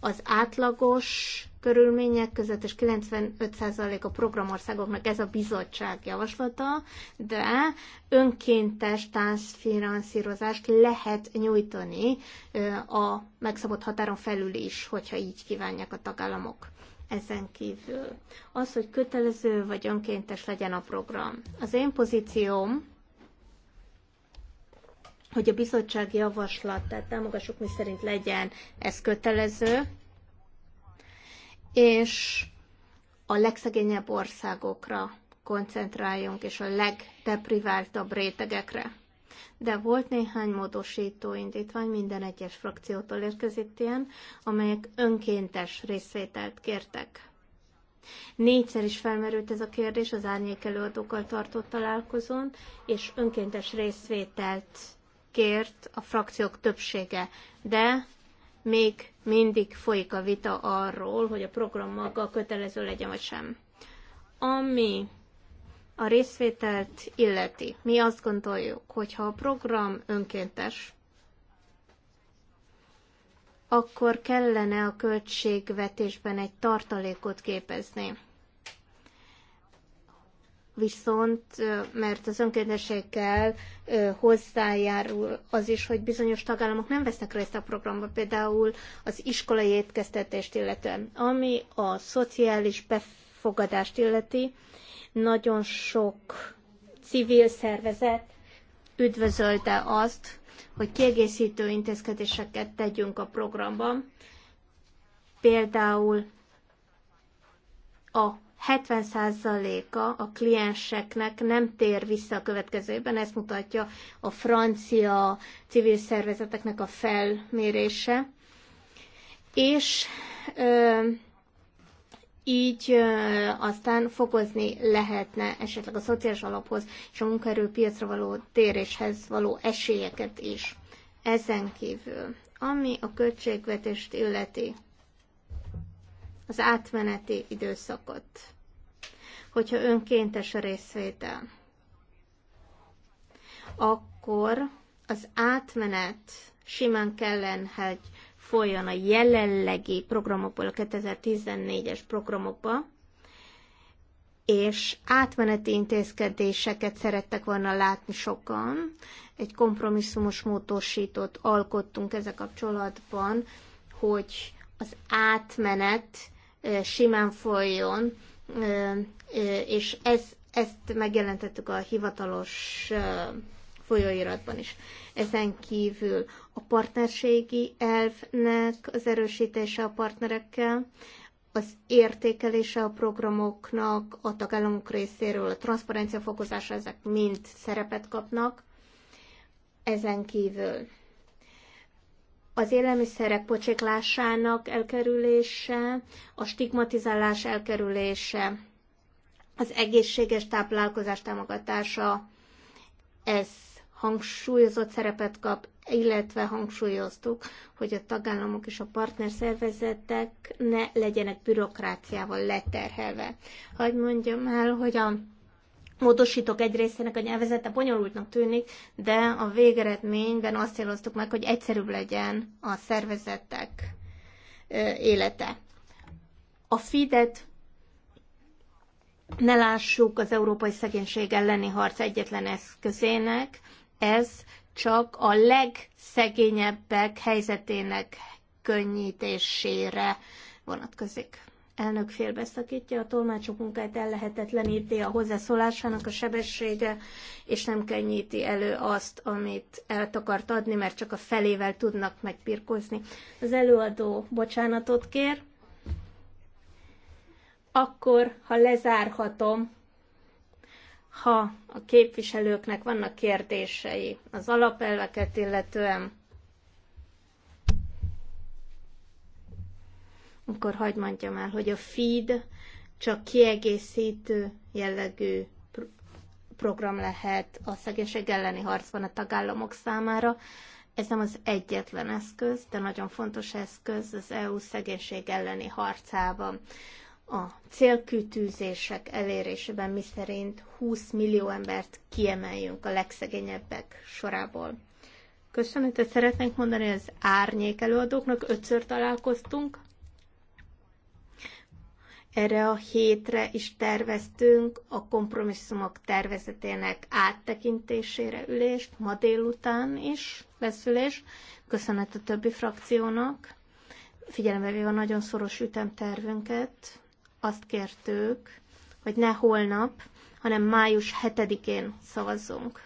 az átlagos körülmények között, és 95% a programországoknak ez a bizottság javaslata, de önkéntes táncfinanszírozást lehet nyújtani a megszabott határon felül is, hogyha így kívánják a tagállamok. Ezen kívül az, hogy kötelező vagy önkéntes legyen a program. Az én pozícióm, hogy a bizottság tehát támogassuk, mi szerint legyen ez kötelező, és a legszegényebb országokra koncentráljunk, és a legdepriváltabb rétegekre. De volt néhány módosító indítvány, minden egyes frakciótól érkezett ilyen, amelyek önkéntes részvételt kértek. Négyszer is felmerült ez a kérdés az árnyék előadókkal tartott találkozón, és önkéntes részvételt kért a frakciók többsége, de még mindig folyik a vita arról, hogy a program maga kötelező legyen vagy sem. Ami a részvételt illeti, mi azt gondoljuk, hogy ha a program önkéntes, akkor kellene a költségvetésben egy tartalékot képezni viszont mert az önkéntesekkel hozzájárul az is, hogy bizonyos tagállamok nem vesznek részt a programban, például az iskolai étkeztetést illetően. Ami a szociális befogadást illeti, nagyon sok civil szervezet üdvözölte azt, hogy kiegészítő intézkedéseket tegyünk a programban, például a 70%-a a klienseknek nem tér vissza a következőben, ezt mutatja a francia civil szervezeteknek a felmérése. És ö, így ö, aztán fokozni lehetne esetleg a szociális alaphoz és a munkaerőpiacra való téréshez való esélyeket is. Ezen kívül, ami a költségvetést illeti, az átmeneti időszakot hogyha önkéntes a részvétel, akkor az átmenet simán kellene, hogy folyjon a jelenlegi programokból, a 2014-es programokba, és átmeneti intézkedéseket szerettek volna látni sokan. Egy kompromisszumos módosítót alkottunk ezzel kapcsolatban, hogy az átmenet simán folyjon és ez, ezt megjelentettük a hivatalos folyóiratban is. Ezen kívül a partnerségi elvnek az erősítése a partnerekkel, az értékelése a programoknak, a tagállamok részéről, a transzparencia fokozása, ezek mind szerepet kapnak. Ezen kívül az élelmiszerek pocséklásának elkerülése, a stigmatizálás elkerülése, az egészséges táplálkozás támogatása, ez hangsúlyozott szerepet kap, illetve hangsúlyoztuk, hogy a tagállamok és a partnerszervezetek ne legyenek bürokráciával leterhelve. Hogy mondjam el, hogy a módosítók egy részének a nyelvezete bonyolultnak tűnik, de a végeredményben azt céloztuk meg, hogy egyszerűbb legyen a szervezetek élete. A FIDET ne lássuk az európai szegénység elleni harc egyetlen eszközének, ez csak a legszegényebbek helyzetének könnyítésére vonatkozik. Elnök félbeszakítja, a tolmácsok munkáját ellehetetleníti a hozzászólásának a sebessége, és nem könnyíti elő azt, amit el akart adni, mert csak a felével tudnak megpirkozni. Az előadó bocsánatot kér akkor, ha lezárhatom, ha a képviselőknek vannak kérdései az alapelveket illetően, akkor hagyd mondjam el, hogy a feed csak kiegészítő jellegű program lehet a szegénység elleni harcban a tagállamok számára. Ez nem az egyetlen eszköz, de nagyon fontos eszköz az EU szegénység elleni harcában a célkütűzések elérésében, miszerint 20 millió embert kiemeljünk a legszegényebbek sorából. Köszönetet szeretnénk mondani az árnyék előadóknak, ötször találkoztunk. Erre a hétre is terveztünk a kompromisszumok tervezetének áttekintésére ülést, ma délután is lesz ülés. Köszönet a többi frakciónak. Figyelembe véve a nagyon szoros ütemtervünket, azt kértük, hogy ne holnap, hanem május 7-én szavazzunk.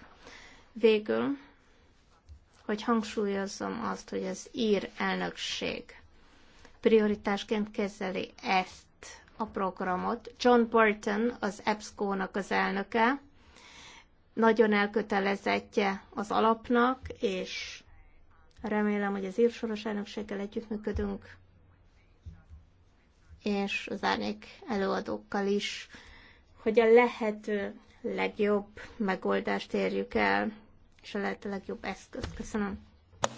Végül, hogy hangsúlyozzam azt, hogy az ír elnökség prioritásként kezeli ezt a programot. John Burton, az EBSCO-nak az elnöke, nagyon elkötelezettje az alapnak, és remélem, hogy az írsoros elnökséggel együttműködünk és az árnyék előadókkal is, hogy a lehető legjobb megoldást érjük el, és a lehető legjobb eszközt. Köszönöm.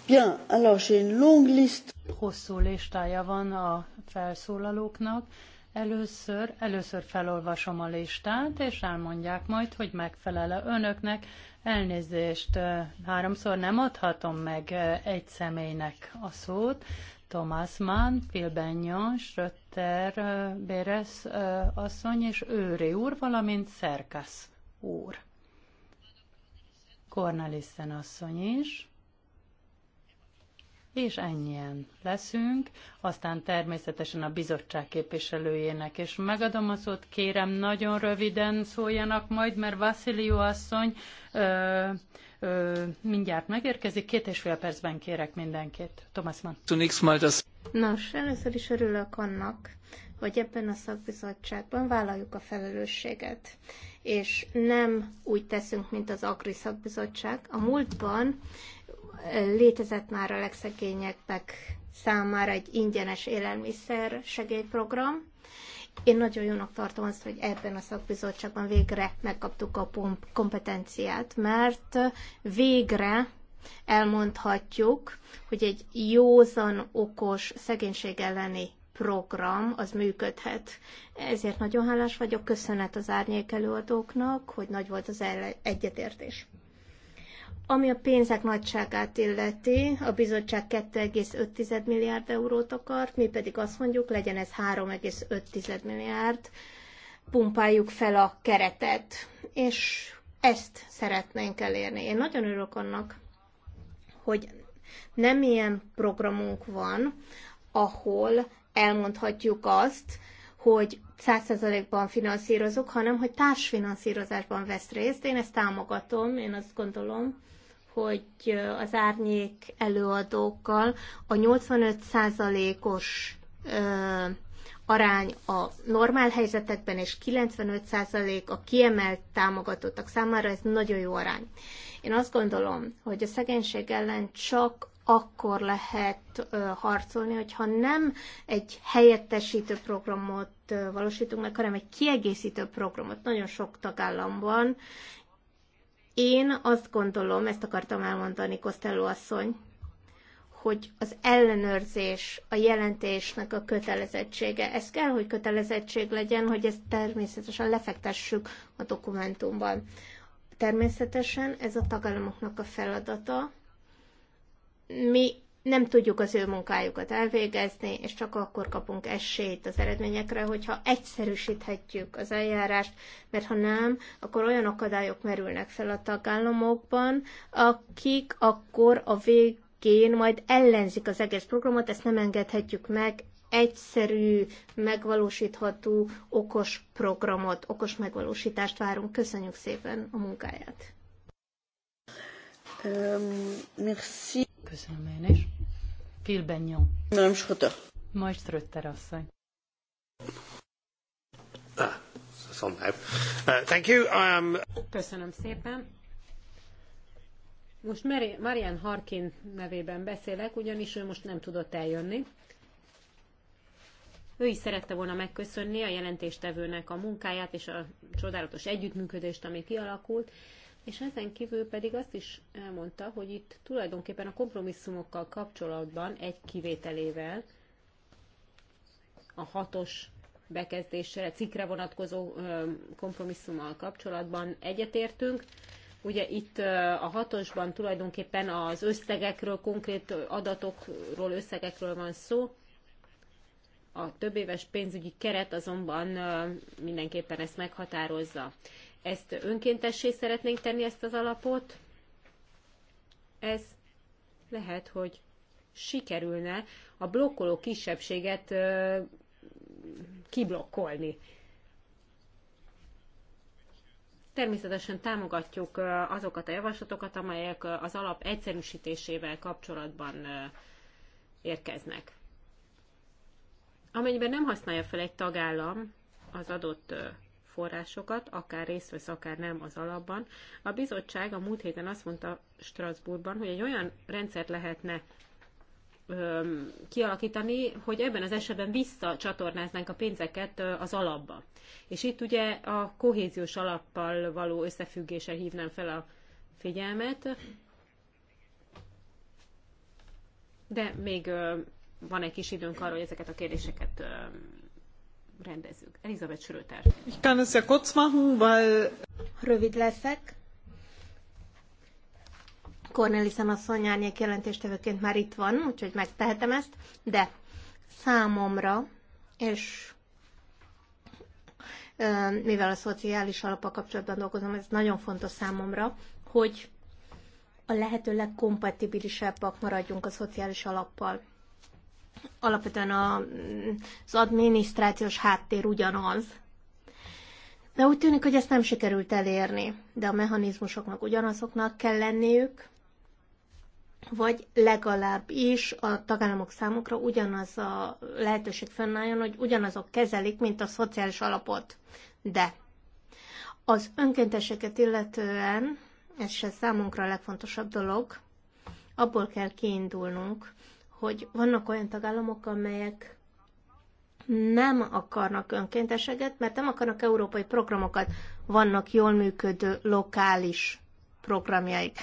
Bien, alors j'ai une longue liste. Hosszú listája van a felszólalóknak. Először, először felolvasom a listát, és elmondják majd, hogy megfelele önöknek. Elnézést, háromszor nem adhatom meg egy személynek a szót, Thomas Mann, Phil Benyon, Schröter, Beres asszony és Őri úr, valamint Szerkasz úr. Cornelissen asszony is. És ennyien leszünk, aztán természetesen a bizottság képviselőjének, és megadom a szót, kérem, nagyon röviden szóljanak majd, mert Vasilió asszony ö, mindjárt megérkezik. Két és fél percben kérek mindenkit. Thomas Mann. Nos, először is örülök annak, hogy ebben a szakbizottságban vállaljuk a felelősséget, és nem úgy teszünk, mint az Agri szakbizottság. A múltban létezett már a legszegényeknek számára egy ingyenes élelmiszer segélyprogram, én nagyon jónak tartom azt, hogy ebben a szakbizottságban végre megkaptuk a kompetenciát, mert végre elmondhatjuk, hogy egy józan, okos, szegénység elleni program az működhet. Ezért nagyon hálás vagyok, köszönet az árnyék előadóknak, hogy nagy volt az egyetértés. Ami a pénzek nagyságát illeti, a bizottság 2,5 milliárd eurót akart, mi pedig azt mondjuk, legyen ez 3,5 milliárd, pumpáljuk fel a keretet, és ezt szeretnénk elérni. Én nagyon örülök annak, hogy nem ilyen programunk van, ahol elmondhatjuk azt, hogy 100%-ban finanszírozok, hanem hogy társfinanszírozásban vesz részt. Én ezt támogatom, én azt gondolom, hogy az árnyék előadókkal a 85%-os arány a normál helyzetekben, és 95% a kiemelt támogatottak számára, ez nagyon jó arány. Én azt gondolom, hogy a szegénység ellen csak akkor lehet harcolni, hogyha nem egy helyettesítő programot valósítunk meg, hanem egy kiegészítő programot nagyon sok tagállamban, én azt gondolom, ezt akartam elmondani, Costello asszony, hogy az ellenőrzés, a jelentésnek a kötelezettsége. Ez kell, hogy kötelezettség legyen, hogy ezt természetesen lefektessük a dokumentumban. Természetesen ez a tagállamoknak a feladata. Mi nem tudjuk az ő munkájukat elvégezni, és csak akkor kapunk esélyt az eredményekre, hogyha egyszerűsíthetjük az eljárást, mert ha nem, akkor olyan akadályok merülnek fel a tagállamokban, akik akkor a végén majd ellenzik az egész programot, ezt nem engedhetjük meg, egyszerű, megvalósítható, okos programot, okos megvalósítást várunk. Köszönjük szépen a munkáját! Euh, merci. Köszönöm én is. Phil Benyon. Nem Schröter. Majd Schröter asszony. Ah, Uh, thank you. I am... Köszönöm szépen. Most Marian Harkin nevében beszélek, ugyanis ő most nem tudott eljönni. Ő is szerette volna megköszönni a jelentéstevőnek a munkáját és a csodálatos együttműködést, ami kialakult és ezen kívül pedig azt is elmondta, hogy itt tulajdonképpen a kompromisszumokkal kapcsolatban egy kivételével a hatos bekezdésre, cikre vonatkozó kompromisszummal kapcsolatban egyetértünk. Ugye itt a hatosban tulajdonképpen az összegekről, konkrét adatokról, összegekről van szó, a többéves pénzügyi keret azonban mindenképpen ezt meghatározza. Ezt önkéntessé szeretnénk tenni ezt az alapot. Ez lehet, hogy sikerülne a blokkoló kisebbséget kiblokkolni. Természetesen támogatjuk azokat a javaslatokat, amelyek az alap egyszerűsítésével kapcsolatban érkeznek. Amennyiben nem használja fel egy tagállam az adott forrásokat, akár részt vesz, akár nem az alapban. A bizottság a múlt héten azt mondta Strasbourgban, hogy egy olyan rendszert lehetne öm, kialakítani, hogy ebben az esetben visszacsatornáznánk a pénzeket az alapba. És itt ugye a kohéziós alappal való összefüggésre hívnám fel a figyelmet, de még van egy kis időnk arra, hogy ezeket a kérdéseket rendezzük. Elizabeth Schröter. Ich kann es ja kurz machen, weil... Rövid leszek. Cornelissen a szonyárnyék jelentéstevőként már itt van, úgyhogy megtehetem ezt, de számomra, és mivel a szociális alapok kapcsolatban dolgozom, ez nagyon fontos számomra, hogy a lehető legkompatibilisebbak maradjunk a szociális alappal alapvetően a az adminisztrációs háttér ugyanaz, de úgy tűnik, hogy ezt nem sikerült elérni, de a mechanizmusoknak ugyanazoknak kell lenniük, vagy legalábbis a tagállamok számukra ugyanaz a lehetőség fennálljon, hogy ugyanazok kezelik, mint a szociális alapot. De az önkénteseket illetően, ez se számunkra a legfontosabb dolog, abból kell kiindulnunk, hogy vannak olyan tagállamok, amelyek nem akarnak önkénteseget, mert nem akarnak európai programokat, vannak jól működő lokális programjaik.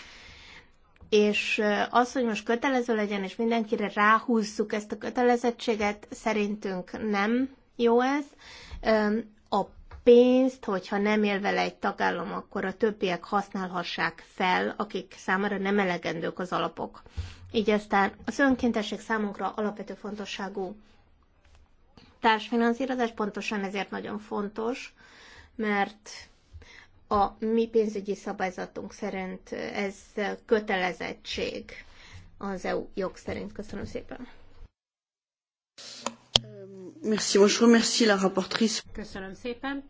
És az, hogy most kötelező legyen, és mindenkire ráhúzzuk ezt a kötelezettséget, szerintünk nem jó ez. A pénzt, hogyha nem él vele egy tagállam, akkor a többiek használhassák fel, akik számára nem elegendők az alapok. Így aztán az önkéntesség számunkra alapvető fontosságú társfinanszírozás pontosan ezért nagyon fontos, mert a mi pénzügyi szabályzatunk szerint ez kötelezettség az EU jog szerint. Köszönöm szépen. Merci, merci la rapportrice. Köszönöm szépen,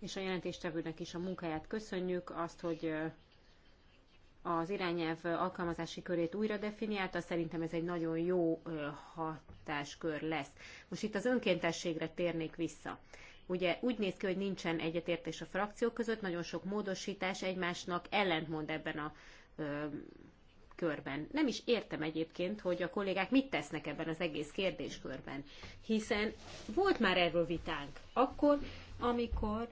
és a jelentéstevőnek is a munkáját köszönjük, azt, hogy az irányelv alkalmazási körét újra definiálta, szerintem ez egy nagyon jó hatáskör lesz. Most itt az önkéntességre térnék vissza. Ugye úgy néz ki, hogy nincsen egyetértés a frakciók között, nagyon sok módosítás egymásnak ellentmond ebben a ö, körben. Nem is értem egyébként, hogy a kollégák mit tesznek ebben az egész kérdéskörben, hiszen volt már erről vitánk, akkor, amikor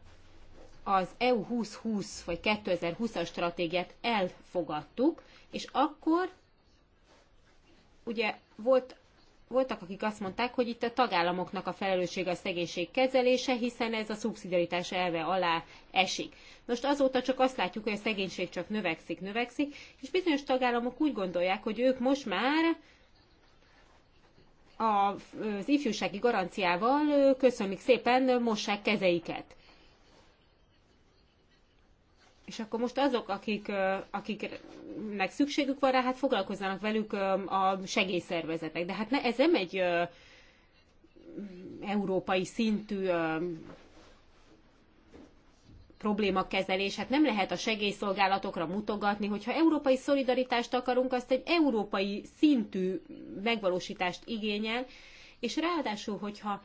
az EU 2020 vagy 2020-as stratégiát elfogadtuk, és akkor ugye volt, voltak, akik azt mondták, hogy itt a tagállamoknak a felelőssége a szegénység kezelése, hiszen ez a szubszidiaritás elve alá esik. Most azóta csak azt látjuk, hogy a szegénység csak növekszik, növekszik, és bizonyos tagállamok úgy gondolják, hogy ők most már az ifjúsági garanciával köszönjük szépen, mossák kezeiket. És akkor most azok, akik, akiknek szükségük van rá, hát foglalkozzanak velük a segélyszervezetek. De hát ne, ez nem egy európai szintű problémakezelés, hát nem lehet a segélyszolgálatokra mutogatni, hogyha európai szolidaritást akarunk, azt egy európai szintű megvalósítást igényel, és ráadásul, hogyha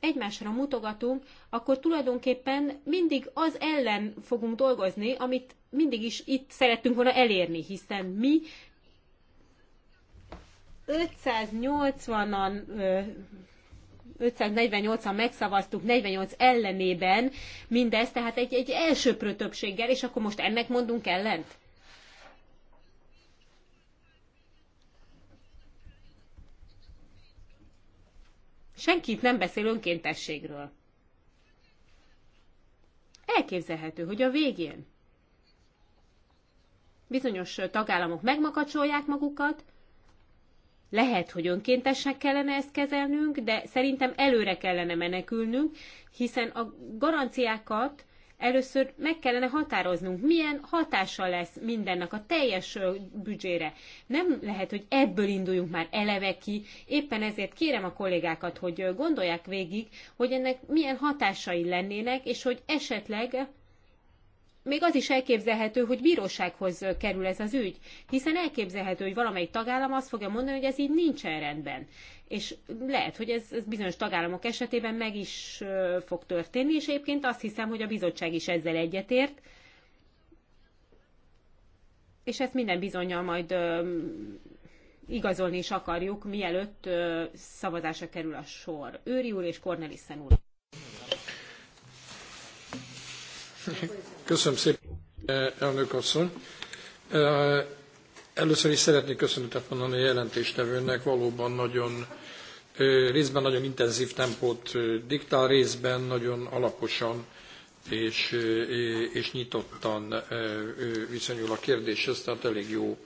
egymásra mutogatunk, akkor tulajdonképpen mindig az ellen fogunk dolgozni, amit mindig is itt szerettünk volna elérni, hiszen mi 580-an 548-an megszavaztuk 48 ellenében mindezt, tehát egy, egy elsőprő többséggel, és akkor most ennek mondunk ellent? senki itt nem beszél önkéntességről. Elképzelhető, hogy a végén bizonyos tagállamok megmakacsolják magukat, lehet, hogy önkéntesnek kellene ezt kezelnünk, de szerintem előre kellene menekülnünk, hiszen a garanciákat először meg kellene határoznunk, milyen hatása lesz mindennek a teljes büdzsére. Nem lehet, hogy ebből induljunk már eleve ki, éppen ezért kérem a kollégákat, hogy gondolják végig, hogy ennek milyen hatásai lennének, és hogy esetleg még az is elképzelhető, hogy bírósághoz kerül ez az ügy, hiszen elképzelhető, hogy valamelyik tagállam azt fogja mondani, hogy ez így nincsen rendben és lehet, hogy ez, ez bizonyos tagállamok esetében meg is fog történni, és egyébként azt hiszem, hogy a bizottság is ezzel egyetért, és ezt minden bizonyal majd igazolni is akarjuk, mielőtt szavazásra kerül a sor. Őri úr és Cornelissen úr. Köszönöm szépen, elnök asszony. Először is szeretnék köszönetet mondani a jelentéstevőnek, valóban nagyon részben nagyon intenzív tempót diktál, részben nagyon alaposan és, és nyitottan viszonyul a kérdéshez, tehát elég jó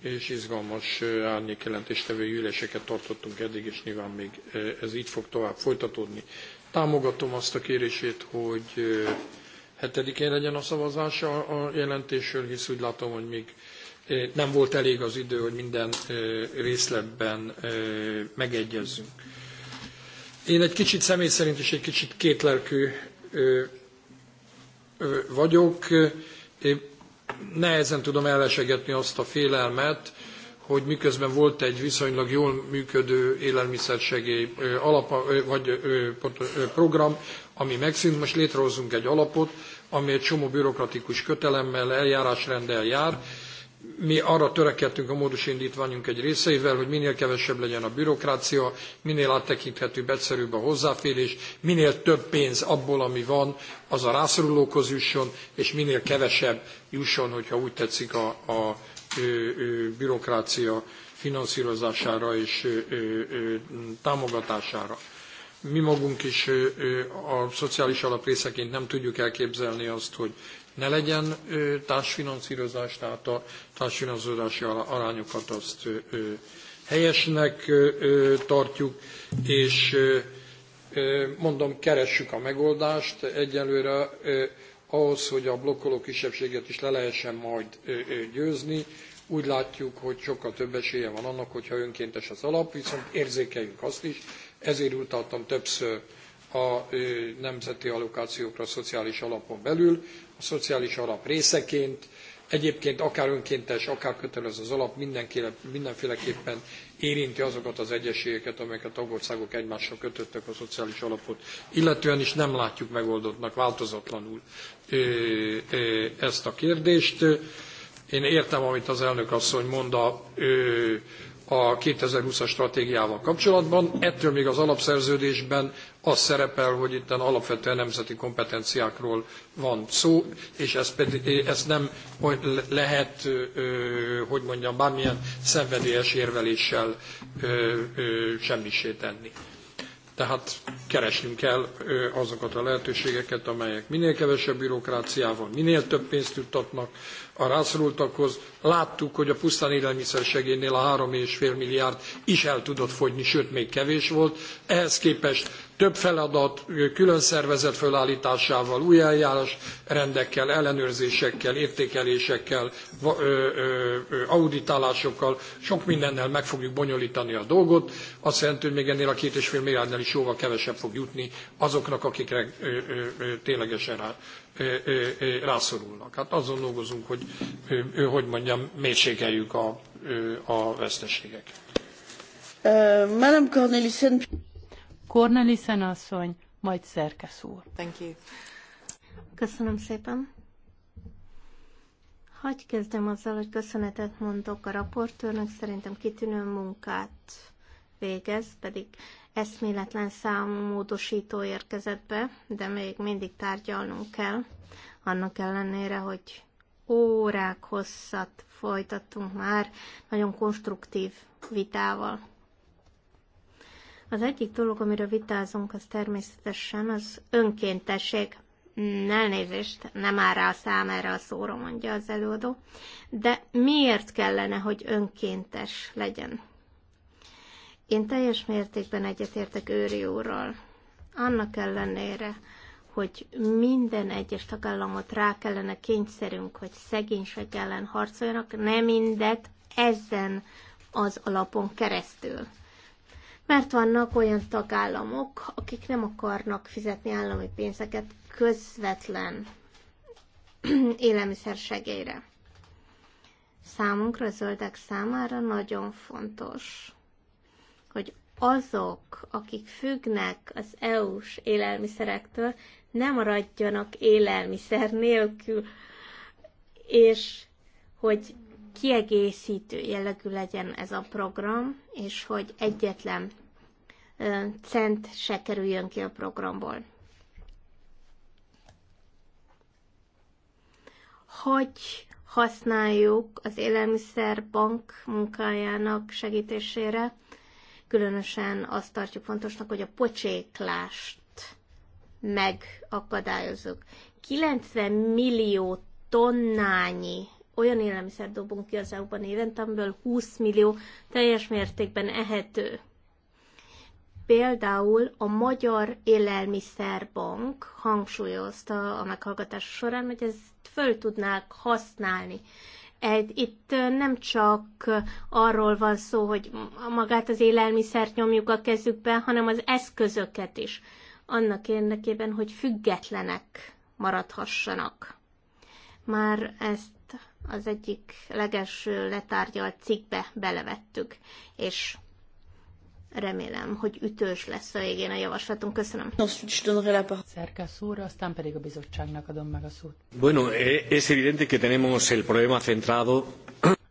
és izgalmas árnyék jelentéstevő üléseket tartottunk eddig, és nyilván még ez így fog tovább folytatódni. Támogatom azt a kérését, hogy hetedikén legyen a szavazás a jelentésről, hisz úgy látom, hogy még nem volt elég az idő, hogy minden részletben megegyezzünk. Én egy kicsit személy szerint is egy kicsit kétlelkű vagyok. Én nehezen tudom ellesegetni azt a félelmet, hogy miközben volt egy viszonylag jól működő élelmiszersegély alapa, vagy program, ami megszűnt, most létrehozunk egy alapot, ami egy csomó bürokratikus kötelemmel, eljárásrendel jár, mi arra törekedtünk a módosítványunk egy részeivel, hogy minél kevesebb legyen a bürokrácia, minél áttekinthetőbb, egyszerűbb a hozzáférés, minél több pénz abból, ami van, az a rászorulókhoz jusson, és minél kevesebb jusson, hogyha úgy tetszik, a, a, a bürokrácia finanszírozására és ö, ö, támogatására. Mi magunk is ö, a szociális alap részeként nem tudjuk elképzelni azt, hogy ne legyen társfinanszírozás, tehát a társfinanszírozási arányokat azt helyesnek tartjuk, és mondom, keressük a megoldást egyelőre ahhoz, hogy a blokkoló kisebbséget is le lehessen majd győzni. Úgy látjuk, hogy sokkal több esélye van annak, hogyha önkéntes az alap, viszont érzékeljük azt is, ezért utaltam többször a nemzeti allokációkra a szociális alapon belül, szociális alap részeként, egyébként akár önkéntes, akár kötelező az alap mindenféleképpen érinti azokat az egyességeket, amelyek a tagországok egymással kötöttek a szociális alapot, illetően is nem látjuk megoldottnak változatlanul ezt a kérdést. Én értem, amit az elnök asszony mond a a 2020-as stratégiával kapcsolatban. Ettől még az alapszerződésben az szerepel, hogy itt alapvetően nemzeti kompetenciákról van szó, és ez pedig, nem lehet, hogy mondjam, bármilyen szenvedélyes érveléssel semmisé tenni. Tehát keresnünk kell azokat a lehetőségeket, amelyek minél kevesebb bürokráciával, minél több pénzt juttatnak a rászorultakhoz. Láttuk, hogy a pusztán élelmiszersegélynél a 3,5 milliárd is el tudott fogyni, sőt még kevés volt. Ehhez képest több feladat, külön szervezet fölállításával, új eljárás rendekkel, ellenőrzésekkel, értékelésekkel, auditálásokkal, sok mindennel meg fogjuk bonyolítani a dolgot. Azt jelenti, hogy még ennél a két és fél milliárdnál is jóval kevesebb fog jutni azoknak, akikre ténylegesen rá, rászorulnak. Hát azon dolgozunk, hogy, hogy mondjam, mérsékeljük a, a veszteségeket. Madame Cornelissen. Cornelissen asszony, majd Szerkesz úr. Thank you. Köszönöm szépen. Hagy kezdem azzal, hogy köszönetet mondok a raportőrnek, szerintem kitűnő munkát végez, pedig eszméletlen számú módosító érkezett be, de még mindig tárgyalnunk kell, annak ellenére, hogy órák hosszat folytattunk már nagyon konstruktív vitával. Az egyik dolog, amiről vitázunk, az természetesen az önkéntesség. Elnézést, nem áll rá a szám erre a szóra, mondja az előadó. De miért kellene, hogy önkéntes legyen? Én teljes mértékben egyetértek Őri úrral. Annak ellenére, hogy minden egyes tagállamot rá kellene kényszerünk, hogy szegénység ellen harcoljanak, nem mindet ezen az alapon keresztül mert vannak olyan tagállamok, akik nem akarnak fizetni állami pénzeket közvetlen *clears throat* élelmiszersegélyre. Számunkra, a zöldek számára nagyon fontos, hogy azok, akik függnek az EU-s élelmiszerektől, ne maradjanak élelmiszer nélkül, és hogy kiegészítő jellegű legyen ez a program, és hogy egyetlen cent se kerüljön ki a programból. Hogy használjuk az élelmiszerbank munkájának segítésére, különösen azt tartjuk fontosnak, hogy a pocséklást megakadályozzuk. 90 millió tonnányi olyan élelmiszer dobunk ki az EU-ban évente, amiből 20 millió teljes mértékben ehető. Például a Magyar Élelmiszerbank hangsúlyozta a meghallgatás során, hogy ezt föl tudnák használni. Egy, itt nem csak arról van szó, hogy magát az élelmiszert nyomjuk a kezükbe, hanem az eszközöket is, annak érdekében, hogy függetlenek maradhassanak. Már ezt az egyik legelső letárgyalt cikkbe belevettük, és remélem, hogy ütős lesz a végén a javaslatunk. Köszönöm. Szerkesz úr, aztán pedig a bizottságnak adom meg a szót. Bueno, e, es evidente que tenemos el problema centrado.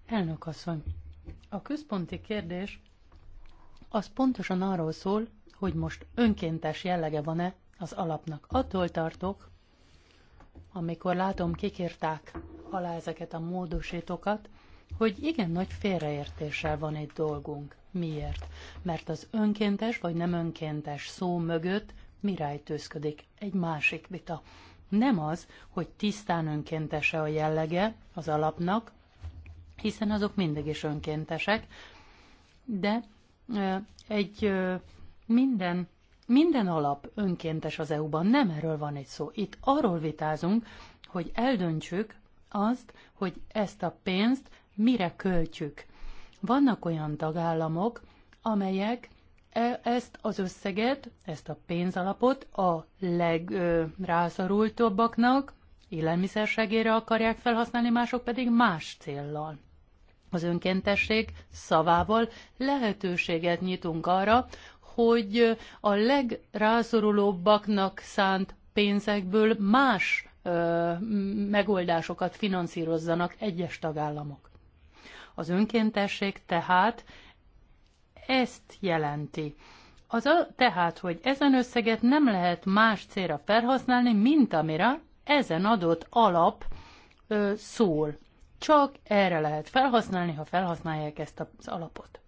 Elnök asszony, a központi kérdés az pontosan arról szól, hogy most önkéntes jellege van-e az alapnak. Attól tartok, amikor látom, kikírták alá ezeket a módosítókat, hogy igen nagy félreértéssel van egy dolgunk. Miért? Mert az önkéntes vagy nem önkéntes szó mögött mi rejtőzködik? Egy másik vita. Nem az, hogy tisztán önkéntese a jellege az alapnak, hiszen azok mindig is önkéntesek, de egy minden minden alap önkéntes az EU-ban, nem erről van egy szó. Itt arról vitázunk, hogy eldöntsük azt, hogy ezt a pénzt mire költjük. Vannak olyan tagállamok, amelyek e, ezt az összeget, ezt a pénzalapot a legrászorultabbaknak, élelmiszersegére akarják felhasználni, mások pedig más céllal. Az önkéntesség szavával lehetőséget nyitunk arra, hogy a legrázorulóbbaknak szánt pénzekből más ö, megoldásokat finanszírozzanak egyes tagállamok. Az önkéntesség tehát ezt jelenti. Az a, tehát, hogy ezen összeget nem lehet más célra felhasználni, mint amire ezen adott alap ö, szól. Csak erre lehet felhasználni, ha felhasználják ezt az alapot.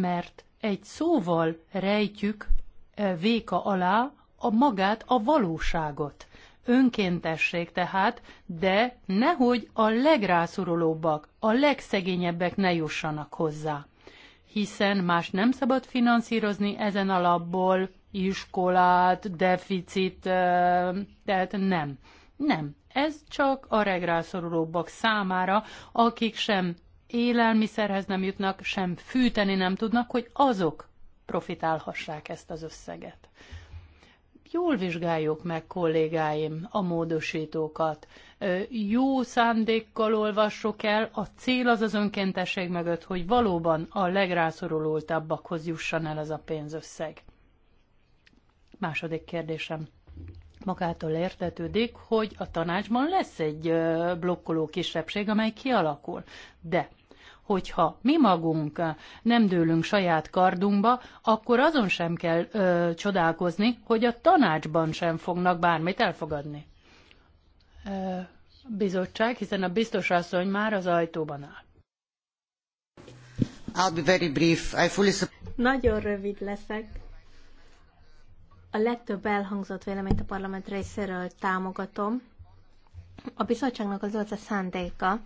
mert egy szóval rejtjük e, véka alá a magát, a valóságot. Önkéntesség tehát, de nehogy a legrászorulóbbak, a legszegényebbek ne jussanak hozzá. Hiszen más nem szabad finanszírozni ezen alapból, iskolát, deficit, e, tehát nem. Nem. Ez csak a regrászorulóbbak számára, akik sem élelmiszerhez nem jutnak, sem fűteni nem tudnak, hogy azok profitálhassák ezt az összeget. Jól vizsgáljuk meg, kollégáim, a módosítókat. Jó szándékkal olvassuk el, a cél az az önkéntesség mögött, hogy valóban a legrászorulultabbakhoz jusson el ez a pénzösszeg. Második kérdésem magától értetődik, hogy a tanácsban lesz egy blokkoló kisebbség, amely kialakul. De hogyha mi magunk eh, nem dőlünk saját kardunkba, akkor azon sem kell ö, csodálkozni, hogy a tanácsban sem fognak bármit elfogadni. Ö, bizottság, hiszen a biztos asszony már az ajtóban áll. I'll be very brief. I fully... Nagyon rövid leszek. A legtöbb elhangzott véleményt a parlament részéről támogatom. A bizottságnak az volt a szándéka,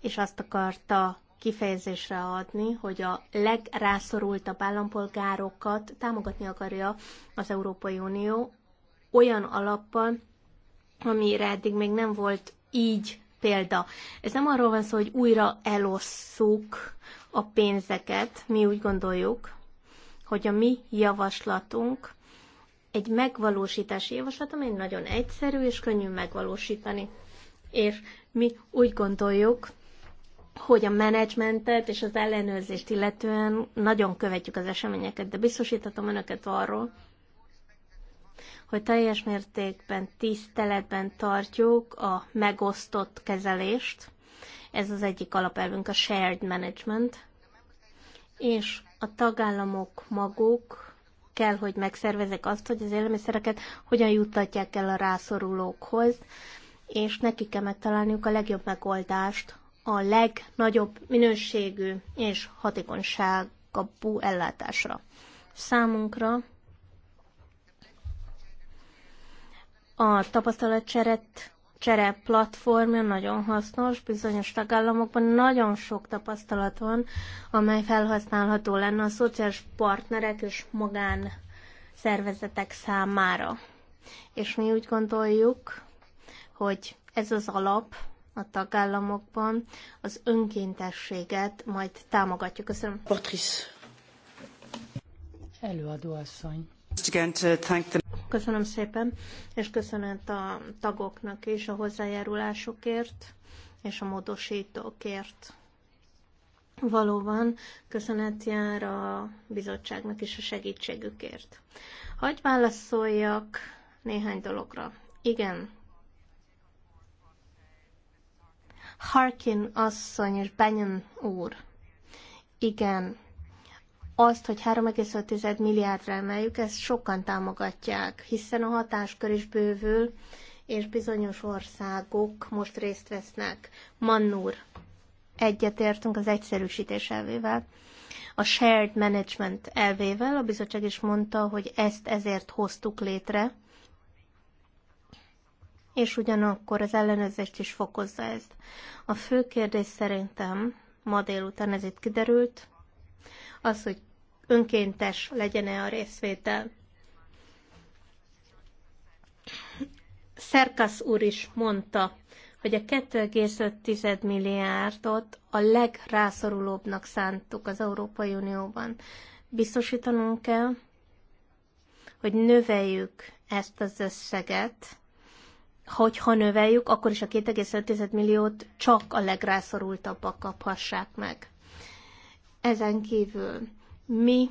és azt akarta kifejezésre adni, hogy a legrászorultabb állampolgárokat támogatni akarja az Európai Unió olyan alappal, amire eddig még nem volt így példa. Ez nem arról van szó, hogy újra elosszuk a pénzeket, mi úgy gondoljuk, hogy a mi javaslatunk egy megvalósítási javaslat, ami nagyon egyszerű és könnyű megvalósítani. És mi úgy gondoljuk, hogy a menedzsmentet és az ellenőrzést illetően nagyon követjük az eseményeket, de biztosítatom önöket arról, hogy teljes mértékben, tiszteletben tartjuk a megosztott kezelést. Ez az egyik alapelvünk, a shared management. És a tagállamok maguk kell, hogy megszervezek azt, hogy az élelmiszereket hogyan juttatják el a rászorulókhoz, és nekik kell megtalálniuk a legjobb megoldást a legnagyobb minőségű és hatékonyságú ellátásra. Számunkra a tapasztalatcseret csere platformja nagyon hasznos, bizonyos tagállamokban nagyon sok tapasztalat van, amely felhasználható lenne a szociális partnerek és magán szervezetek számára. És mi úgy gondoljuk, hogy ez az alap, a tagállamokban az önkéntességet majd támogatjuk. Köszönöm. Patrice. előadó asszony. Köszönöm szépen, és köszönet a tagoknak és a hozzájárulásokért és a módosítókért. Valóban köszönet jár a bizottságnak is a segítségükért. Hagy válaszoljak néhány dologra. Igen, Harkin asszony és Benyon úr. Igen, azt, hogy 3,5 milliárdra emeljük, ezt sokan támogatják, hiszen a hatáskör is bővül, és bizonyos országok most részt vesznek. Mannur, egyetértünk az egyszerűsítés elvével, a shared management elvével, a bizottság is mondta, hogy ezt ezért hoztuk létre, és ugyanakkor az ellenőrzést is fokozza ezt. A fő kérdés szerintem ma délután ez itt kiderült, az, hogy önkéntes legyen-e a részvétel. Szerkasz úr is mondta, hogy a 2,5 milliárdot a legrászorulóbbnak szántuk az Európai Unióban. Biztosítanunk kell, hogy növeljük ezt az összeget, hogyha növeljük, akkor is a 2,5 milliót csak a legrászorultabbak kaphassák meg. Ezen kívül mi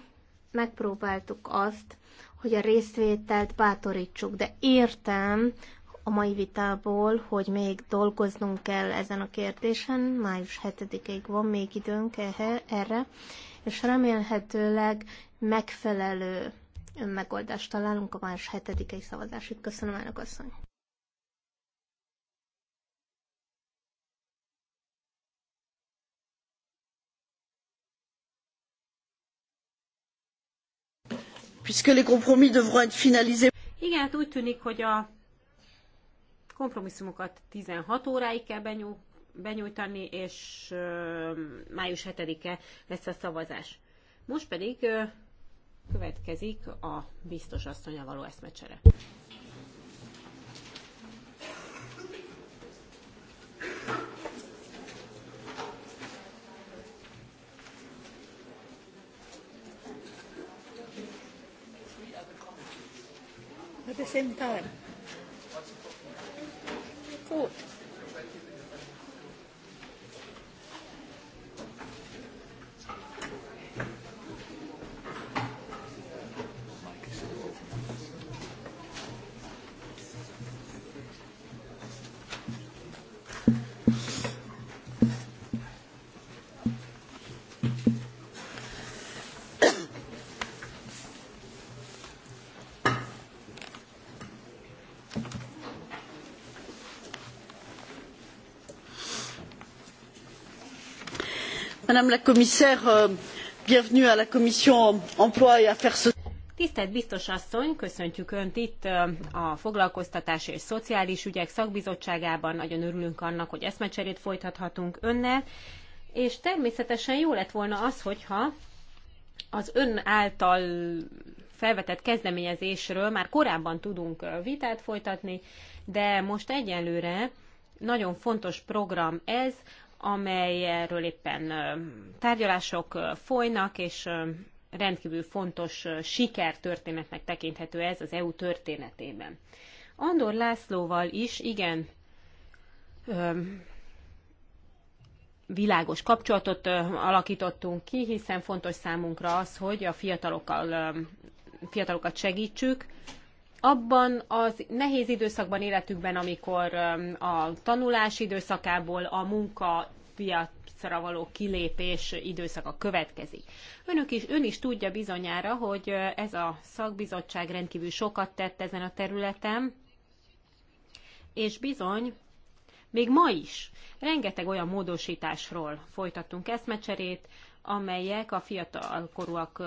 megpróbáltuk azt, hogy a részvételt bátorítsuk, de értem a mai vitából, hogy még dolgoznunk kell ezen a kérdésen, május 7-ig van még időnk erre, és remélhetőleg megfelelő megoldást találunk a május 7-i szavazásig. Köszönöm, elnök asszony! puisque les compromis devront être finalisés. Igen, hát úgy tűnik, hogy a kompromisszumokat 16 óráig kell benyú, benyújtani, és ö, május 7-e lesz a szavazás. Most pedig ö, következik a biztos asszonya való eszmecsere. same time. Good. madame la commissaire euh, bienvenue à la commission emploi et affaires sociales. Tisztelt biztos asszony, köszöntjük Önt itt euh, a Foglalkoztatás és Szociális Ügyek Szakbizottságában. Nagyon örülünk annak, hogy eszmecserét folytathatunk Önnel. És természetesen jó lett volna az, hogyha az Ön által felvetett kezdeményezésről már korábban tudunk euh, vitát folytatni, de most egyelőre nagyon fontos program ez, amelyről éppen tárgyalások folynak, és rendkívül fontos sikertörténetnek tekinthető ez az EU történetében. Andor Lászlóval is igen világos kapcsolatot alakítottunk ki, hiszen fontos számunkra az, hogy a fiatalokkal, fiatalokat segítsük, abban az nehéz időszakban életükben, amikor a tanulás időszakából a munka piacra való kilépés időszaka következik. Önök is, ön is tudja bizonyára, hogy ez a szakbizottság rendkívül sokat tett ezen a területen, és bizony, még ma is rengeteg olyan módosításról folytattunk eszmecserét, amelyek a fiatalkorúak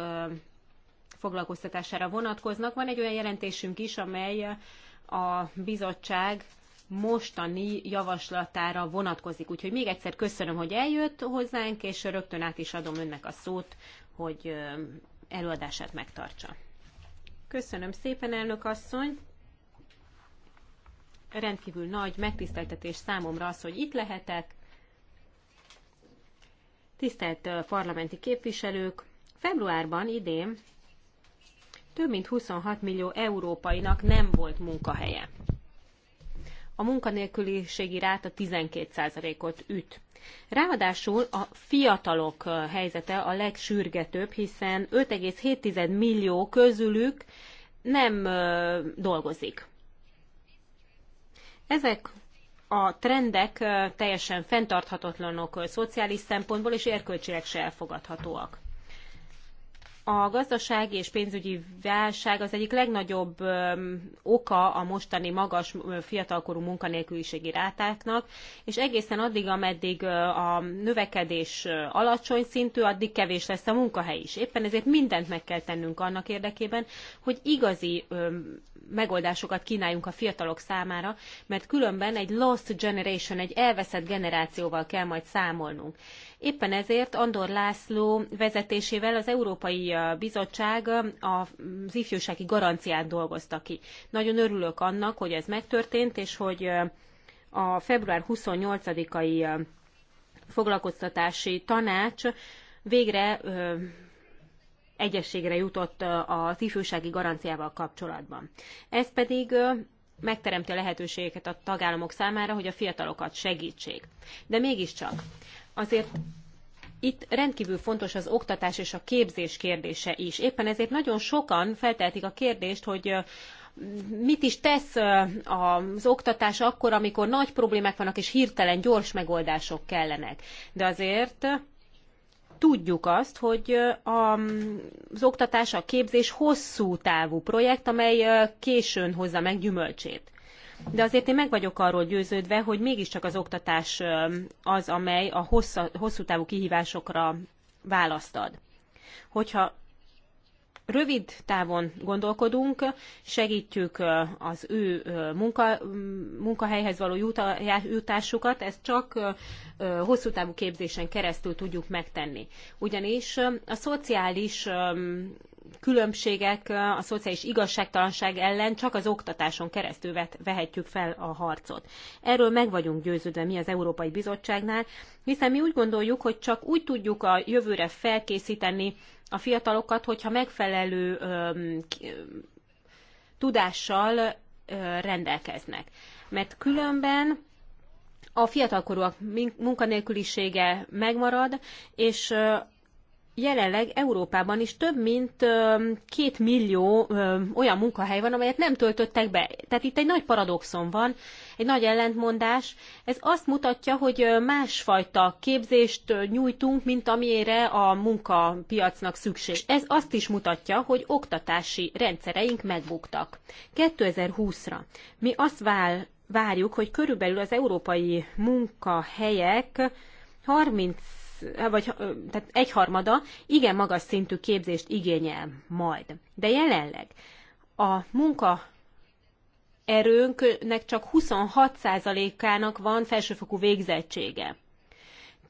foglalkoztatására vonatkoznak. Van egy olyan jelentésünk is, amely a bizottság mostani javaslatára vonatkozik. Úgyhogy még egyszer köszönöm, hogy eljött hozzánk, és rögtön át is adom önnek a szót, hogy előadását megtartsa. Köszönöm szépen, elnök asszony! Rendkívül nagy megtiszteltetés számomra az, hogy itt lehetek. Tisztelt parlamenti képviselők! Februárban idén több mint 26 millió európainak nem volt munkahelye. A munkanélküliségi ráta 12%-ot üt. Ráadásul a fiatalok helyzete a legsürgetőbb, hiszen 5,7 millió közülük nem dolgozik. Ezek a trendek teljesen fenntarthatatlanok szociális szempontból, és erkölcsileg se elfogadhatóak. A gazdasági és pénzügyi válság az egyik legnagyobb oka a mostani magas fiatalkorú munkanélküliségi rátáknak, és egészen addig, ameddig a növekedés alacsony szintű, addig kevés lesz a munkahely is. Éppen ezért mindent meg kell tennünk annak érdekében, hogy igazi megoldásokat kínáljunk a fiatalok számára, mert különben egy lost generation, egy elveszett generációval kell majd számolnunk. Éppen ezért Andor László vezetésével az Európai Bizottság az ifjúsági garanciát dolgozta ki. Nagyon örülök annak, hogy ez megtörtént, és hogy a február 28-ai foglalkoztatási tanács végre egyességre jutott az ifjúsági garanciával kapcsolatban. Ez pedig megteremti a lehetőségeket a tagállamok számára, hogy a fiatalokat segítsék. De mégiscsak azért itt rendkívül fontos az oktatás és a képzés kérdése is. Éppen ezért nagyon sokan feltehetik a kérdést, hogy mit is tesz az oktatás akkor, amikor nagy problémák vannak, és hirtelen gyors megoldások kellenek. De azért tudjuk azt, hogy az oktatás, a képzés hosszú távú projekt, amely későn hozza meg gyümölcsét de azért én meg vagyok arról győződve, hogy mégiscsak az oktatás az, amely a hossza, hosszú távú kihívásokra választ ad. Hogyha rövid távon gondolkodunk, segítjük az ő munka, munkahelyhez való jutásukat, ezt csak hosszú távú képzésen keresztül tudjuk megtenni. Ugyanis a szociális különbségek, a szociális igazságtalanság ellen csak az oktatáson keresztül vehetjük fel a harcot. Erről meg vagyunk győződve mi az Európai Bizottságnál, hiszen mi úgy gondoljuk, hogy csak úgy tudjuk a jövőre felkészíteni a fiatalokat, hogyha megfelelő öm, tudással ö, rendelkeznek. Mert különben a fiatalkorúak munkanélkülisége megmarad, és jelenleg Európában is több mint két millió olyan munkahely van, amelyet nem töltöttek be. Tehát itt egy nagy paradoxon van, egy nagy ellentmondás. Ez azt mutatja, hogy másfajta képzést nyújtunk, mint amire a munkapiacnak szükség. És ez azt is mutatja, hogy oktatási rendszereink megbuktak. 2020-ra mi azt vál, várjuk, hogy körülbelül az európai munkahelyek 30 vagy tehát egyharmada igen magas szintű képzést igényel majd. De jelenleg a munka erőnknek csak 26%-ának van felsőfokú végzettsége.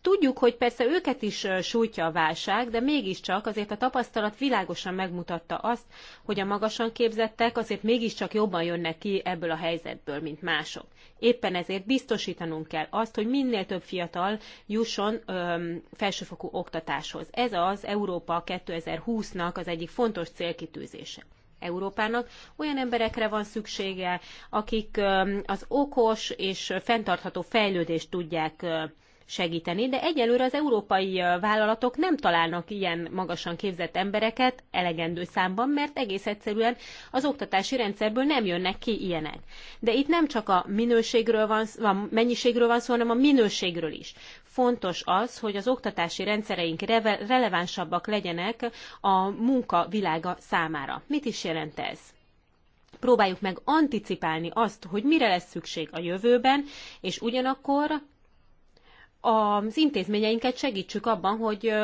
Tudjuk, hogy persze őket is sújtja a válság, de mégiscsak azért a tapasztalat világosan megmutatta azt, hogy a magasan képzettek azért mégiscsak jobban jönnek ki ebből a helyzetből, mint mások. Éppen ezért biztosítanunk kell azt, hogy minél több fiatal jusson öm, felsőfokú oktatáshoz. Ez az Európa 2020-nak az egyik fontos célkitűzése. Európának olyan emberekre van szüksége, akik az okos és fenntartható fejlődést tudják segíteni, de egyelőre az európai vállalatok nem találnak ilyen magasan képzett embereket elegendő számban, mert egész egyszerűen az oktatási rendszerből nem jönnek ki ilyenek. De itt nem csak a minőségről van, a mennyiségről van szó, hanem a minőségről is. Fontos az, hogy az oktatási rendszereink relevánsabbak legyenek a munka világa számára. Mit is jelent ez? próbáljuk meg anticipálni azt, hogy mire lesz szükség a jövőben, és ugyanakkor az intézményeinket segítsük abban, hogy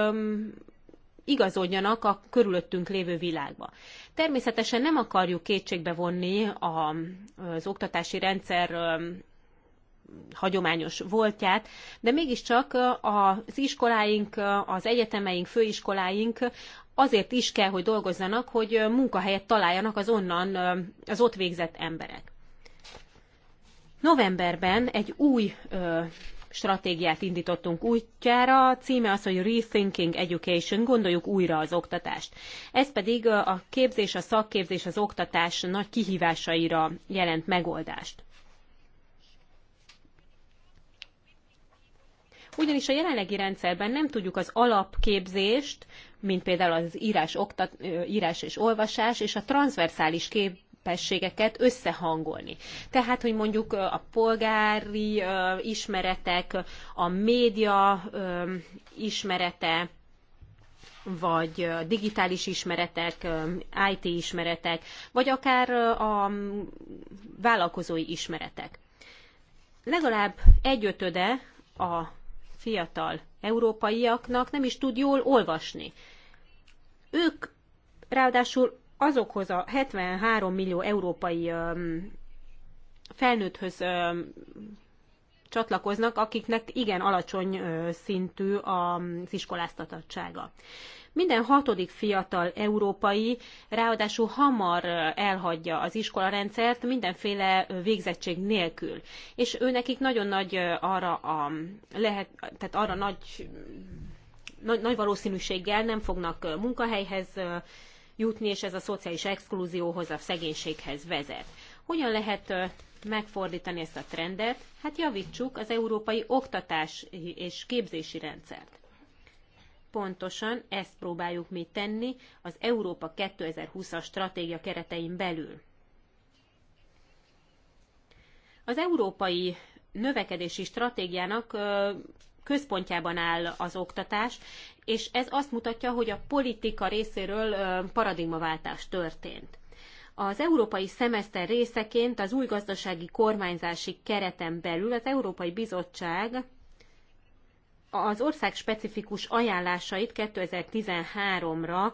igazodjanak a körülöttünk lévő világba. Természetesen nem akarjuk kétségbe vonni az oktatási rendszer hagyományos voltját, de mégiscsak az iskoláink, az egyetemeink, főiskoláink azért is kell, hogy dolgozzanak, hogy munkahelyet találjanak az onnan, az ott végzett emberek. Novemberben egy új stratégiát indítottunk útjára. A címe az, hogy Rethinking Education, gondoljuk újra az oktatást. Ez pedig a képzés, a szakképzés, az oktatás nagy kihívásaira jelent megoldást. Ugyanis a jelenlegi rendszerben nem tudjuk az alapképzést, mint például az írás, oktat, írás és olvasás, és a transzverszális kép, képességeket összehangolni. Tehát, hogy mondjuk a polgári ismeretek, a média ismerete, vagy digitális ismeretek, IT ismeretek, vagy akár a vállalkozói ismeretek. Legalább egyötöde a fiatal európaiaknak nem is tud jól olvasni. Ők ráadásul azokhoz a 73 millió európai felnőtthöz csatlakoznak, akiknek igen alacsony szintű az iskoláztatottsága. Minden hatodik fiatal európai ráadásul hamar elhagyja az iskolarendszert mindenféle végzettség nélkül. És ő nekik nagyon nagy arra a lehet, tehát arra nagy, nagy, nagy valószínűséggel nem fognak munkahelyhez jutni, és ez a szociális exklúzióhoz, a szegénységhez vezet. Hogyan lehet megfordítani ezt a trendet? Hát javítsuk az európai oktatás és képzési rendszert. Pontosan ezt próbáljuk mi tenni az Európa 2020-as stratégia keretein belül. Az európai növekedési stratégiának központjában áll az oktatás, és ez azt mutatja, hogy a politika részéről paradigmaváltás történt. Az európai szemeszter részeként az új gazdasági kormányzási kereten belül az Európai Bizottság az ország specifikus ajánlásait 2013-ra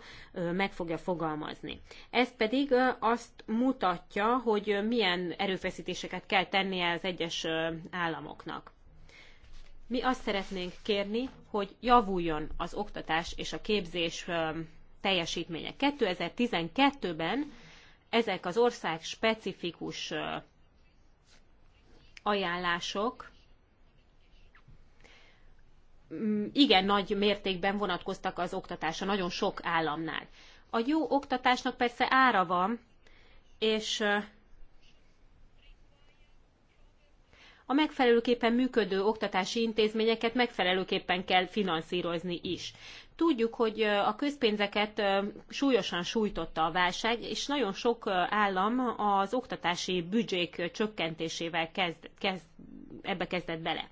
meg fogja fogalmazni. Ez pedig azt mutatja, hogy milyen erőfeszítéseket kell tennie az egyes államoknak. Mi azt szeretnénk kérni, hogy javuljon az oktatás és a képzés teljesítménye. 2012-ben ezek az ország specifikus ajánlások mm, igen nagy mértékben vonatkoztak az oktatásra nagyon sok államnál. A jó oktatásnak persze ára van, és a megfelelőképpen működő oktatási intézményeket megfelelőképpen kell finanszírozni is. Tudjuk, hogy a közpénzeket súlyosan sújtotta a válság, és nagyon sok állam az oktatási büdzsék csökkentésével kezd, kezd, ebbe kezdett bele.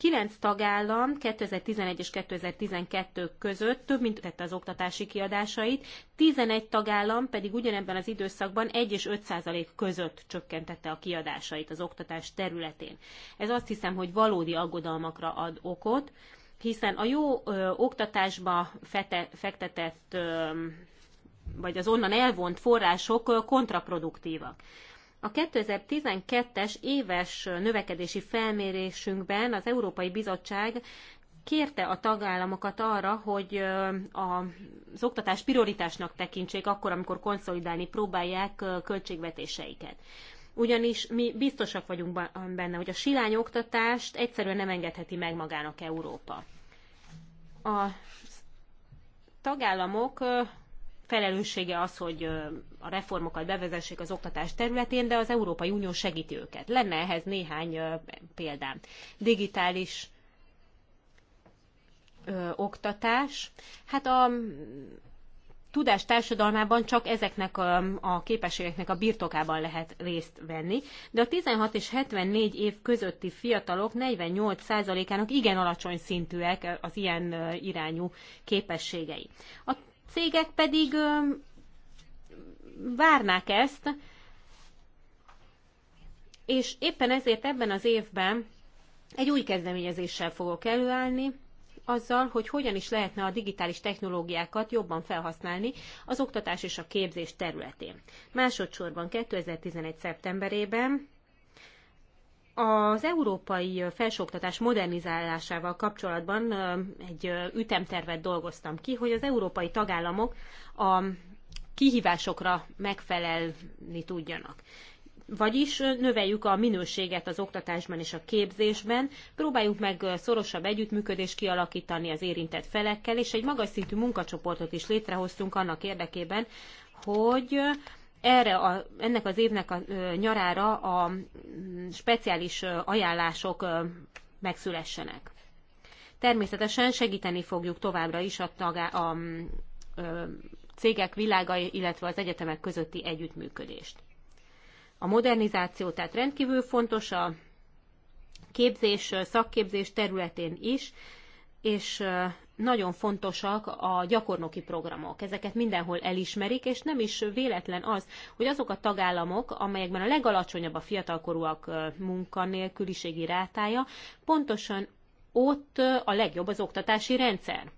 Kilenc tagállam 2011 és 2012 között több mint tette az oktatási kiadásait, 11 tagállam pedig ugyanebben az időszakban 1 és 5 százalék között csökkentette a kiadásait az oktatás területén. Ez azt hiszem, hogy valódi aggodalmakra ad okot, hiszen a jó ö, oktatásba fete, fektetett ö, vagy az onnan elvont források kontraproduktívak. A 2012-es éves növekedési felmérésünkben az Európai Bizottság kérte a tagállamokat arra, hogy az oktatás prioritásnak tekintsék akkor, amikor konszolidálni próbálják költségvetéseiket. Ugyanis mi biztosak vagyunk benne, hogy a silány oktatást egyszerűen nem engedheti meg magának Európa. A tagállamok felelőssége az, hogy a reformokat bevezessék az oktatás területén, de az Európai Unió segíti őket. Lenne ehhez néhány példám. Digitális ö, oktatás. Hát a tudás társadalmában csak ezeknek a, a képességeknek a birtokában lehet részt venni, de a 16 és 74 év közötti fiatalok 48%-ának igen alacsony szintűek az ilyen irányú képességei. A cégek pedig várnák ezt, és éppen ezért ebben az évben egy új kezdeményezéssel fogok előállni, azzal, hogy hogyan is lehetne a digitális technológiákat jobban felhasználni az oktatás és a képzés területén. Másodszorban 2011. szeptemberében az európai felsőoktatás modernizálásával kapcsolatban egy ütemtervet dolgoztam ki, hogy az európai tagállamok a kihívásokra megfelelni tudjanak. Vagyis növeljük a minőséget az oktatásban és a képzésben, próbáljuk meg szorosabb együttműködést kialakítani az érintett felekkel, és egy magas szintű munkacsoportot is létrehoztunk annak érdekében, hogy erre a, ennek az évnek a nyarára a speciális ajánlások megszülessenek. Természetesen segíteni fogjuk továbbra is a, tagá, a, a cégek világa, illetve az egyetemek közötti együttműködést. A modernizáció tehát rendkívül fontos a képzés, szakképzés területén is, és nagyon fontosak a gyakornoki programok. Ezeket mindenhol elismerik, és nem is véletlen az, hogy azok a tagállamok, amelyekben a legalacsonyabb a fiatalkorúak munkanélküliségi rátája, pontosan ott a legjobb az oktatási rendszer.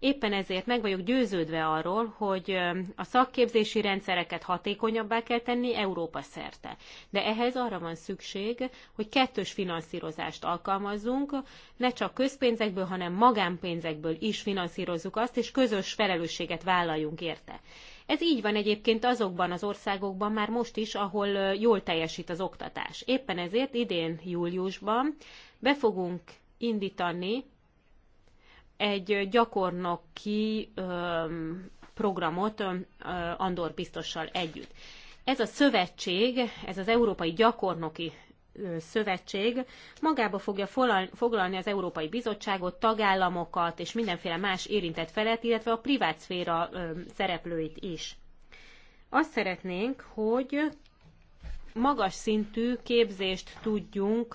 Éppen ezért meg vagyok győződve arról, hogy a szakképzési rendszereket hatékonyabbá kell tenni Európa szerte. De ehhez arra van szükség, hogy kettős finanszírozást alkalmazzunk, ne csak közpénzekből, hanem magánpénzekből is finanszírozzuk azt, és közös felelősséget vállaljunk érte. Ez így van egyébként azokban az országokban már most is, ahol jól teljesít az oktatás. Éppen ezért idén júliusban be fogunk indítani egy gyakornoki programot Andor biztossal együtt. Ez a szövetség, ez az Európai Gyakornoki Szövetség magába fogja foglalni az Európai Bizottságot, tagállamokat és mindenféle más érintett felet, illetve a privát szféra szereplőit is. Azt szeretnénk, hogy magas szintű képzést tudjunk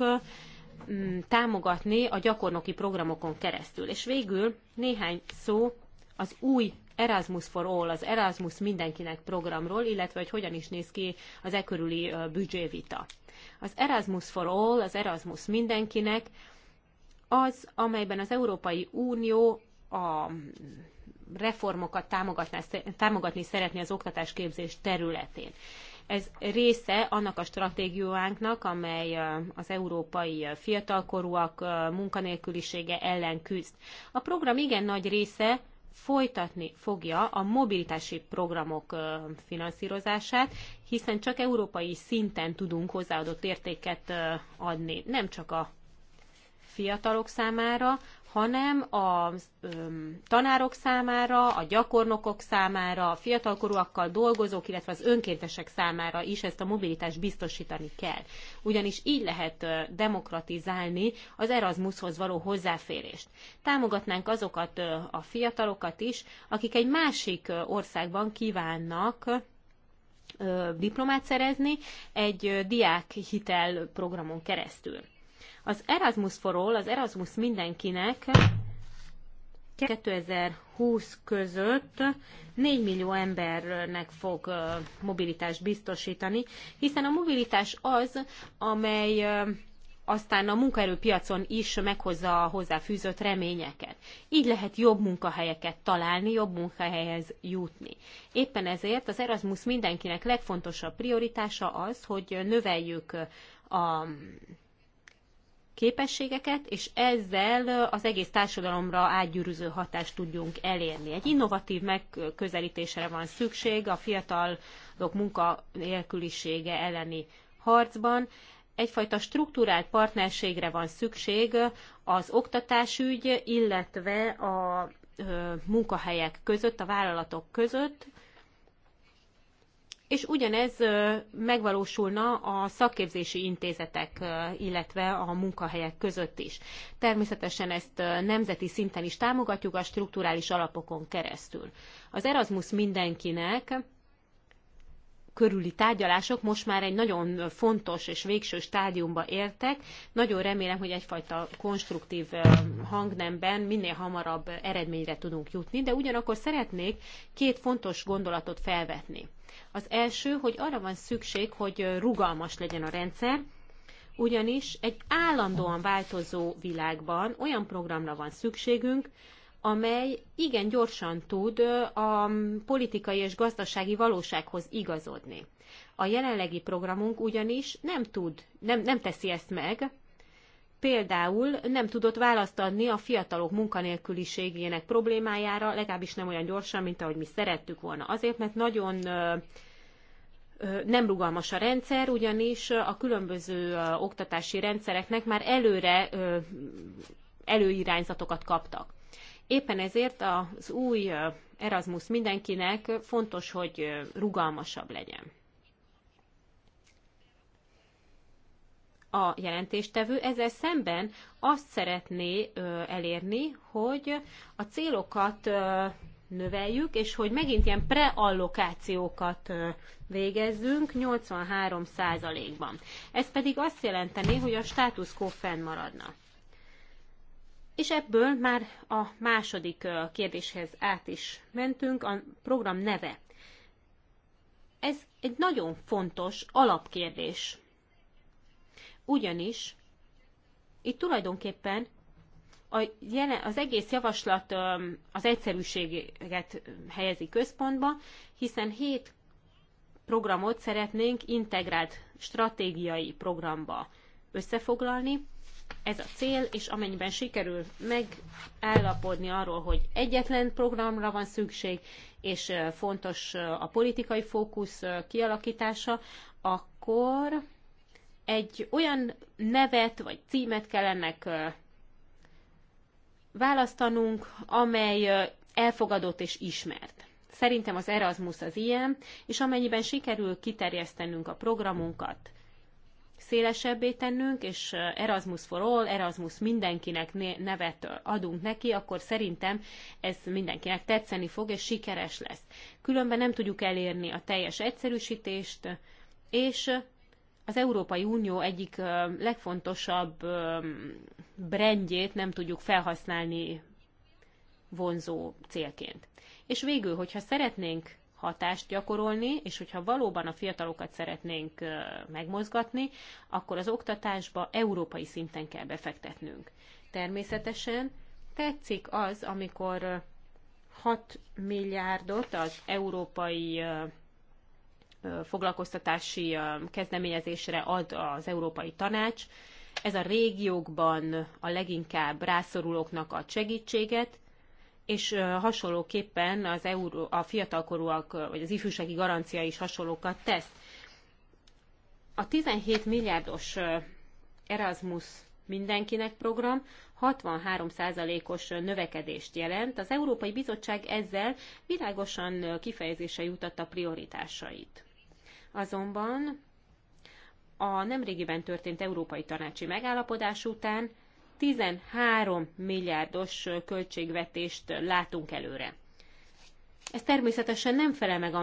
Mm, támogatni a gyakornoki programokon keresztül. És végül néhány szó az új Erasmus for All, az Erasmus mindenkinek programról, illetve hogy hogyan is néz ki az e körüli büdzsévita. Az Erasmus for All, az Erasmus mindenkinek az, amelyben az Európai Unió a reformokat támogatni szeretné az oktatásképzés területén ez része annak a stratégiánknak, amely az európai fiatalkorúak munkanélkülisége ellen küzd. A program igen nagy része folytatni fogja a mobilitási programok finanszírozását, hiszen csak európai szinten tudunk hozzáadott értéket adni, nem csak a fiatalok számára, hanem a tanárok számára, a gyakornokok számára, a fiatalkorúakkal dolgozók, illetve az önkéntesek számára is ezt a mobilitást biztosítani kell. Ugyanis így lehet demokratizálni az Erasmushoz való hozzáférést. Támogatnánk azokat a fiatalokat is, akik egy másik országban kívánnak diplomát szerezni egy diák hitel programon keresztül. Az Erasmus forról, az Erasmus mindenkinek 2020 között 4 millió embernek fog mobilitást biztosítani, hiszen a mobilitás az, amely aztán a munkaerőpiacon is meghozza a hozzáfűzött reményeket. Így lehet jobb munkahelyeket találni, jobb munkahelyhez jutni. Éppen ezért az Erasmus mindenkinek legfontosabb prioritása az, hogy növeljük a képességeket, és ezzel az egész társadalomra átgyűrűző hatást tudjunk elérni. Egy innovatív megközelítésre van szükség a fiatalok munkanélkülisége elleni harcban. Egyfajta struktúrált partnerségre van szükség az oktatásügy, illetve a munkahelyek között, a vállalatok között, és ugyanez megvalósulna a szakképzési intézetek, illetve a munkahelyek között is. Természetesen ezt nemzeti szinten is támogatjuk a strukturális alapokon keresztül. Az Erasmus mindenkinek körüli tárgyalások most már egy nagyon fontos és végső stádiumba értek. Nagyon remélem, hogy egyfajta konstruktív hangnemben minél hamarabb eredményre tudunk jutni, de ugyanakkor szeretnék két fontos gondolatot felvetni. Az első, hogy arra van szükség, hogy rugalmas legyen a rendszer, ugyanis egy állandóan változó világban olyan programra van szükségünk, amely igen gyorsan tud a politikai és gazdasági valósághoz igazodni. A jelenlegi programunk ugyanis nem tud, nem, nem teszi ezt meg, például nem tudott választ adni a fiatalok munkanélküliségének problémájára, legalábbis nem olyan gyorsan, mint ahogy mi szerettük volna. Azért, mert nagyon nem rugalmas a rendszer, ugyanis a különböző oktatási rendszereknek már előre előirányzatokat kaptak. Éppen ezért az új Erasmus mindenkinek fontos, hogy rugalmasabb legyen. a jelentéstevő, ezzel szemben azt szeretné elérni, hogy a célokat növeljük, és hogy megint ilyen preallokációkat végezzünk 83%-ban. Ez pedig azt jelenteni, hogy a status quo fennmaradna. És ebből már a második kérdéshez át is mentünk, a program neve. Ez egy nagyon fontos alapkérdés ugyanis itt tulajdonképpen a jelen, az egész javaslat az egyszerűséget helyezi központba, hiszen hét programot szeretnénk integrált stratégiai programba összefoglalni. Ez a cél, és amennyiben sikerül megállapodni arról, hogy egyetlen programra van szükség, és fontos a politikai fókusz kialakítása, akkor egy olyan nevet vagy címet kell ennek választanunk, amely elfogadott és ismert. Szerintem az Erasmus az ilyen, és amennyiben sikerül kiterjesztenünk a programunkat, szélesebbé tennünk, és Erasmus for all, Erasmus mindenkinek nevet adunk neki, akkor szerintem ez mindenkinek tetszeni fog, és sikeres lesz. Különben nem tudjuk elérni a teljes egyszerűsítést, és az Európai Unió egyik legfontosabb brendjét nem tudjuk felhasználni vonzó célként. És végül, hogyha szeretnénk hatást gyakorolni, és hogyha valóban a fiatalokat szeretnénk megmozgatni, akkor az oktatásba európai szinten kell befektetnünk. Természetesen tetszik az, amikor 6 milliárdot az európai foglalkoztatási kezdeményezésre ad az Európai Tanács. Ez a régiókban a leginkább rászorulóknak ad segítséget, és hasonlóképpen az euró, a fiatalkorúak, vagy az ifjúsági garancia is hasonlókat tesz. A 17 milliárdos Erasmus mindenkinek program 63%-os növekedést jelent. Az Európai Bizottság ezzel világosan kifejezése jutatta prioritásait. Azonban a nemrégiben történt európai tanácsi megállapodás után 13 milliárdos költségvetést látunk előre. Ez természetesen nem felel meg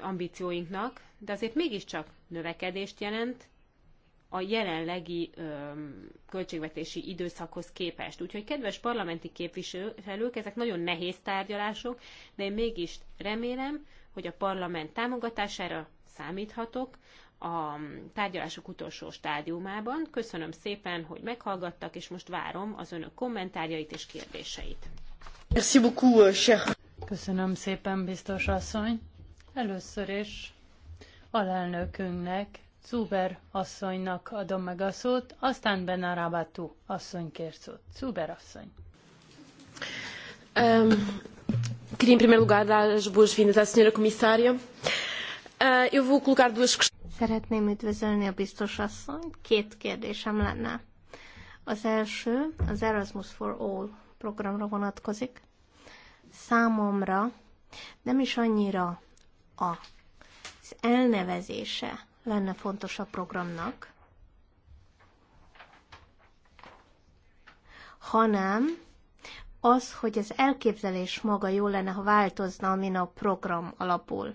ambícióinknak, de azért mégiscsak növekedést jelent a jelenlegi ö, költségvetési időszakhoz képest. Úgyhogy, kedves parlamenti képviselők, ezek nagyon nehéz tárgyalások, de én mégis remélem, hogy a parlament támogatására számíthatok a tárgyalások utolsó stádiumában. Köszönöm szépen, hogy meghallgattak, és most várom az önök kommentárjait és kérdéseit. Merci beaucoup, euh, cher. Köszönöm szépen, biztos asszony. Először is alelnökünknek, Zuber asszonynak adom meg a szót, aztán Benarabatú asszony kér szót. Zuber asszony. Um, Queria, em primeiro lugar, dar as boas-vindas à senhora Comissária. Ah, eu vou colocar duas questões. Szeretném üdvözölni a biztos asszony. Két kérdésem lenne. Az első az Erasmus for All programra vonatkozik. Számomra nem is annyira a, az elnevezése lenne fontos a programnak, hanem az, hogy az elképzelés maga jó lenne, ha változna, amin a program alapul.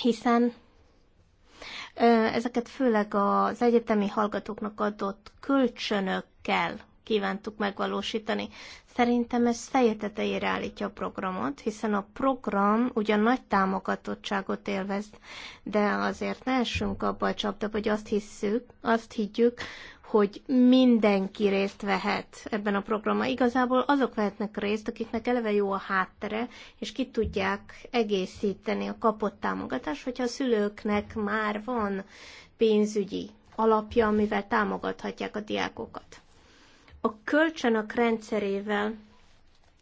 Hiszen ezeket főleg az egyetemi hallgatóknak adott kölcsönökkel kívántuk megvalósítani. Szerintem ez feje tetejére állítja a programot, hiszen a program ugyan nagy támogatottságot élvez, de azért ne essünk abba a csapdába, hogy azt hisszük, azt higgyük, hogy mindenki részt vehet ebben a programban. Igazából azok vehetnek részt, akiknek eleve jó a háttere, és ki tudják egészíteni a kapott támogatást, hogyha a szülőknek már van pénzügyi alapja, amivel támogathatják a diákokat. A kölcsönök rendszerével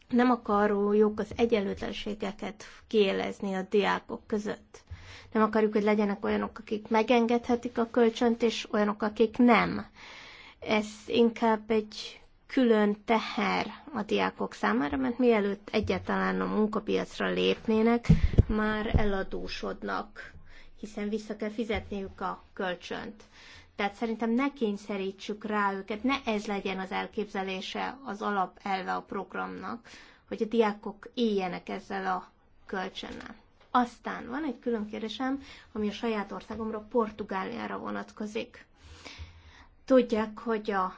nem akarjuk az egyenlőtlenségeket kielezni a diákok között. Nem akarjuk, hogy legyenek olyanok, akik megengedhetik a kölcsönt, és olyanok, akik nem ez inkább egy külön teher a diákok számára, mert mielőtt egyáltalán a munkapiacra lépnének, már eladósodnak, hiszen vissza kell fizetniük a kölcsönt. Tehát szerintem ne kényszerítsük rá őket, ne ez legyen az elképzelése, az alapelve a programnak, hogy a diákok éljenek ezzel a kölcsönnel. Aztán van egy külön kérdésem, ami a saját országomra, Portugáliára vonatkozik. Tudják, hogy a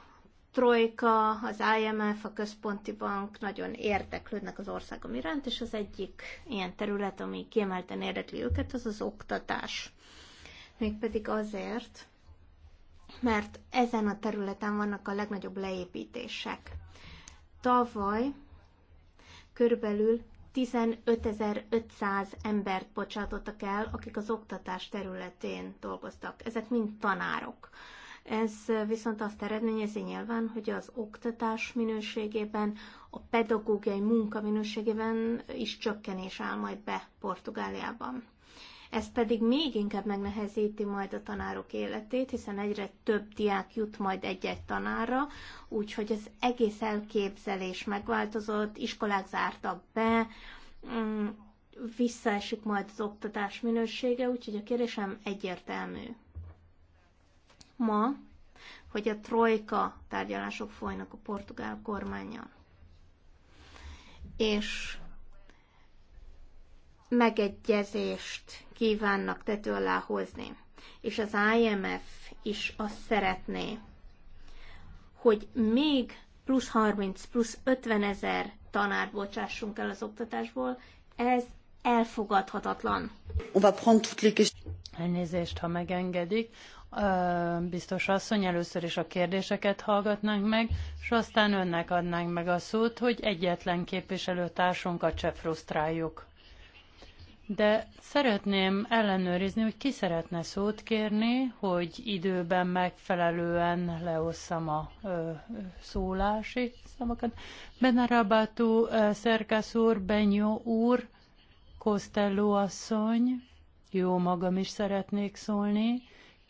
Trojka, az IMF, a Központi Bank nagyon érdeklődnek az országom iránt, és az egyik ilyen terület, ami kiemelten érdekli őket, az az oktatás. Mégpedig azért, mert ezen a területen vannak a legnagyobb leépítések. Tavaly körülbelül 15.500 embert bocsátottak el, akik az oktatás területén dolgoztak. Ezek mind tanárok. Ez viszont azt eredményezi nyilván, hogy az oktatás minőségében, a pedagógiai munka minőségében is csökkenés áll majd be Portugáliában. Ez pedig még inkább megnehezíti majd a tanárok életét, hiszen egyre több diák jut majd egy-egy tanára, úgyhogy az egész elképzelés megváltozott, iskolák zártak be, mm, visszaesik majd az oktatás minősége, úgyhogy a kérésem egyértelmű ma, hogy a trojka tárgyalások folynak a portugál kormányjal. És megegyezést kívánnak tető alá hozni. És az IMF is azt szeretné, hogy még plusz 30, plusz 50 ezer tanárt bocsássunk el az oktatásból, ez elfogadhatatlan. Elnézést, ha megengedik biztos asszony, először is a kérdéseket hallgatnánk meg, és aztán önnek adnánk meg a szót, hogy egyetlen képviselőtársunkat se frusztráljuk. De szeretném ellenőrizni, hogy ki szeretne szót kérni, hogy időben megfelelően leosszam a ö, szólási szavakat. Benarabatú Szerkász úr, Benyó úr, Costello asszony, jó magam is szeretnék szólni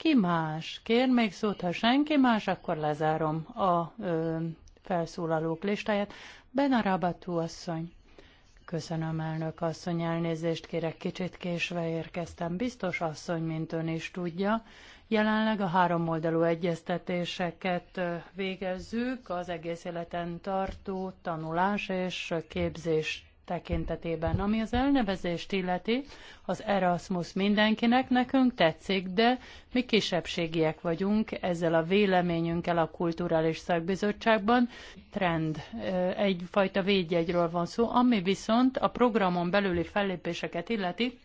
ki más? Kér még szót, ha senki más, akkor lezárom a ö, felszólalók listáját. Benarabatú asszony. Köszönöm, elnök asszony, elnézést kérek, kicsit késve érkeztem. Biztos asszony, mint ön is tudja, jelenleg a három oldalú egyeztetéseket végezzük, az egész életen tartó tanulás és képzés tekintetében. Ami az elnevezést illeti, az Erasmus mindenkinek nekünk tetszik, de mi kisebbségiek vagyunk ezzel a véleményünkkel a Kulturális Szakbizottságban. Trend, egyfajta védjegyről van szó, ami viszont a programon belüli fellépéseket illeti.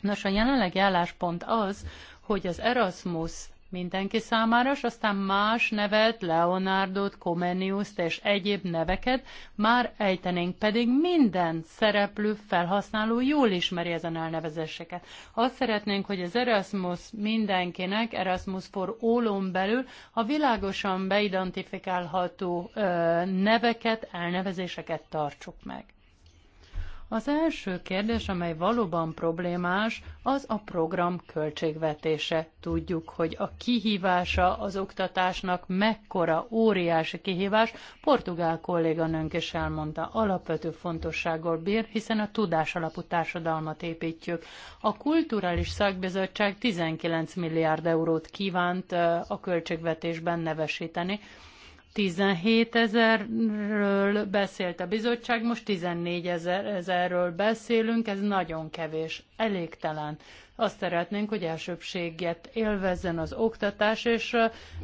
Nos, a jelenlegi álláspont az, hogy az Erasmus mindenki számára, és aztán más nevet, Leonardot, Comeniuszt és egyéb neveket már ejtenénk, pedig minden szereplő felhasználó jól ismeri ezen elnevezéseket. Azt szeretnénk, hogy az Erasmus mindenkinek, Erasmus for all belül a világosan beidentifikálható ö, neveket, elnevezéseket tartsuk meg. Az első kérdés, amely valóban problémás, az a program költségvetése. Tudjuk, hogy a kihívása az oktatásnak mekkora óriási kihívás. Portugál kolléganőnk is elmondta, alapvető fontossággal bír, hiszen a tudás alapú társadalmat építjük. A Kulturális Szakbizottság 19 milliárd eurót kívánt a költségvetésben nevesíteni, 17 ezerről beszélt a bizottság, most 14 ezerről beszélünk, ez nagyon kevés, elégtelen. Azt szeretnénk, hogy elsőbséget élvezzen az oktatás, és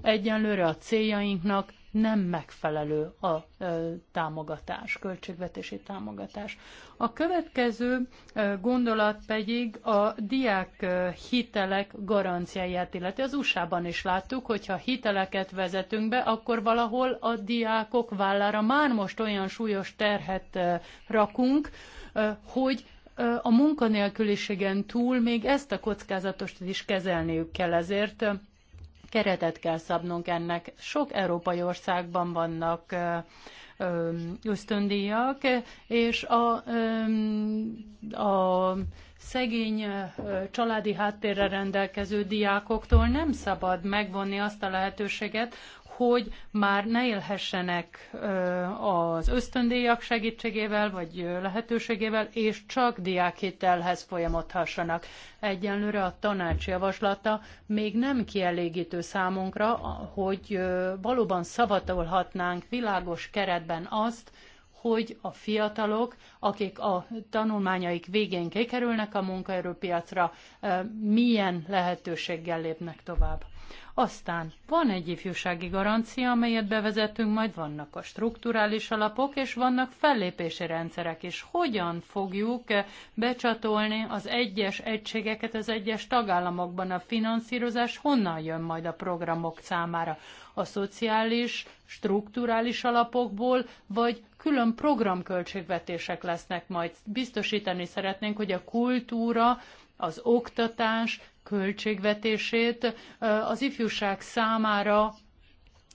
egyenlőre a céljainknak nem megfelelő a támogatás, költségvetési támogatás. A következő gondolat pedig a diák hitelek garanciáját illeti. Az USA-ban is láttuk, hogyha hiteleket vezetünk be, akkor valahol a diákok vállára már most olyan súlyos terhet rakunk, hogy a munkanélküliségen túl még ezt a kockázatot is kezelniük kell ezért keretet kell szabnunk ennek. Sok európai országban vannak ösztöndíjak, és a, a szegény családi háttérre rendelkező diákoktól nem szabad megvonni azt a lehetőséget, hogy már ne élhessenek az ösztöndíjak segítségével, vagy lehetőségével, és csak diákhitelhez folyamodhassanak. Egyenlőre a tanács javaslata még nem kielégítő számunkra, hogy valóban szavatolhatnánk világos keretben azt, hogy a fiatalok, akik a tanulmányaik végén kikerülnek a munkaerőpiacra, milyen lehetőséggel lépnek tovább. Aztán van egy ifjúsági garancia, amelyet bevezetünk, majd vannak a strukturális alapok, és vannak fellépési rendszerek is. Hogyan fogjuk becsatolni az egyes egységeket az egyes tagállamokban? A finanszírozás honnan jön majd a programok számára? A szociális, strukturális alapokból, vagy külön programköltségvetések lesznek majd. Biztosítani szeretnénk, hogy a kultúra, az oktatás költségvetését az ifjúság számára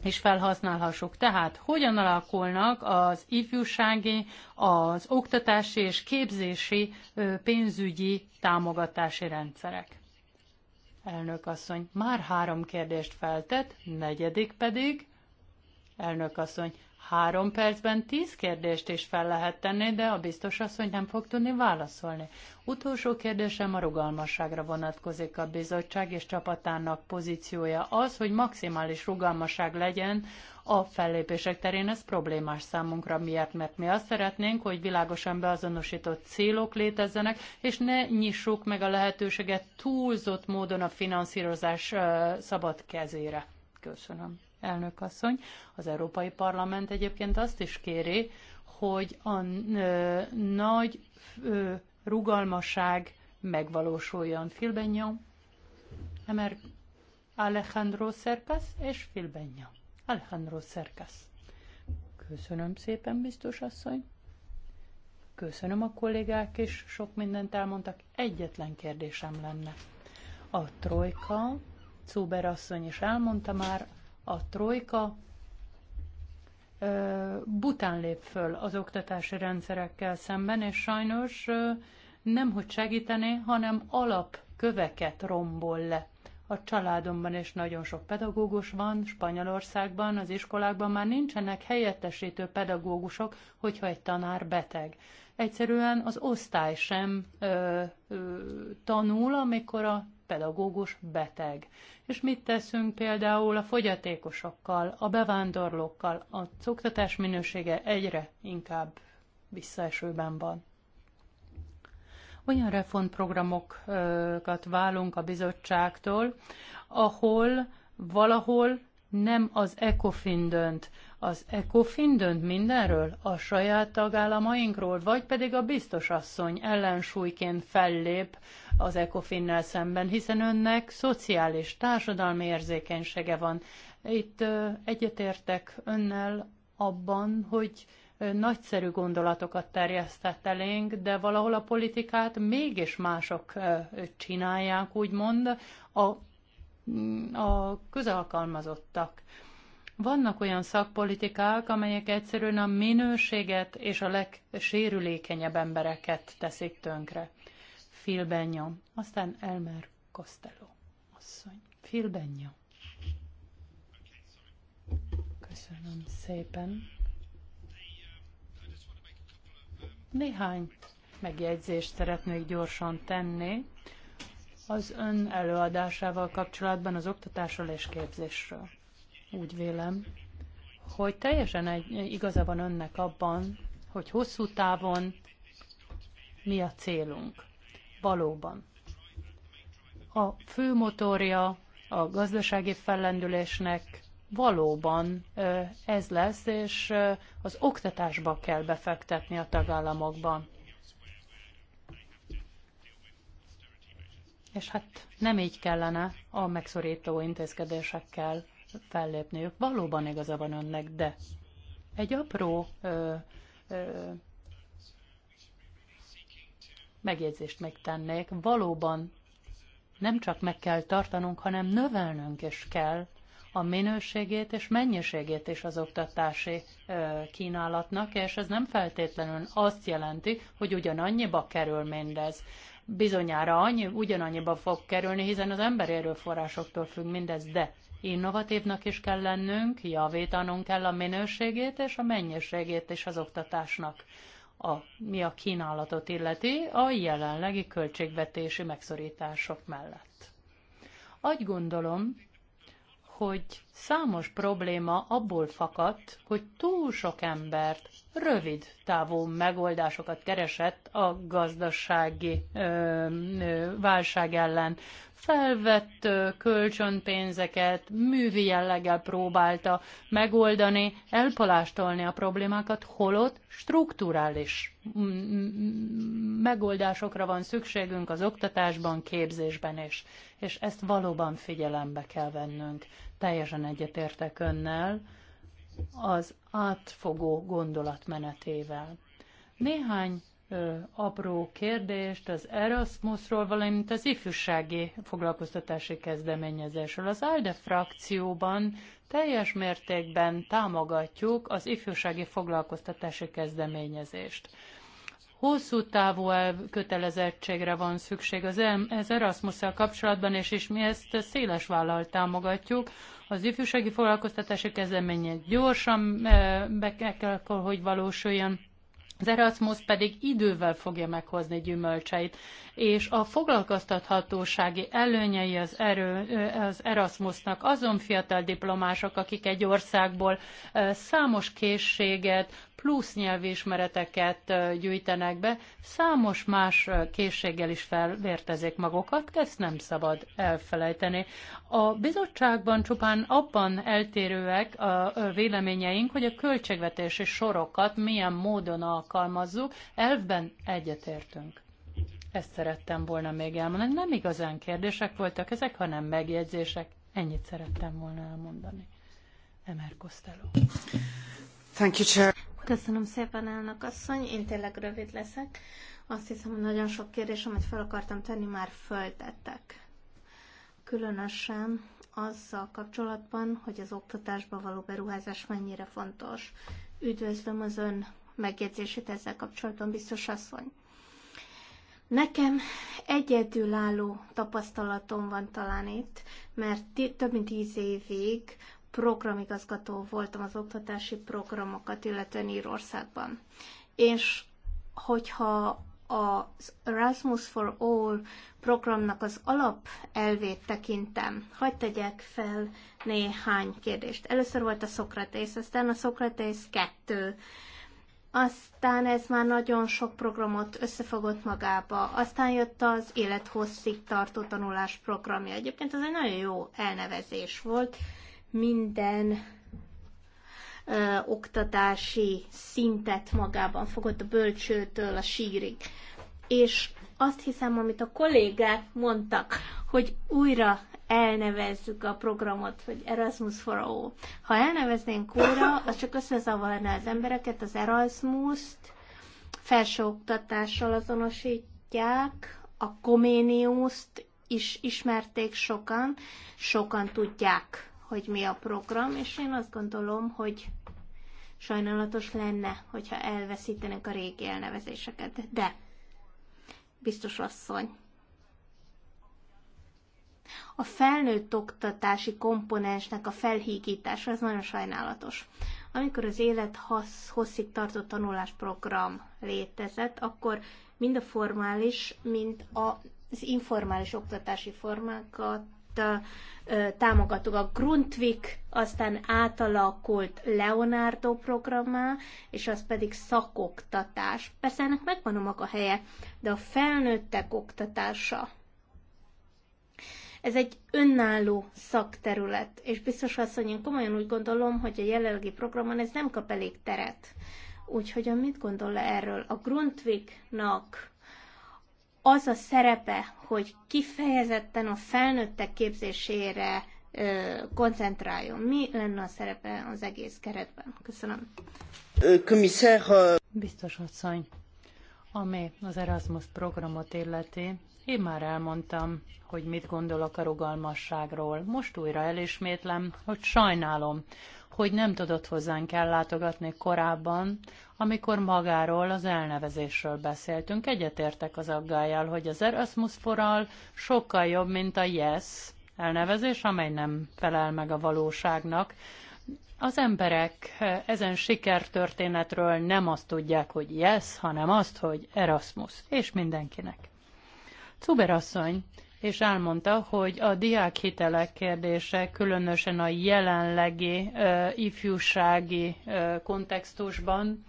és felhasználhassuk. Tehát hogyan alakulnak az ifjúsági, az oktatási és képzési pénzügyi támogatási rendszerek? Elnök asszony, már három kérdést feltett, negyedik pedig. Elnök asszony, Három percben tíz kérdést is fel lehet tenni, de a biztos hogy nem fog tudni válaszolni. Utolsó kérdésem a rugalmasságra vonatkozik a bizottság és csapatának pozíciója. Az, hogy maximális rugalmasság legyen a fellépések terén, ez problémás számunkra. Miért? Mert mi azt szeretnénk, hogy világosan beazonosított célok létezzenek, és ne nyissuk meg a lehetőséget túlzott módon a finanszírozás szabad kezére. Köszönöm elnök asszony. Az Európai Parlament egyébként azt is kéri, hogy a ö, nagy ö, rugalmaság megvalósuljon. Filbenyó, Emer Alejandro Szerkas és Filbenyó. Alejandro Szerkas. Köszönöm szépen, biztos asszony. Köszönöm a kollégák is, sok mindent elmondtak. Egyetlen kérdésem lenne. A trojka, Cúber asszony is elmondta már, a trojka bután lép föl az oktatási rendszerekkel szemben, és sajnos nem hogy segíteni, hanem alapköveket rombol le. A családomban is nagyon sok pedagógus van, Spanyolországban, az iskolákban már nincsenek helyettesítő pedagógusok, hogyha egy tanár beteg. Egyszerűen az osztály sem ö, ö, tanul, amikor a pedagógus beteg. És mit teszünk például a fogyatékosokkal, a bevándorlókkal? A szoktatás minősége egyre inkább visszaesőben van. Olyan reformprogramokat válunk a bizottságtól, ahol valahol nem az ECOFIN dönt. Az ECOFIN dönt mindenről, a saját tagállamainkról, vagy pedig a biztosasszony ellensúlyként fellép az ECOFIN-nel szemben, hiszen önnek szociális, társadalmi érzékenysége van. Itt egyetértek önnel abban, hogy nagyszerű gondolatokat terjesztett elénk, de valahol a politikát mégis mások csinálják, úgymond, a, a közalkalmazottak. Vannak olyan szakpolitikák, amelyek egyszerűen a minőséget és a legsérülékenyebb embereket teszik tönkre. Phil Benya, aztán Elmer Costello asszony. Phil Benya. Köszönöm szépen. Néhány megjegyzést szeretnék gyorsan tenni az ön előadásával kapcsolatban az oktatásról és képzésről. Úgy vélem, hogy teljesen egy, igaza van önnek abban, hogy hosszú távon mi a célunk valóban. A fő motorja a gazdasági fellendülésnek valóban ez lesz, és az oktatásba kell befektetni a tagállamokban. És hát nem így kellene a megszorító intézkedésekkel fellépniük. Valóban igaza van önnek, de egy apró ö, ö, megjegyzést megtennék. Valóban nem csak meg kell tartanunk, hanem növelnünk is kell a minőségét és mennyiségét is az oktatási kínálatnak, és ez nem feltétlenül azt jelenti, hogy ugyanannyiba kerül mindez. Bizonyára annyi, ugyanannyiba fog kerülni, hiszen az emberi erőforrásoktól függ mindez, de innovatívnak is kell lennünk, javítanunk kell a minőségét és a mennyiségét is az oktatásnak a, mi a kínálatot illeti a jelenlegi költségvetési megszorítások mellett. Agy gondolom, hogy számos probléma abból fakadt, hogy túl sok embert rövid távú megoldásokat keresett a gazdasági ö, ö, válság ellen felvett kölcsönpénzeket művi jelleggel próbálta megoldani, elpalástolni a problémákat, holott strukturális megoldásokra van szükségünk az oktatásban, képzésben is. És ezt valóban figyelembe kell vennünk. Teljesen egyetértek önnel az átfogó gondolatmenetével. Néhány apró kérdést az Erasmusról, valamint az ifjúsági foglalkoztatási kezdeményezésről. Az ALDE frakcióban teljes mértékben támogatjuk az ifjúsági foglalkoztatási kezdeményezést. Hosszú távú kötelezettségre van szükség az erasmus kapcsolatban, és is mi ezt széles vállal támogatjuk. Az ifjúsági foglalkoztatási kezdeményezés gyorsan be kell, hogy valósuljon az Erasmus pedig idővel fogja meghozni gyümölcseit, és a foglalkoztathatósági előnyei az, erő, az Erasmusnak azon fiatal diplomások, akik egy országból számos készséget, plusz nyelvismereteket gyűjtenek be, számos más készséggel is felvértezik magukat, ezt nem szabad elfelejteni. A bizottságban csupán abban eltérőek a véleményeink, hogy a költségvetési sorokat milyen módon alkalmazzuk, elvben egyetértünk. Ezt szerettem volna még elmondani. Nem igazán kérdések voltak ezek, hanem megjegyzések. Ennyit szerettem volna elmondani. Emer Costello. Thank you, Chair. Köszönöm szépen, elnök asszony. Én tényleg rövid leszek. Azt hiszem, hogy nagyon sok kérdés, amit fel akartam tenni, már föltettek. Különösen azzal kapcsolatban, hogy az oktatásba való beruházás mennyire fontos. Üdvözlöm az ön megjegyzését ezzel kapcsolatban, biztos asszony. Nekem egyedülálló tapasztalatom van talán itt, mert több mint tíz évig programigazgató voltam az oktatási programokat, illetően Írországban. És hogyha az Erasmus for All programnak az alap elvét tekintem, hagyd tegyek fel néhány kérdést. Először volt a Szokratész, aztán a Szokratész 2 aztán ez már nagyon sok programot összefogott magába, aztán jött az élethosszig tartó tanulás programja. Egyébként az egy nagyon jó elnevezés volt, minden ö, oktatási szintet magában fogott a bölcsőtől a sírig. És azt hiszem, amit a kollégák mondtak, hogy újra elnevezzük a programot, hogy Erasmus for All. Ha elneveznénk újra, az csak összezavarná az embereket, az Erasmus-t felsőoktatással azonosítják, a Koméniuszt is ismerték sokan, sokan tudják, hogy mi a program, és én azt gondolom, hogy sajnálatos lenne, hogyha elveszítenek a régi elnevezéseket. De, biztos asszony, a felnőtt oktatási komponensnek a felhígítása, ez nagyon sajnálatos. Amikor az élet hosszig tartó tanulásprogram létezett, akkor mind a formális, mind az informális oktatási formákat támogattuk a Grundtvig, aztán átalakult Leonardo programmá, és az pedig szakoktatás. Persze ennek megvan a maga helye, de a felnőttek oktatása ez egy önálló szakterület, és biztos asszony, én komolyan úgy gondolom, hogy a jelenlegi programon ez nem kap elég teret. Úgyhogy mit gondol -e erről? A Grundtvignak az a szerepe, hogy kifejezetten a felnőttek képzésére ö, koncentráljon. Mi lenne a szerepe az egész keretben? Köszönöm. Komiszer, Biztos asszony, ami az Erasmus programot illeti, én már elmondtam, hogy mit gondolok a rugalmasságról. Most újra elismétlem, hogy sajnálom, hogy nem tudott hozzánk ellátogatni korábban, amikor magáról az elnevezésről beszéltünk. Egyetértek az aggájjal, hogy az Erasmus forral sokkal jobb, mint a Yes elnevezés, amely nem felel meg a valóságnak. Az emberek eh, ezen sikertörténetről nem azt tudják, hogy yes, hanem azt, hogy Erasmus, és mindenkinek Cuber asszony, és elmondta, hogy a diákhitelek kérdése különösen a jelenlegi ö, ifjúsági ö, kontextusban,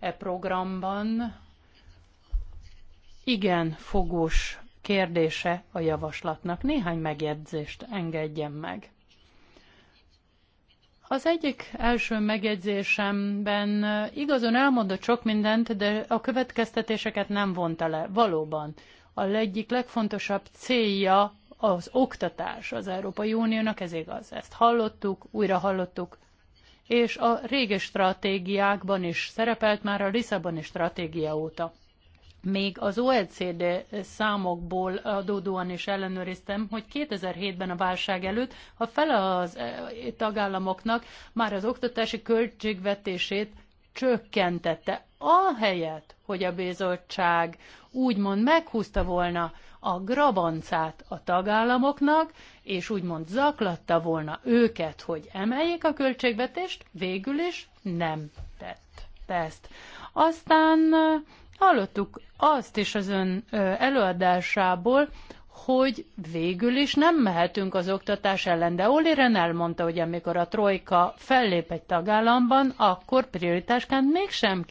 e programban igen fogós kérdése a javaslatnak. Néhány megjegyzést engedjen meg. Az egyik első megjegyzésemben igazon elmondott sok mindent, de a következtetéseket nem vonta le. Valóban a egyik legfontosabb célja az oktatás az Európai Uniónak, ez igaz. Ezt hallottuk, újra hallottuk, és a régi stratégiákban is szerepelt már a Lisszaboni stratégia óta. Még az OECD számokból adódóan is ellenőriztem, hogy 2007-ben a válság előtt a fele az eh, tagállamoknak már az oktatási költségvetését csökkentette. Ahelyett, hogy a bizottság úgymond meghúzta volna a grabancát a tagállamoknak, és úgymond zaklatta volna őket, hogy emeljék a költségvetést, végül is nem tett ezt. Aztán eh, hallottuk azt is az ön eh, előadásából, hogy végül is nem mehetünk az oktatás ellen, de Oli Ren elmondta, hogy amikor a trojka fellép egy tagállamban, akkor prioritásként mégsem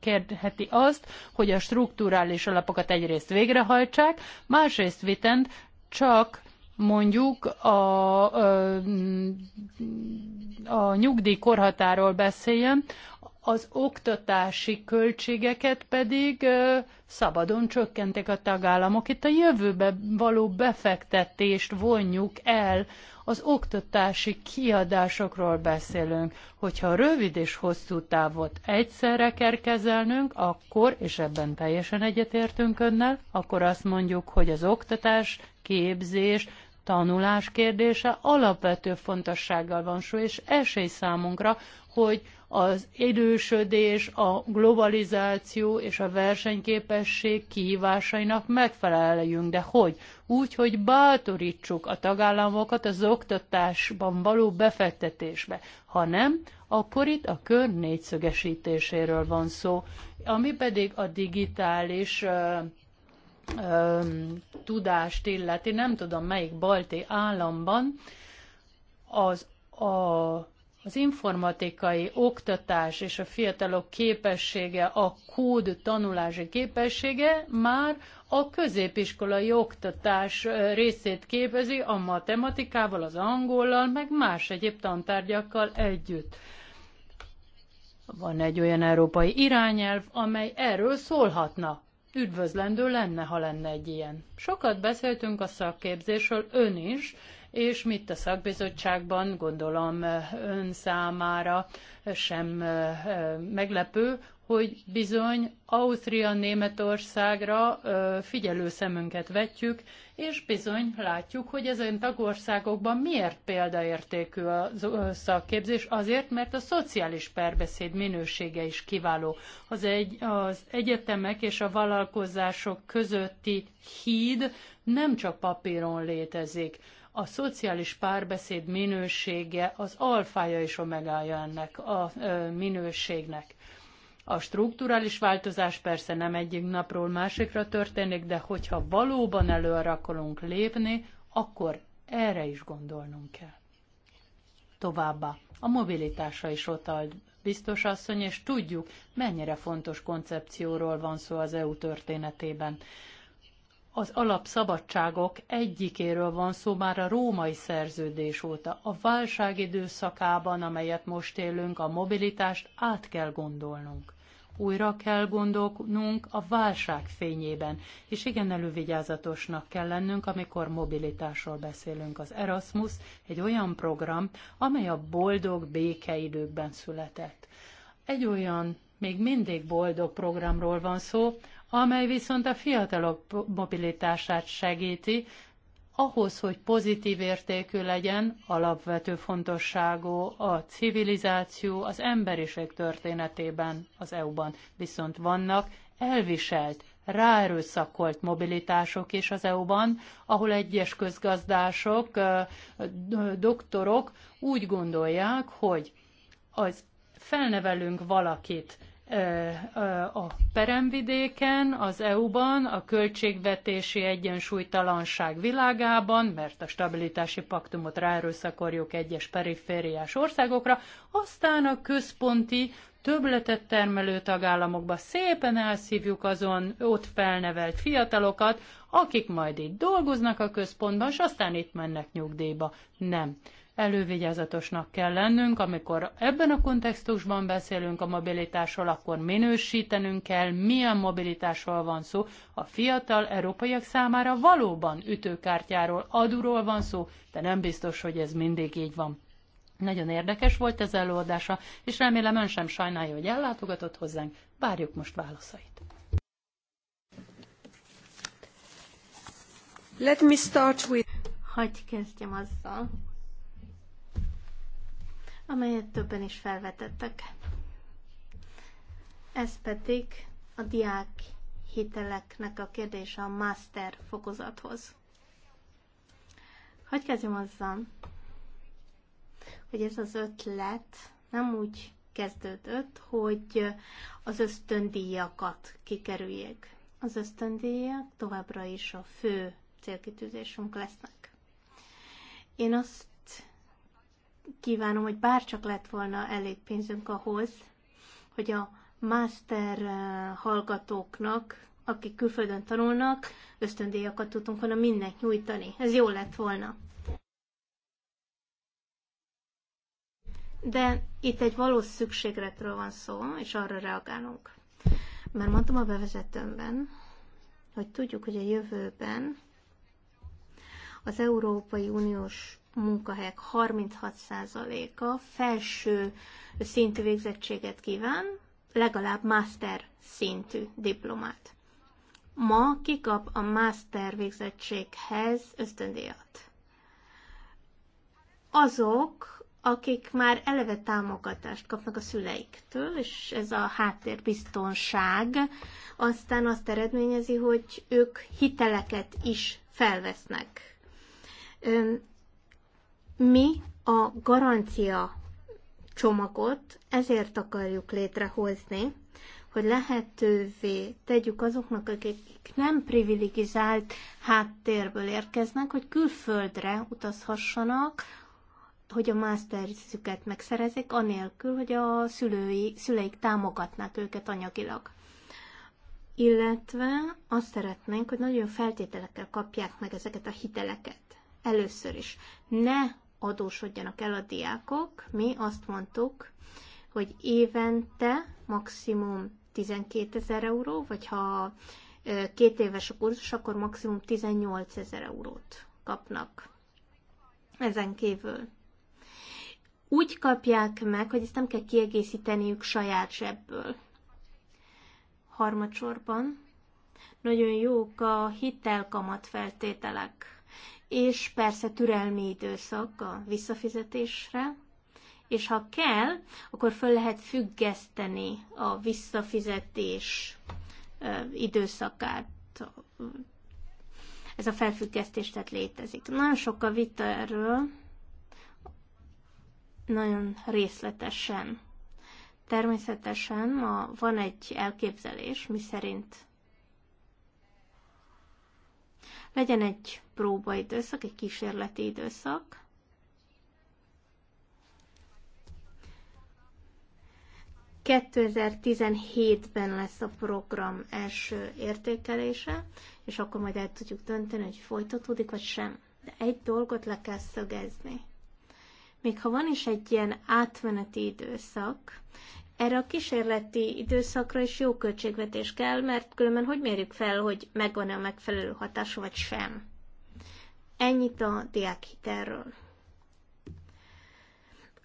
kérheti azt, hogy a strukturális alapokat egyrészt végrehajtsák, másrészt vitend csak mondjuk a, a, a nyugdíjkorhatáról beszéljen, az oktatási költségeket pedig szabadon csökkentek a tagállamok. Itt a jövőbe való befektetést vonjuk el, az oktatási kiadásokról beszélünk. Hogyha rövid és hosszú távot egyszerre kell kezelnünk, akkor, és ebben teljesen egyetértünk önnel, akkor azt mondjuk, hogy az oktatás, képzés, tanulás kérdése alapvető fontossággal van só, és esély számunkra, hogy az idősödés, a globalizáció és a versenyképesség kihívásainak megfeleljünk. De hogy? Úgy, hogy bátorítsuk a tagállamokat az oktatásban való befektetésbe. Ha nem, akkor itt a kör négyszögesítéséről van szó, ami pedig a digitális ö, ö, tudást illeti, nem tudom melyik balti államban, az a az informatikai oktatás és a fiatalok képessége, a kód tanulási képessége már a középiskolai oktatás részét képezi a matematikával, az angollal, meg más egyéb tantárgyakkal együtt. Van egy olyan európai irányelv, amely erről szólhatna. Üdvözlendő lenne, ha lenne egy ilyen. Sokat beszéltünk a szakképzésről, ön is, és mit a szakbizottságban, gondolom ön számára sem meglepő, hogy bizony Ausztria-Németországra figyelő szemünket vetjük, és bizony látjuk, hogy ezen tagországokban miért példaértékű a szakképzés, azért, mert a szociális perbeszéd minősége is kiváló. Az, egy, az egyetemek és a vállalkozások közötti híd nem csak papíron létezik, a szociális párbeszéd minősége az alfája és omegája ennek a minőségnek. A strukturális változás persze nem egyik napról másikra történik, de hogyha valóban előre akarunk lépni, akkor erre is gondolnunk kell. Továbbá a mobilitásra is utalt biztos asszony, és tudjuk, mennyire fontos koncepcióról van szó az EU történetében az alapszabadságok egyikéről van szó már a római szerződés óta. A válság időszakában, amelyet most élünk, a mobilitást át kell gondolnunk. Újra kell gondolnunk a válság fényében, és igen elővigyázatosnak kell lennünk, amikor mobilitásról beszélünk. Az Erasmus egy olyan program, amely a boldog békeidőkben született. Egy olyan még mindig boldog programról van szó, amely viszont a fiatalok mobilitását segíti, ahhoz, hogy pozitív értékű legyen, alapvető fontosságú a civilizáció az emberiség történetében az EU-ban. Viszont vannak elviselt, ráerőszakolt mobilitások is az EU-ban, ahol egyes közgazdások, doktorok úgy gondolják, hogy az felnevelünk valakit a peremvidéken, az EU-ban, a költségvetési egyensúlytalanság világában, mert a stabilitási paktumot ráerőszakoljuk egyes perifériás országokra, aztán a központi többletet termelő tagállamokba szépen elszívjuk azon ott felnevelt fiatalokat, akik majd itt dolgoznak a központban, és aztán itt mennek nyugdíjba. Nem elővigyázatosnak kell lennünk, amikor ebben a kontextusban beszélünk a mobilitásról, akkor minősítenünk kell, milyen mobilitásról van szó. A fiatal európaiak számára valóban ütőkártyáról, adóról van szó, de nem biztos, hogy ez mindig így van. Nagyon érdekes volt ez előadása, és remélem ön sem sajnálja, hogy ellátogatott hozzánk. Várjuk most válaszait. Let me start with... Hogy kezdjem azzal, amelyet többen is felvetettek. Ez pedig a diák hiteleknek a kérdése a master fokozathoz. Hogy kezdjem azzal, hogy ez az ötlet nem úgy kezdődött, hogy az ösztöndíjakat kikerüljék. Az ösztöndíjak továbbra is a fő célkitűzésünk lesznek. Én azt kívánom, hogy bárcsak lett volna elég pénzünk ahhoz, hogy a master eh, hallgatóknak, akik külföldön tanulnak, ösztöndíjakat tudtunk volna mindent nyújtani. Ez jó lett volna. De itt egy valós szükségletről van szó, és arra reagálunk. Mert mondtam a bevezetőmben, hogy tudjuk, hogy a jövőben az Európai Uniós munkahelyek 36%-a felső szintű végzettséget kíván, legalább master szintű diplomát. Ma kikap a master végzettséghez ösztöndíjat. Azok, akik már eleve támogatást kapnak a szüleiktől, és ez a háttérbiztonság aztán azt eredményezi, hogy ők hiteleket is felvesznek mi a garancia csomagot ezért akarjuk létrehozni, hogy lehetővé tegyük azoknak, akik nem privilegizált háttérből érkeznek, hogy külföldre utazhassanak, hogy a masterzüket megszerezik, anélkül, hogy a szülői, szüleik támogatnák őket anyagilag. Illetve azt szeretnénk, hogy nagyon feltételekkel kapják meg ezeket a hiteleket. Először is ne adósodjanak el a diákok. Mi azt mondtuk, hogy évente maximum 12 ezer euró, vagy ha két éves a kurzus, akkor maximum 18 ezer eurót kapnak ezen kívül. Úgy kapják meg, hogy ezt nem kell kiegészíteniük saját zsebből. Harmadsorban nagyon jók a hitelkamat feltételek és persze türelmi időszak a visszafizetésre, és ha kell, akkor föl lehet függeszteni a visszafizetés időszakát. Ez a felfüggesztés tehát létezik. Nagyon sok a vita erről, nagyon részletesen. Természetesen ma van egy elképzelés, mi szerint legyen egy próbaidőszak, egy kísérleti időszak. ...2017-ben lesz a program első értékelése, és akkor majd el tudjuk dönteni, hogy folytatódik, vagy sem. De egy dolgot le kell szögezni. Még ha van is egy ilyen átmeneti időszak, erre a kísérleti időszakra is jó költségvetés kell, mert különben hogy mérjük fel, hogy megvan-e a megfelelő hatása, vagy sem. Ennyit a diákhitelről.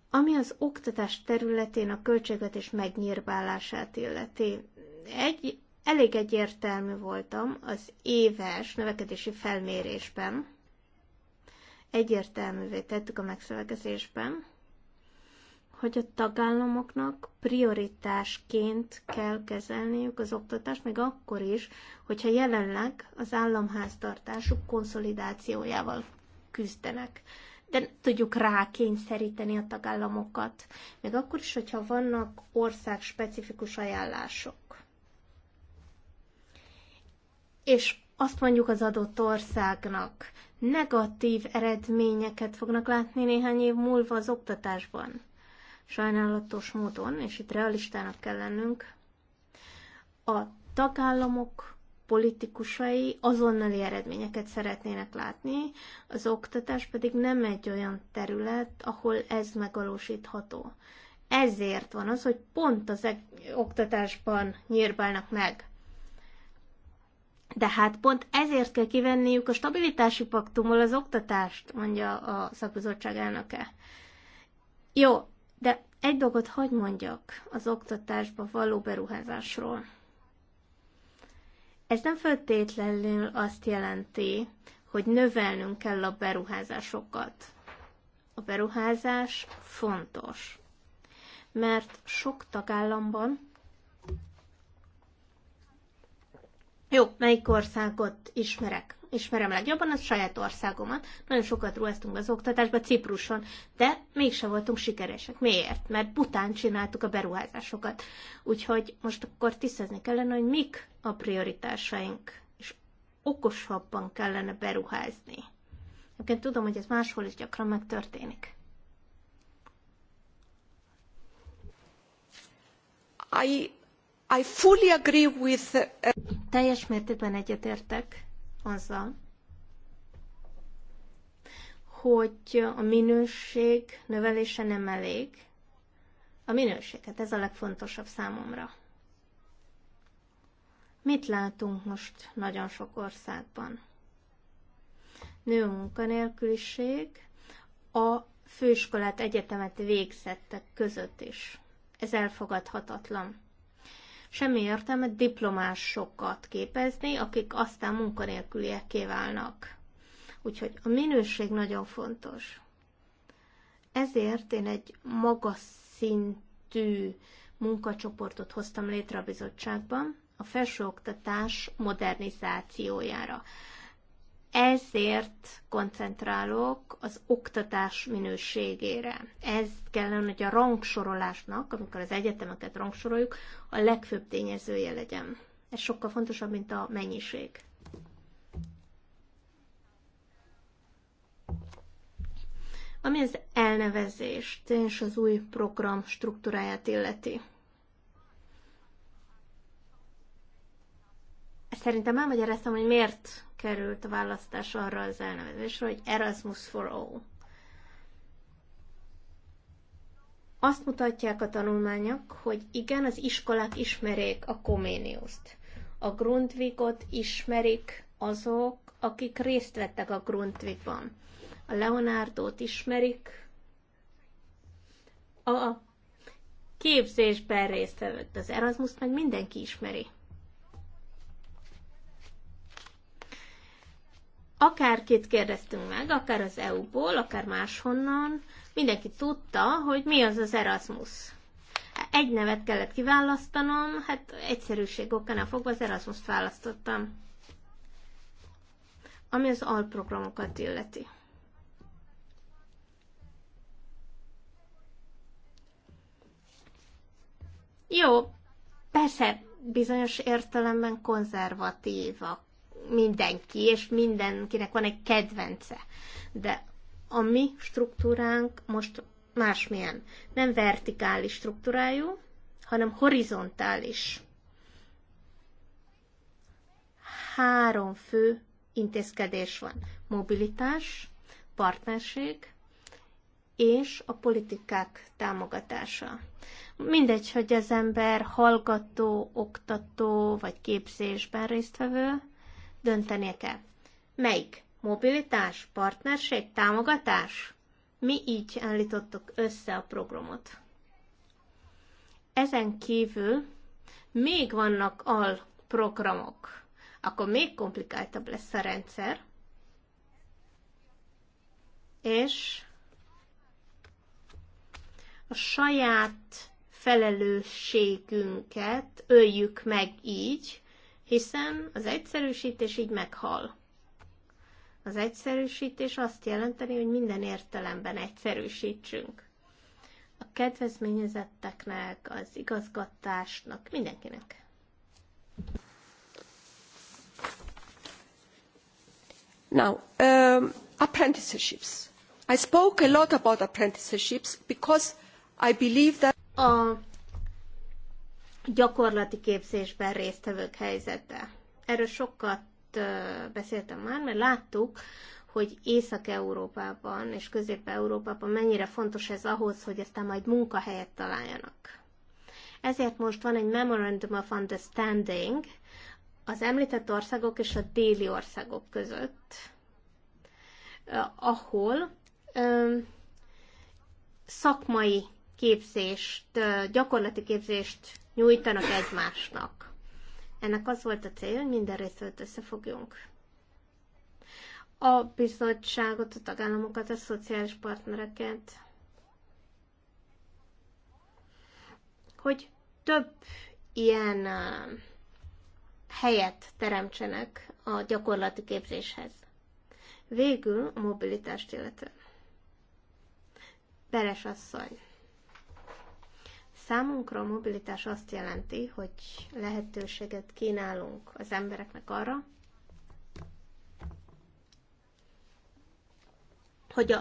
Ami az oktatás területén a költségvetés megnyírbálását illeti, egy, elég egyértelmű voltam az éves növekedési felmérésben, egyértelművé tettük a megszövegezésben, hogy a tagállamoknak prioritásként kell kezelniük az oktatást, még akkor is, hogyha jelenleg az államháztartásuk konszolidációjával küzdenek. De tudjuk rákényszeríteni a tagállamokat, még akkor is, hogyha vannak országspecifikus ajánlások. És azt mondjuk az adott országnak, negatív eredményeket fognak látni néhány év múlva az oktatásban sajnálatos módon, és itt realistának kell lennünk, a tagállamok politikusai azonnali eredményeket szeretnének látni, az oktatás pedig nem egy olyan terület, ahol ez megvalósítható. Ezért van az, hogy pont az e- oktatásban nyírbálnak meg. De hát pont ezért kell kivenniük a stabilitási paktumból az oktatást, mondja a szakbizottság elnöke. Jó, de egy dolgot hagy mondjak az oktatásba való beruházásról. Ez nem feltétlenül azt jelenti, hogy növelnünk kell a beruházásokat. A beruházás fontos, mert sok tagállamban, jó, melyik országot ismerek? ismerem legjobban, az saját országomat. Nagyon sokat ruháztunk az oktatásba Cipruson, de mégsem voltunk sikeresek. Miért? Mert bután csináltuk a beruházásokat. Úgyhogy most akkor tisztázni kellene, hogy mik a prioritásaink, és okosabban kellene beruházni. Egyébként tudom, hogy ez máshol is gyakran megtörténik. I, I fully agree with... Uh, Teljes mértékben egyetértek azzal, hogy a minőség növelése nem elég. A minőség, hát ez a legfontosabb számomra. Mit látunk most nagyon sok országban? Nő munkanélküliség a főiskolát, egyetemet végzettek között is. Ez elfogadhatatlan. Semmi értelme diplomásokat képezni, akik aztán munkanélkülieké válnak. Úgyhogy a minőség nagyon fontos. Ezért én egy magas szintű munkacsoportot hoztam létre a bizottságban, a felsőoktatás modernizációjára ezért koncentrálok az oktatás minőségére. Ez kellene, hogy a rangsorolásnak, amikor az egyetemeket rangsoroljuk, a legfőbb tényezője legyen. Ez sokkal fontosabb, mint a mennyiség. Ami az elnevezést és az új program struktúráját illeti. Szerintem elmagyaráztam, hogy miért került a választás arra az elnevezésre, hogy Erasmus for All. Azt mutatják a tanulmányok, hogy igen, az iskolák ismerik a Koméniuszt. A Grundvigot ismerik azok, akik részt vettek a Grundvigban, A Leonardót ismerik, a képzésben résztvevőt, az Erasmus meg mindenki ismeri. akárkit kérdeztünk meg, akár az EU-ból, akár máshonnan, mindenki tudta, hogy mi az az Erasmus. Egy nevet kellett kiválasztanom, hát egyszerűség okánál fogva az Erasmus-t választottam. Ami az alprogramokat illeti. Jó, persze bizonyos értelemben konzervatívak mindenki, és mindenkinek van egy kedvence. De a mi struktúránk most másmilyen. Nem vertikális struktúrájú, hanem horizontális. Három fő intézkedés van. Mobilitás, partnerség és a politikák támogatása. Mindegy, hogy az ember hallgató, oktató vagy képzésben résztvevő, döntenie kell. Melyik? Mobilitás, partnerség, támogatás? Mi így állítottuk össze a programot. Ezen kívül még vannak alprogramok. Akkor még komplikáltabb lesz a rendszer. És a saját felelősségünket öljük meg így, hiszen az egyszerűsítés így meghal. Az egyszerűsítés azt jelenteni, hogy minden értelemben egyszerűsítsünk. A kedvezményezetteknek, az igazgatásnak, mindenkinek. Now, um, apprenticeships. I spoke a lot about apprenticeships because I believe that... A gyakorlati képzésben résztvevők helyzete. Erről sokat beszéltem már, mert láttuk, hogy Észak-Európában és Közép-Európában mennyire fontos ez ahhoz, hogy aztán majd munkahelyet találjanak. Ezért most van egy Memorandum of Understanding az említett országok és a déli országok között, ahol szakmai képzést, gyakorlati képzést nyújtanak egymásnak. Ennek az volt a cél, hogy minden részlet összefogjunk. A bizottságot, a tagállamokat, a szociális partnereket, hogy több ilyen helyet teremtsenek a gyakorlati képzéshez. Végül a mobilitást illetően. Beres asszony. Számunkra a mobilitás azt jelenti, hogy lehetőséget kínálunk az embereknek arra, hogy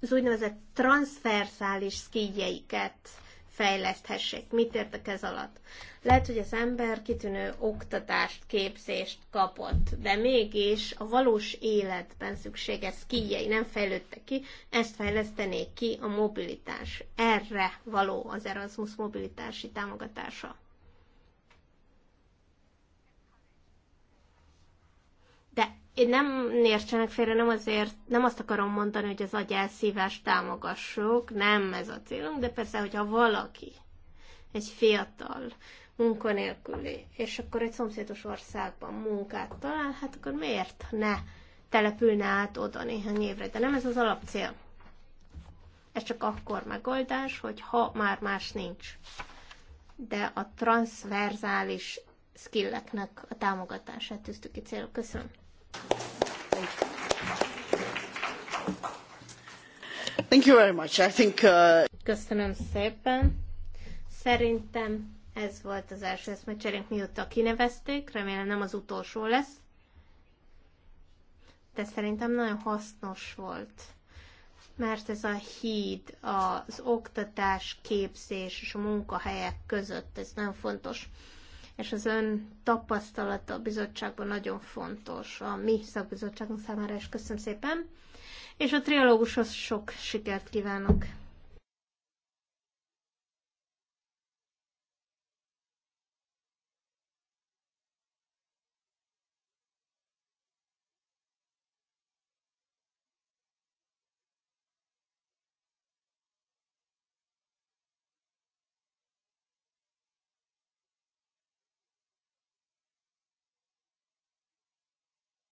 az úgynevezett transverszális szkígyeiket fejleszthessék. Mit értek ez alatt? Lehet, hogy az ember kitűnő oktatást, képzést kapott, de mégis a valós életben szükséges kijei nem fejlődtek ki, ezt fejlesztenék ki a mobilitás. Erre való az Erasmus mobilitási támogatása. De én nem értsenek félre, nem azért, nem azt akarom mondani, hogy az szívást támogassuk, nem ez a célunk, de persze, hogyha valaki, egy fiatal, munkanélküli, és akkor egy szomszédos országban munkát talál, hát akkor miért ne települne át oda néhány évre? De nem ez az alapcél. Ez csak akkor megoldás, hogy ha már más nincs. De a transzverzális skilleknek a támogatását tűztük ki célok. Köszönöm. Uh, Köszönöm szépen. Szerintem ez volt az első eszmecserénk, mióta kinevezték. Remélem nem az utolsó lesz. De szerintem nagyon hasznos volt. Mert ez a híd az oktatás, képzés és a munkahelyek között, ez nagyon fontos és az ön tapasztalata a bizottságban nagyon fontos a mi szakbizottságunk számára, és köszönöm szépen. És a triológushoz sok sikert kívánok!